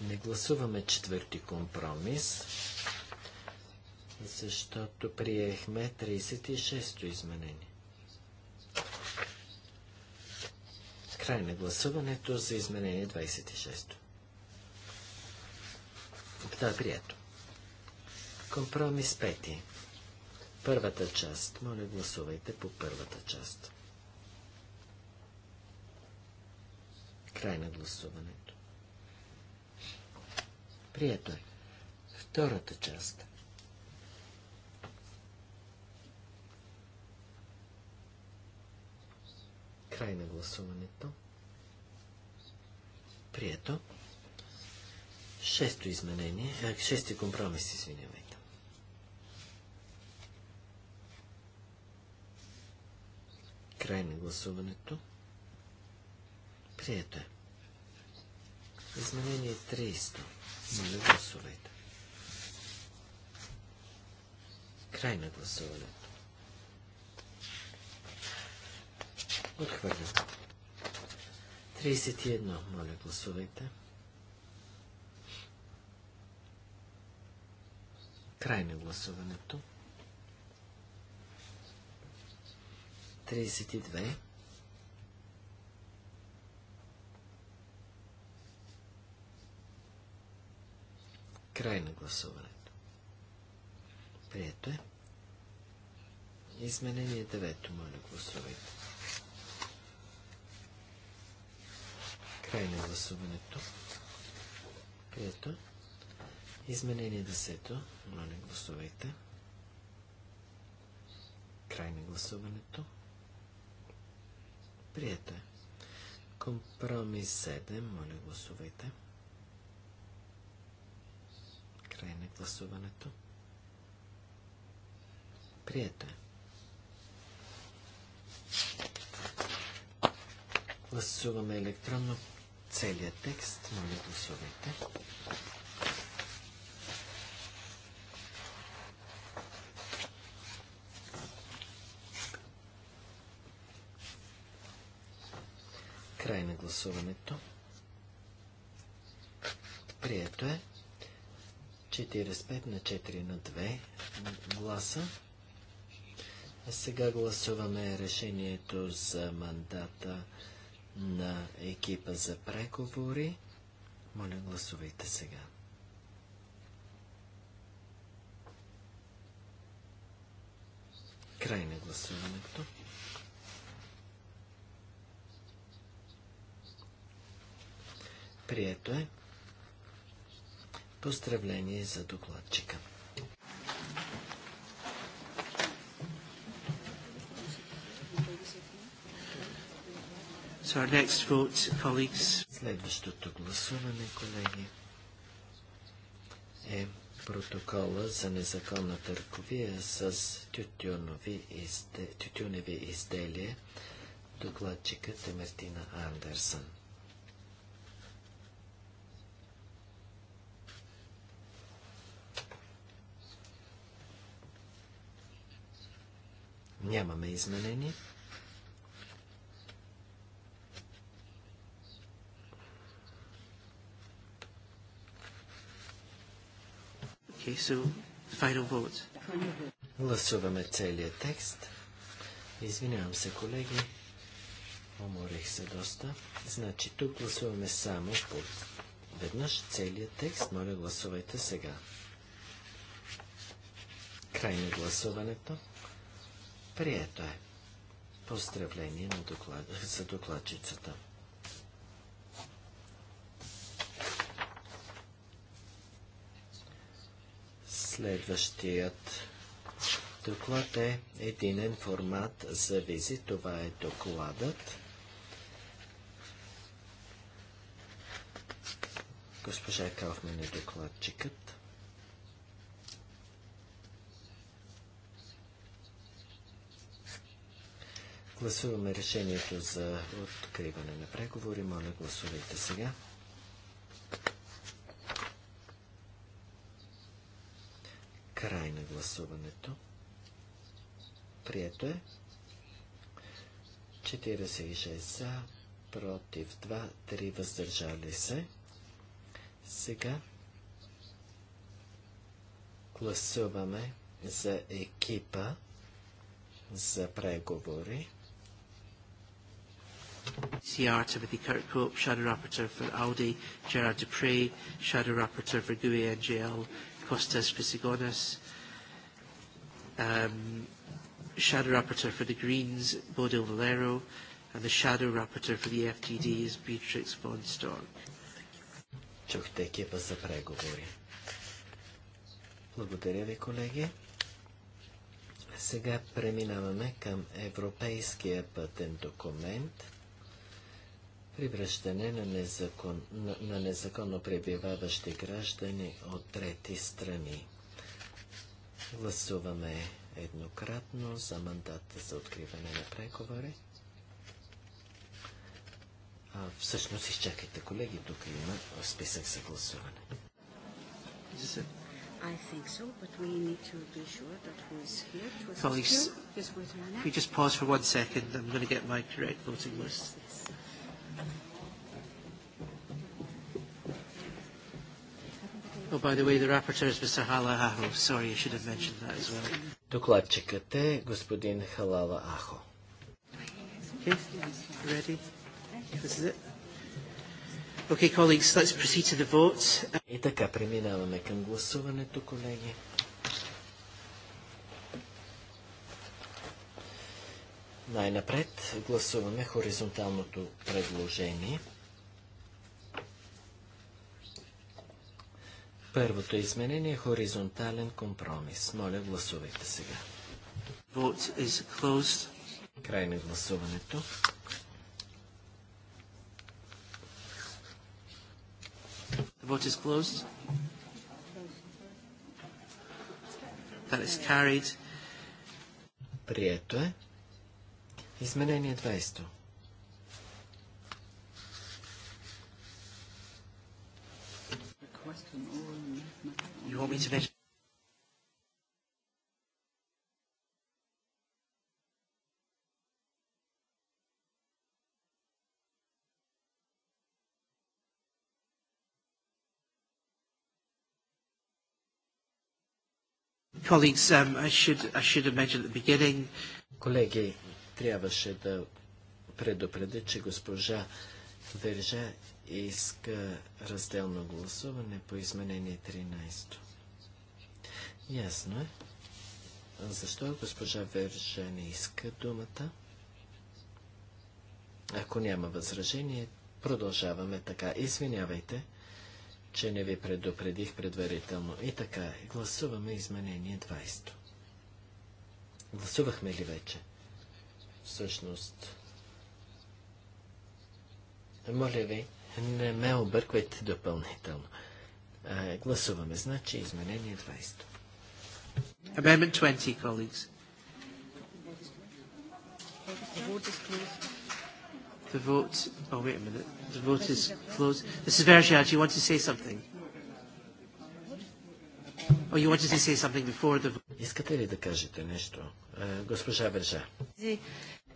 Не гласуваме четвърти компромис, защото приехме 36-то изменение. Край на гласуването за изменение 26. Да, е прието. Компромис 5. Първата част. Моля, гласувайте по първата част. Край на гласуването. Прието е. Втората част. Край на гласуването. Прието. Шесто изменение, шести компромис, извинявайте. Край на гласуването. Прието е. Изменение 300. Моля, гласувайте. Край на гласуването. Отхвърлено. 31. Моля, гласувайте. Край на гласуването. 32. Край на гласуването. Прието е. Изменение 9. Моля, гласувайте. Край гласуването. Прието. Изменение десето, Моля, гласувайте. Край на гласуването. Прието. Е. Компромис 7. Моля, гласувайте. Край на гласуването. Прието. Е. Гласуваме електронно целият текст. Моля, гласувайте. Край на гласуването. Прието е. 45 на 4 на 2 гласа. А сега гласуваме решението за мандата на екипа за преговори. Моля, гласувайте сега. Край на гласуването. Прието е. Поздравление за докладчика. to our next vote, colleagues. Следващото гласуване, колеги, е протокола за незаконна търговия с тютюнови изде... тютюневи изделия. Докладчикът е Мартина Андерсън. Нямаме изменения. Okay, so final vote. Гласуваме целият текст. Извинявам се, колеги. Оморих се доста. Значи тук гласуваме само по веднъж целият текст. Моля, гласувайте сега. Край на гласуването. Прието е. Поздравление на доклад... за докладчицата. Следващият доклад е единен формат за визи. Това е докладът. Госпожа Калфман е докладчикът. Гласуваме решението за откриване на преговори. Моля, гласувайте сега. Край на гласуването. Прието е. 46 за, против 2, 3 въздържали се. Сега гласуваме за екипа за преговори. CR Timothy Kirkhope, Shadow Rapporteur for Audi, Gerard Dupre, Shadow Rapporteur for GUI NGL, Costas Chrysigonis, um, Shadow Rapporteur for the Greens, Bodil Valero, and the Shadow Rapporteur for the FTD is Beatrix von Storck. Чухте екипа за преговори. Благодаря ви, колеги. Сега преминаваме към Европейския пътен документ привръщане на, незакон, на, на незаконно пребиваващи граждани от трети страни. Гласуваме еднократно за мандата за откриване на преговори. А, всъщност, изчакайте, колеги, тук има списък за гласуване. I think so, but we need to be sure that who is here. Colleagues, if we just pause for one second, I'm going to get my correct voting list. Yes, yes. Oh, by the way, the rapporteur is Mr. Hala Aho. Sorry, you should have mentioned that as well. Докладчикът е господин Халала Ахо. Okay, ready? This is it. Okay, colleagues, let's proceed to the vote. И така преминаваме към гласуването, колеги. Най-напред гласуваме хоризонталното предложение – Първото изменение е хоризонтален компромис. Моля, гласувайте сега. Край на гласуването. The vote is closed. That is carried. Прието е. Изменение 20. You want me to mention? Colleagues, um, I should I should have mentioned at the beginning. Колеги, трябваше да предупредя, че госпожа Вержа иска разделно гласуване по изменение 13. Ясно е. Защо госпожа Верже не иска думата? Ако няма възражение, продължаваме така. Извинявайте, че не ви предупредих предварително. И така, гласуваме изменение 20. Гласувахме ли вече? Всъщност. Моля ви, не ме обърквайте допълнително. А, гласуваме, значи, изменение 20. Amendment 20, colleagues. The vote, oh wait a minute, the vote is closed. Mrs. Vergia, do you want to say something? Oh, you wanted to say something before the... Искате ли да кажете нещо, госпожа Вержа?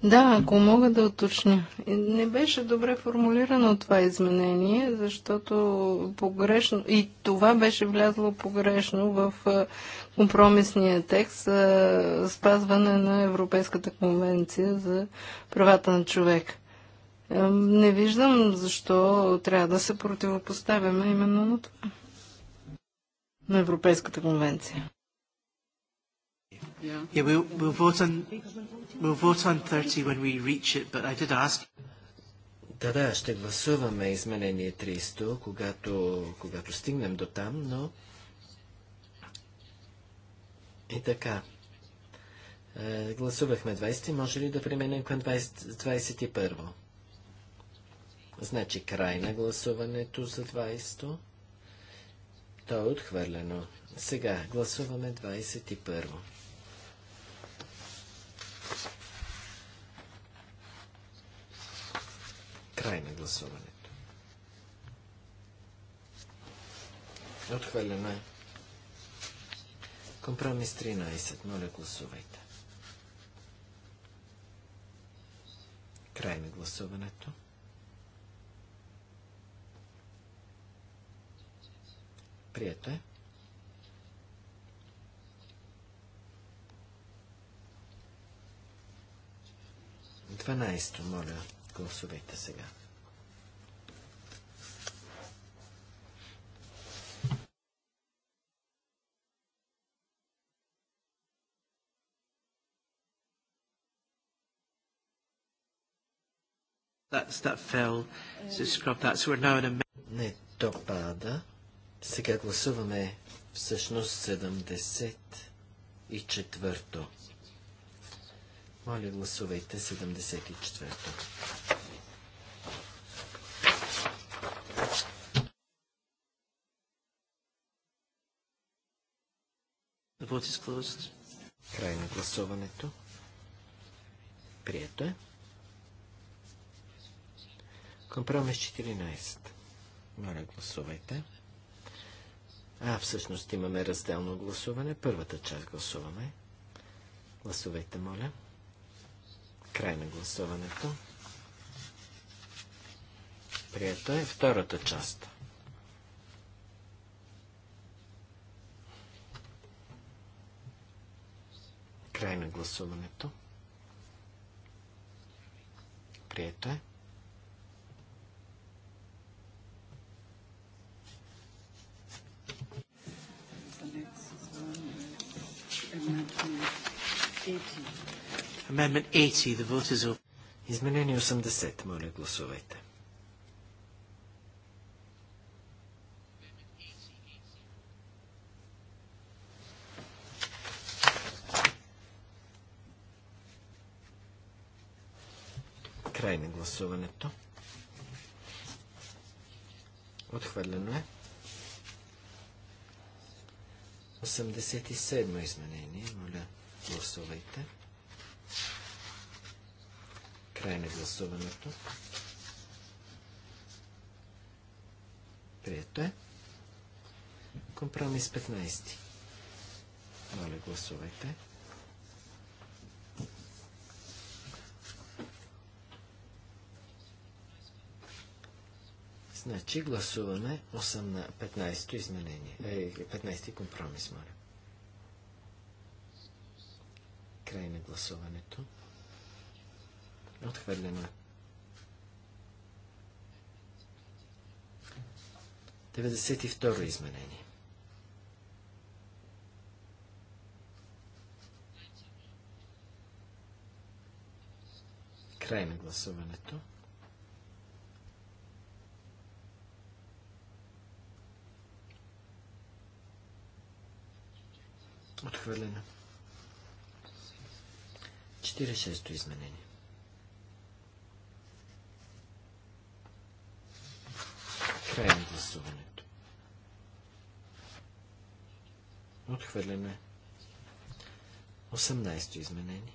Да, ако мога да уточня. Не беше добре формулирано това изменение, защото погрешно и това беше влязло погрешно в компромисния текст за спазване на Европейската конвенция за правата на човек. Не виждам защо трябва да се противопоставяме именно на това. На Европейската конвенция. Yeah, yeah we'll, we'll, vote on, we'll vote on 30 when we reach it, but I did ask. Да, да, ще гласуваме изменение 300, когато, когато стигнем до там, но... И така. Е, гласувахме 20, може ли да преминем към 20, 21? Значи край на гласуването за 20. То е отхвърлено. Сега гласуваме 21. Край на гласуването. Отхвърлено е. Компромис 13. Моля, гласувайте. Край на гласуването. Прието е. 12, то моля, гласувайте сега. That's, that fell. So scrub that. So we're now in a... Не, то пада. Сега гласуваме всъщност 74-то. Моля, гласувайте 74-то. Край на гласуването. Прието е. Компромис 14. Моля, гласувайте. А, всъщност имаме разделно гласуване. Първата част гласуваме. Гласувайте, моля. Край на гласуването. Прието е втората част. Край на гласуването. Прието е. Thank um, you. Amendment 80. The vote is open. Изменение 80. Моля, гласувайте. Край на гласуването. Отхвърлено е. 87 изменение. Моля, гласувайте. Край на гласуването. Прието е. Компромис 15. Моля, гласувайте. Значи гласуваме 15-то изменение. Е, 15-ти компромис, моля. Край на гласуването. Отхвърлено е. 92 изменение. Край на гласуването. Отхвърлено. 46-то изменение. гласуването. Отхвърляме 18-то изменение.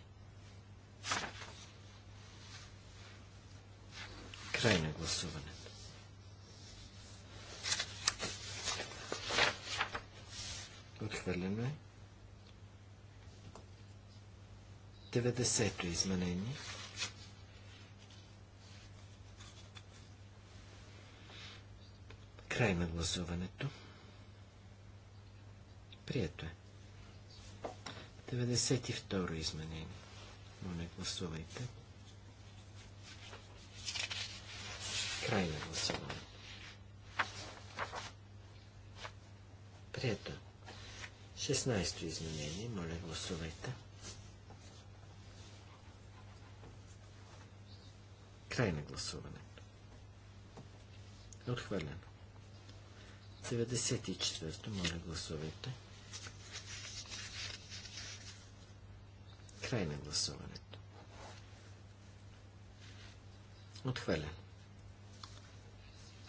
Край на гласуването. Отхвърлено е. 90-то изменение. Край на гласуването. Прието е. 92 изменение. не гласувайте. Край на гласуването. Прието. 16 е. то изменение. Моля, гласувайте. Край на гласуването. Отхвърлено. 94-то, моля гласувайте. Край на гласуването. Отхвърлен.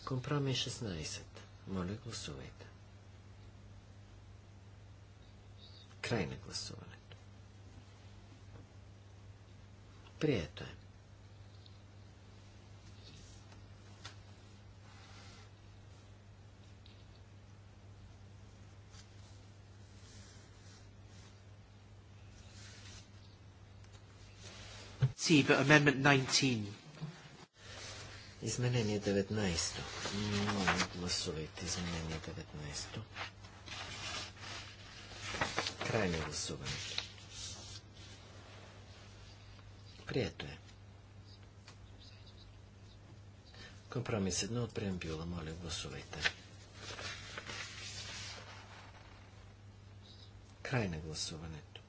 Компромис 16. Моля гласувайте. Край на гласуването. Прието е. see, but Amendment 19. Изменение 19. Моля, гласувайте изменение 19. Край гласуване. Прието е. Компромис едно от преамбюла. Моля, гласувайте. Край на гласуването.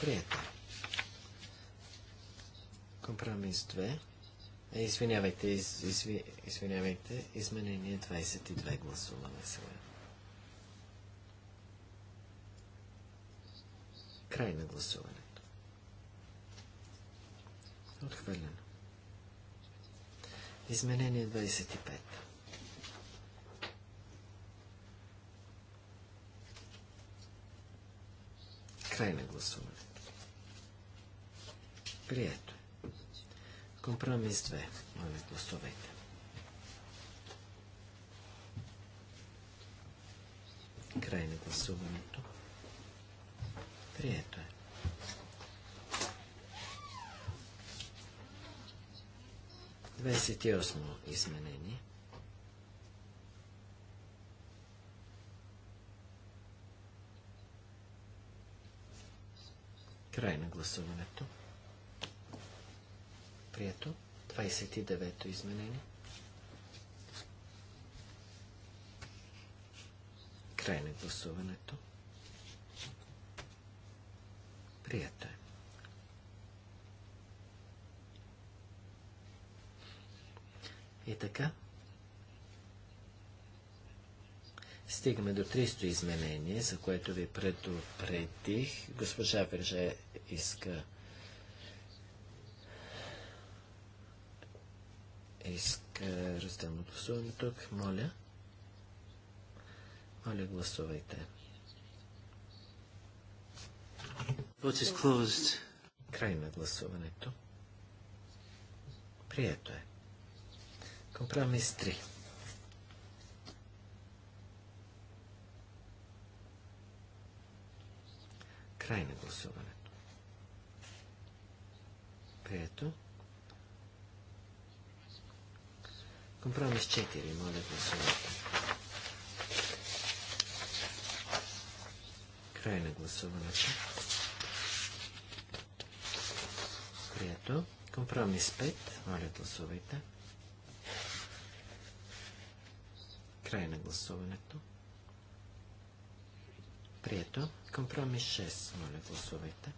Прието е. Компромис 2. Е, извинявайте, из, изви, извинявайте, изменение 22 гласуваме сега. Край на гласуването. Отхвърлено. Изменение 25. Край на гласуване. Прието. Компромис 2. Моля, гласувайте. Край на гласуването. Прието е. Двадесет и осмо изменение. Край на гласуването. Прието. 29-то изменение. Край на гласуването. Прието е. И така. Стигаме до 300 изменение, за което ви предупредих. Госпожа Верже иска иска разделно гласуване тук. Моля. Моля, гласувайте. Vote is closed. Край на гласуването. Прието е. Компромис 3. Край на гласуването. Прието. Компромис 4, моля гласувайте. Край на гласуването. Прието. Компромис 5, моля гласувайте. Край на гласуването. Прието. Компромис 6, моля гласувайте.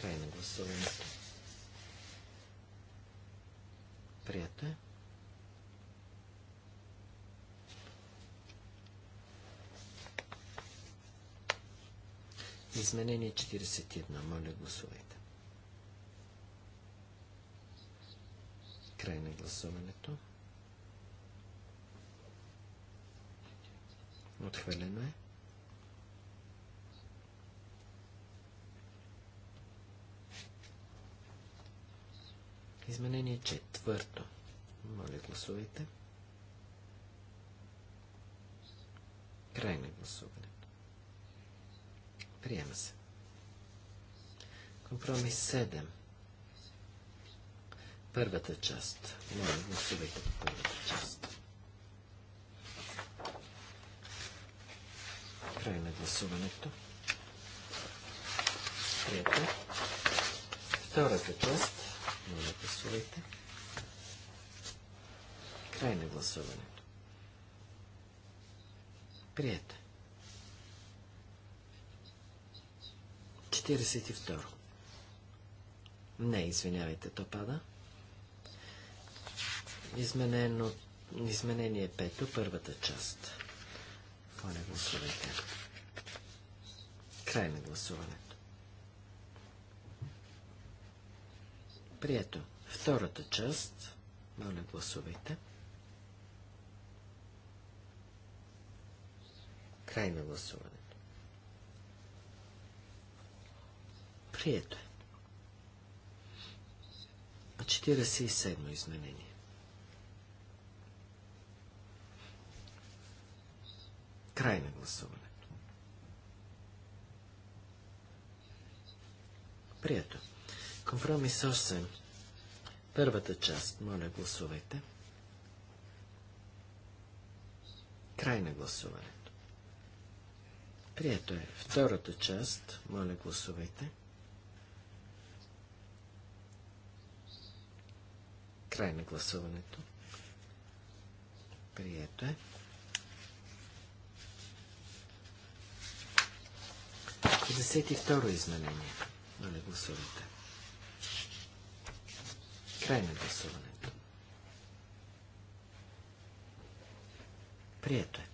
Край на гласуването. Прието е. Изменение 41. Моля, гласувайте. Край на гласуването. Отхвърлено е. Изменение четвърто. Моля, гласувайте. Край на гласуването. Приема се. Компромис 7. Първата част. Моля, гласувайте по първата част. Край на гласуването. Прието. Втората част. Моля, гласувайте. Край на гласуването. Прието. 42. Не, извинявайте, то пада. Изменено, изменение пето, първата част. Моля, гласувайте. Край на гласуването. Прието. Втората част. Моля, гласувайте. Край на гласуването. Прието е. 47 изменение. Край на гласуването. Прието. Компромис 8. Първата част. Моля, гласувайте. Край на гласуването. Прието е. Втората част. Моля, гласувайте. Край на гласуването. Прието е. Десет и второ изменение. Моля, гласувайте. Край на гласуването. Прието е.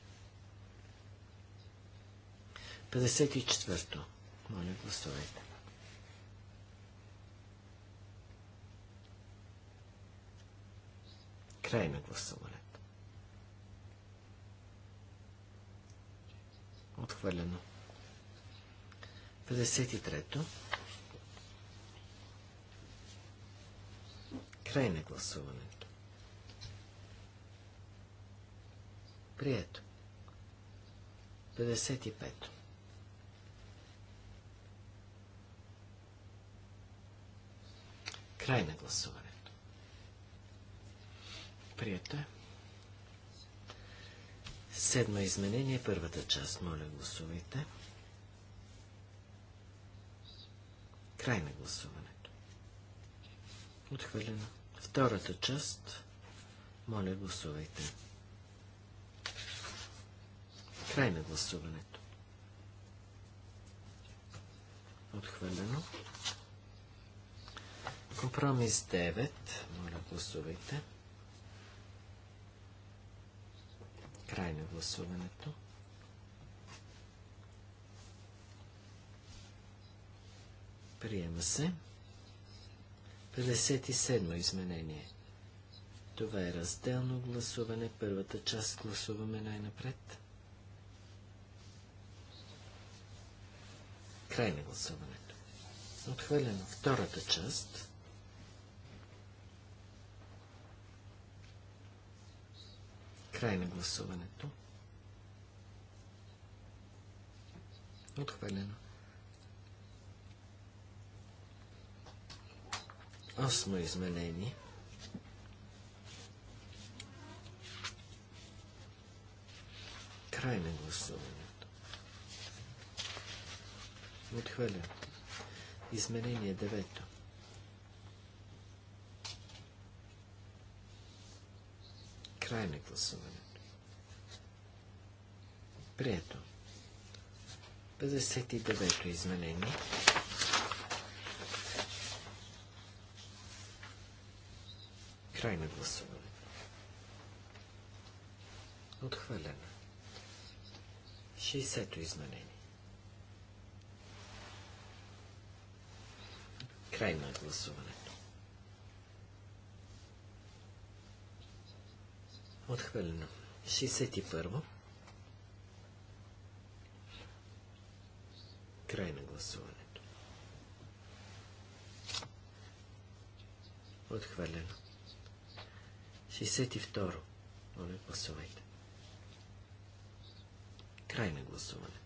54-то. Моля, гласувайте. Край на гласуването. Отхвърлено. 53-то. Край на гласуването. Прието. 55. Край на гласуването. Прието е. Седмо изменение, първата част. Моля, гласувайте. Край на гласуване. Отхвърлено. Втората част. Моля, гласувайте. Край на гласуването. Отхвърлено. Компромис 9. Моля, гласувайте. Край на гласуването. Приема се. 57 изменение. Това е разделно гласуване. Първата част гласуваме най-напред. Край на гласуването. Отхвърлено втората част. Край на гласуването. Отхвърлено. Осмо изменение. Край на гласуването. Отхвърля. Изменение девето. Край на гласуването. Прието. 59-то изменение. Край на гласуване. Отхвърлено. 60-то изменение. Край на гласуването. Отхвърлено. 61-во. Край на гласуването. Отхвърлено. 62. Моля, гласувайте. Край на гласуването.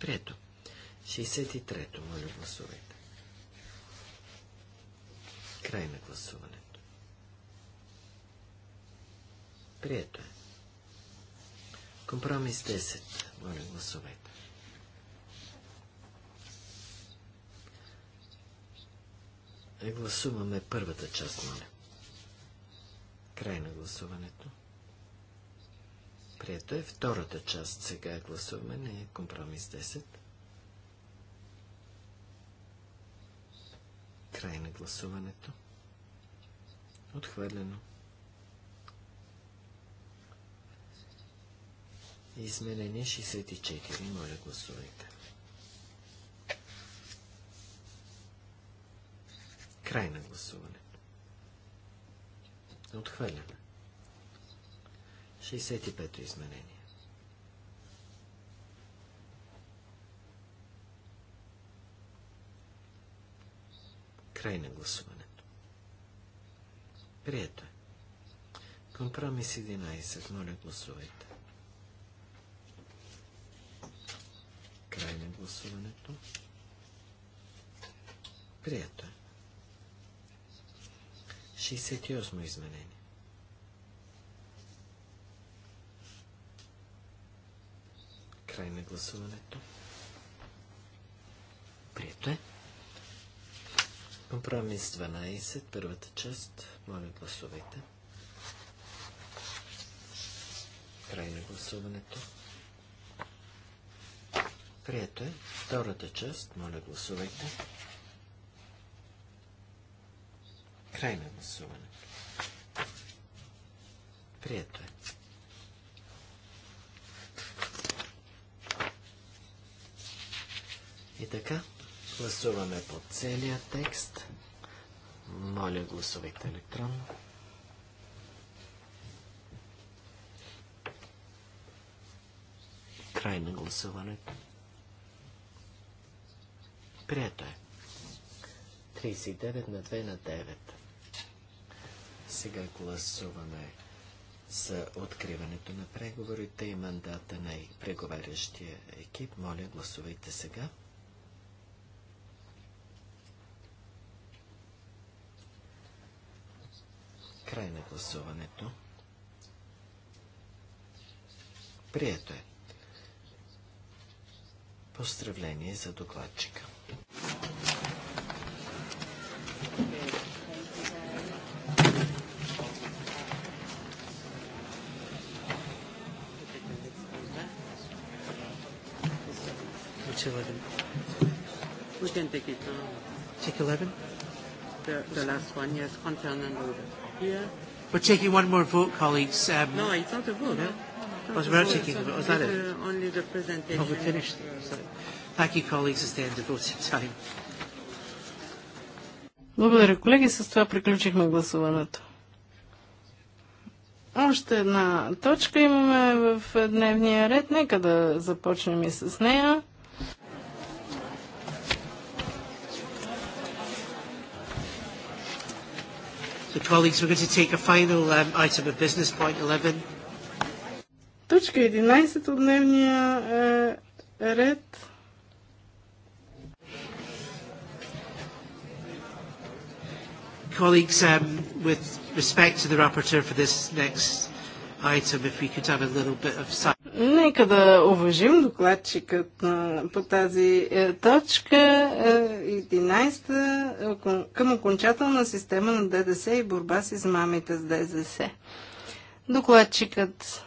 Прието. 63. Моля, гласувайте. Край на гласуването. Прието е. Компромис 10. Моля, гласувайте. Е, гласуваме първата част, моля. Край на гласуването. Прието е втората част. Сега гласуваме на е компромис 10. Край на гласуването. Отхвърлено. Изменение 64. Моля, гласувайте. Край на гласуването. Отхвърляме. 65-то изменение. Край на гласуването. Прието е. Компромис 11. Моля, гласувайте. Край на гласуването. Прието е. 68 изменение. Край на гласуването. Прието е. Компромис 12, първата част. Моля, гласувайте. Край на гласуването. Прието е. Втората част. Моля, гласувайте. Край на гласуване. Прието е. И така, гласуваме по целия текст. Моля, гласувайте електронно. Край на гласуването. Прието е. 39 на 2 на 9. Сега гласуваме за откриването на преговорите и мандата на преговарящия екип. Моля, гласувайте сега. Край на гласуването. Прието е. Поздравление за докладчика. Which 11? We can take it now. Take 11? The, the last one, yes, on Fernando. Here. We're taking one more vote, colleagues. Um, no, it's not a vote. No? No, was about taking the vote. Was that it? Only the presentation. Oh, we finished. Thank you, colleagues. It's the end of voting time. Благодаря, колеги. С това приключихме гласуването. Още една точка имаме в дневния ред. Нека да започнем и с нея. So, colleagues, we're going to take a final um, item of business, point 11. Точка 11 от дневния е, ред. Colleagues, um, with respect to the rapporteur for this next item, if we could have a little bit of silence. Нека да уважим докладчикът на, по тази е, точка е, 11 към окончателна система на ДДС и борба с измамите с ДДС. Докладчикът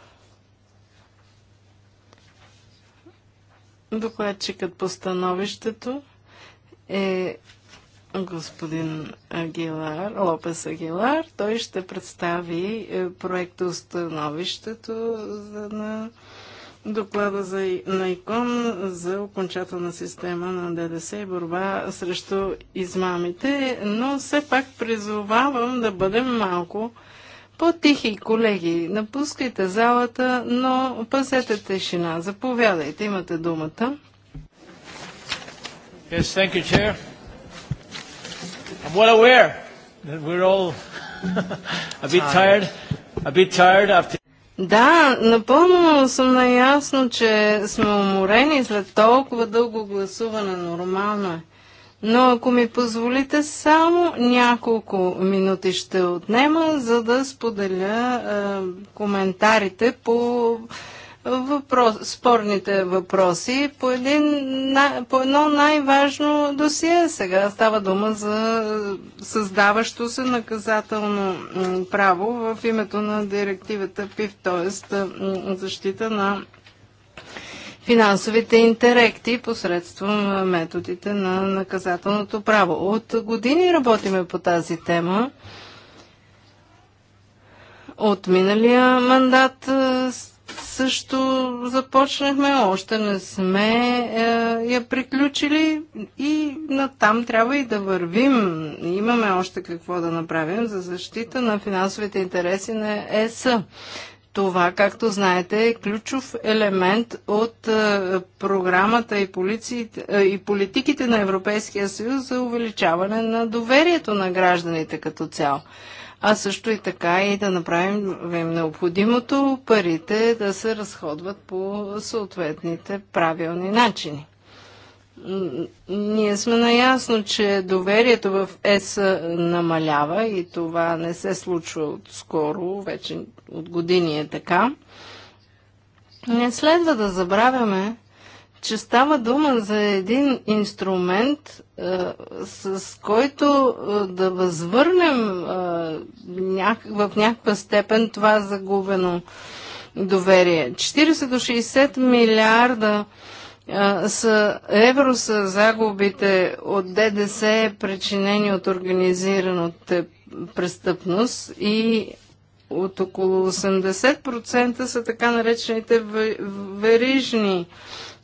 Докладчикът по становището е господин Агилар, Лопес Агилар. Той ще представи е, проекта установището на доклада за, на ИКОН за окончателна система на ДДС и борба срещу измамите, но все пак призовавам да бъдем малко по-тихи, колеги. Напускайте залата, но пазете тишина. Заповядайте, имате думата. Yes, thank you, Chair. I'm well aware that we're all a bit tired, a bit tired after да, напълно съм наясно, че сме уморени след толкова дълго гласуване. Нормално е. Но ако ми позволите, само няколко минути ще отнема, за да споделя е, коментарите по въпрос, спорните въпроси по, един, на, по едно най-важно досие. Сега става дума за създаващо се наказателно право в името на директивата ПИВ, т.е. защита на финансовите интеректи посредством методите на наказателното право. От години работиме по тази тема. От миналия мандат също започнахме, още не сме е, я приключили и на там трябва и да вървим. Имаме още какво да направим за защита на финансовите интереси на ЕС. Това, както знаете, е ключов елемент от е, програмата и, полици, е, и политиките на Европейския съюз за увеличаване на доверието на гражданите като цяло а също и така и да направим необходимото парите да се разходват по съответните правилни начини. Ние сме наясно, че доверието в ЕС намалява и това не се случва скоро, вече от години е така. Не следва да забравяме, че става дума за един инструмент, с който да възвърнем в някаква степен това загубено доверие. 40 до 60 милиарда са евро са загубите от ДДС, причинени от организираната престъпност и от около 80% са така наречените верижни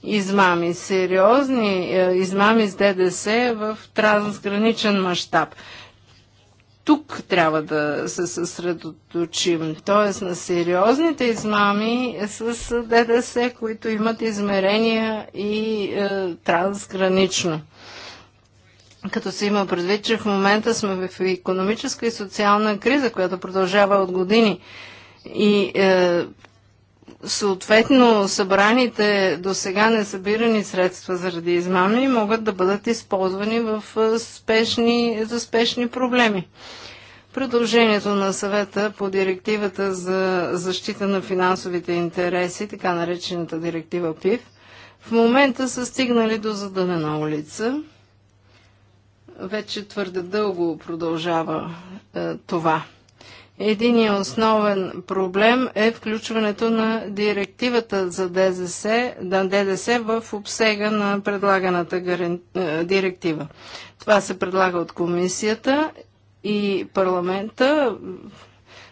измами, сериозни е, измами с ДДС в трансграничен мащаб. Тук трябва да се съсредоточим, т.е. на сериозните измами с ДДС, които имат измерения и е, трансгранично. Като се има предвид, че в момента сме в економическа и социална криза, която продължава от години. И е, съответно събраните до сега несъбирани средства заради измами могат да бъдат използвани в спешни, за спешни проблеми. Предложението на съвета по директивата за защита на финансовите интереси, така наречената директива ПИВ, в момента са стигнали до задънена улица. Вече твърде дълго продължава е, това. Единият основен проблем е включването на директивата за ДДС, на ДДС в обсега на предлаганата е, директива. Това се предлага от комисията и парламента.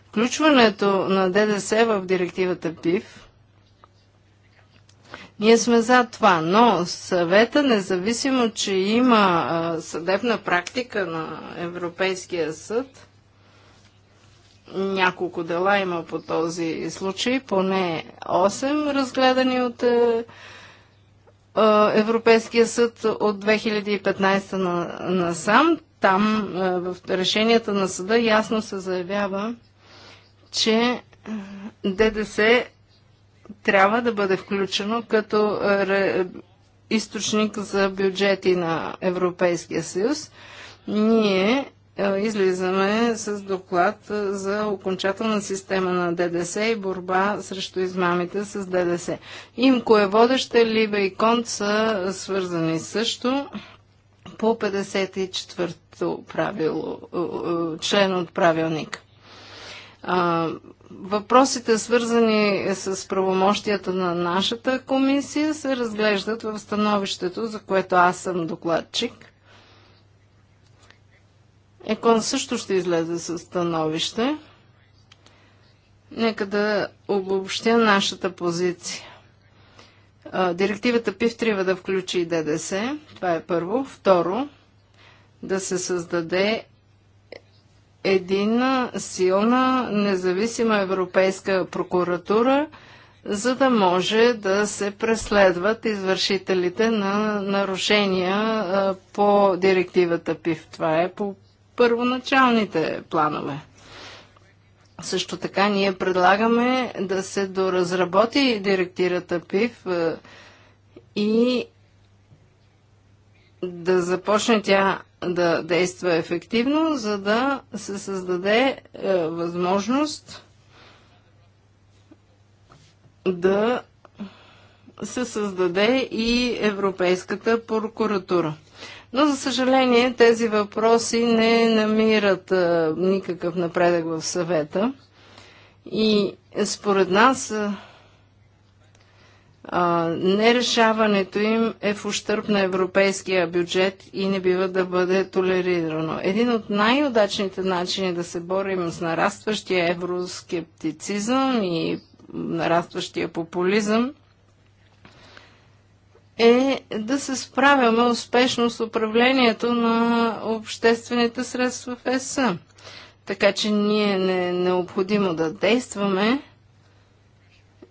Включването на ДДС в директивата ПИВ ние сме за това, но съвета, независимо, че има съдебна практика на Европейския съд, няколко дела има по този случай, поне 8 разгледани от е, е, Европейския съд от 2015 на, насам. Там е, в решенията на съда ясно се заявява, че ДДС трябва да бъде включено като е, източник за бюджети на Европейския съюз. Ние е, излизаме с доклад е, за окончателна система на ДДС и борба срещу измамите с ДДС. Имко е водеща, е Либе и Конт са свързани също по 54-то правило, член от правилник. Въпросите, свързани с правомощията на нашата комисия, се разглеждат в становището, за което аз съм докладчик – ЕКОН също ще излезе с становище. Нека да обобщя нашата позиция. Директивата ПИВ трябва да включи и ДДС. Това е първо. Второ, да се създаде единна, силна, независима европейска прокуратура, за да може да се преследват извършителите на нарушения по директивата ПИВ. Това е по първоначалните планове. Също така ние предлагаме да се доразработи директирата ПИВ е, и да започне тя да действа ефективно, за да се създаде е, възможност да се създаде и Европейската прокуратура. Но, за съжаление, тези въпроси не намират а, никакъв напредък в съвета. И според нас а, нерешаването им е в ущърп на европейския бюджет и не бива да бъде толерирано. Един от най-удачните начини да се борим с нарастващия евроскептицизъм и нарастващия популизъм е да се справяме успешно с управлението на обществените средства в ЕС. Така че ние не е необходимо да действаме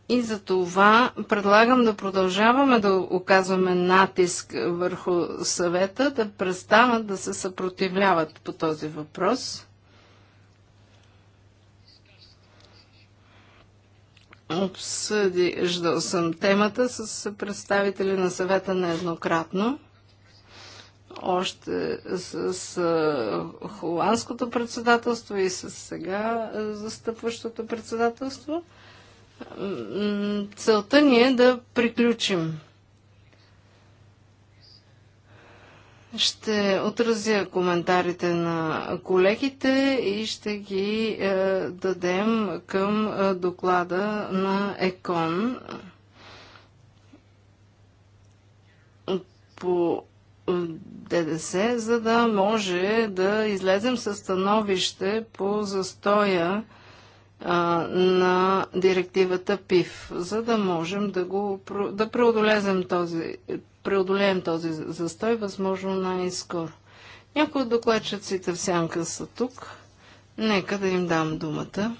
и за това предлагам да продължаваме да оказваме натиск върху съвета, да престанат да се съпротивляват по този въпрос – Обсъждал съм темата с представители на съвета нееднократно. Още с холандското председателство и с сега застъпващото председателство. Целта ни е да приключим Ще отразя коментарите на колегите и ще ги е, дадем към е, доклада на ЕКОН. по е, ДДС, за да може да излезем със становище по застоя а, е, на директивата ПИФ, за да можем да, го, да преодолезем този преодолеем този застой възможно най-скоро. Някои от докладчиците в сянка са тук. Нека да им дам думата.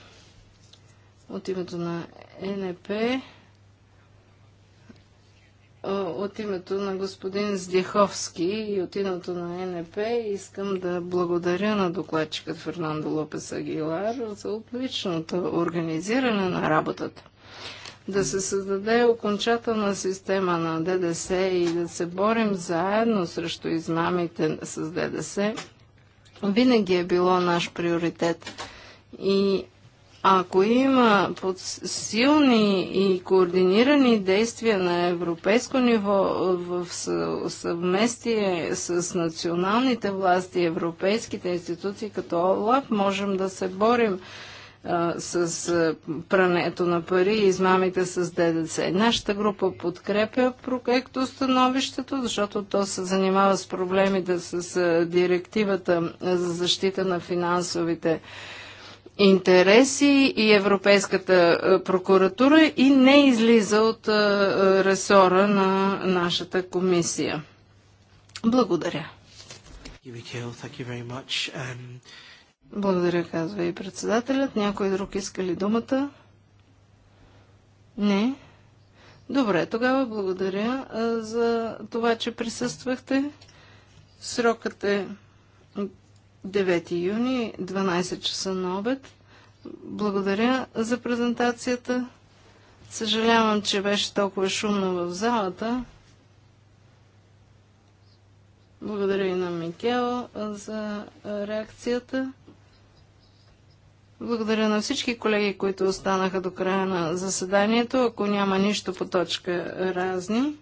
От името на НП, от името на господин Здеховски и от името на НП искам да благодаря на докладчикът Фернандо Лопес Агилар за отличното организиране на работата да се създаде окончателна система на ДДС и да се борим заедно срещу измамите с ДДС, винаги е било наш приоритет. И ако има силни и координирани действия на европейско ниво в съвместие с националните власти европейските институции като ОЛАФ, можем да се борим с прането на пари и измамите с ДДС. Нашата група подкрепя проекто становището, защото то се занимава с проблемите с директивата за защита на финансовите интереси и Европейската прокуратура и не излиза от ресора на нашата комисия. Благодаря. Thank you very much. Um... Благодаря, казва и председателят. Някой друг иска ли думата? Не. Добре, тогава благодаря а, за това, че присъствахте. Срокът е 9 юни, 12 часа на обед. Благодаря за презентацията. Съжалявам, че беше толкова шумно в залата. Благодаря и на Микел за реакцията. Благодаря на всички колеги, които останаха до края на заседанието. Ако няма нищо по точка разни,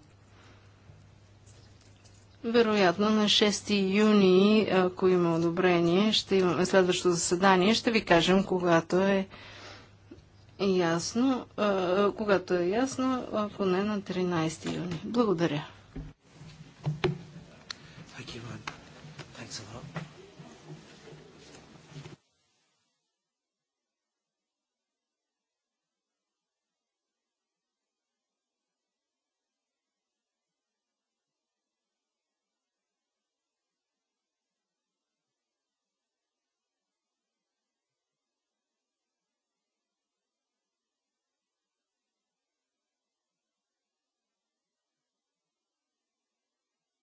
вероятно на 6 юни, ако има одобрение, ще имаме следващото заседание. Ще ви кажем, когато е ясно, когато е ясно, ако не на 13 юни. Благодаря.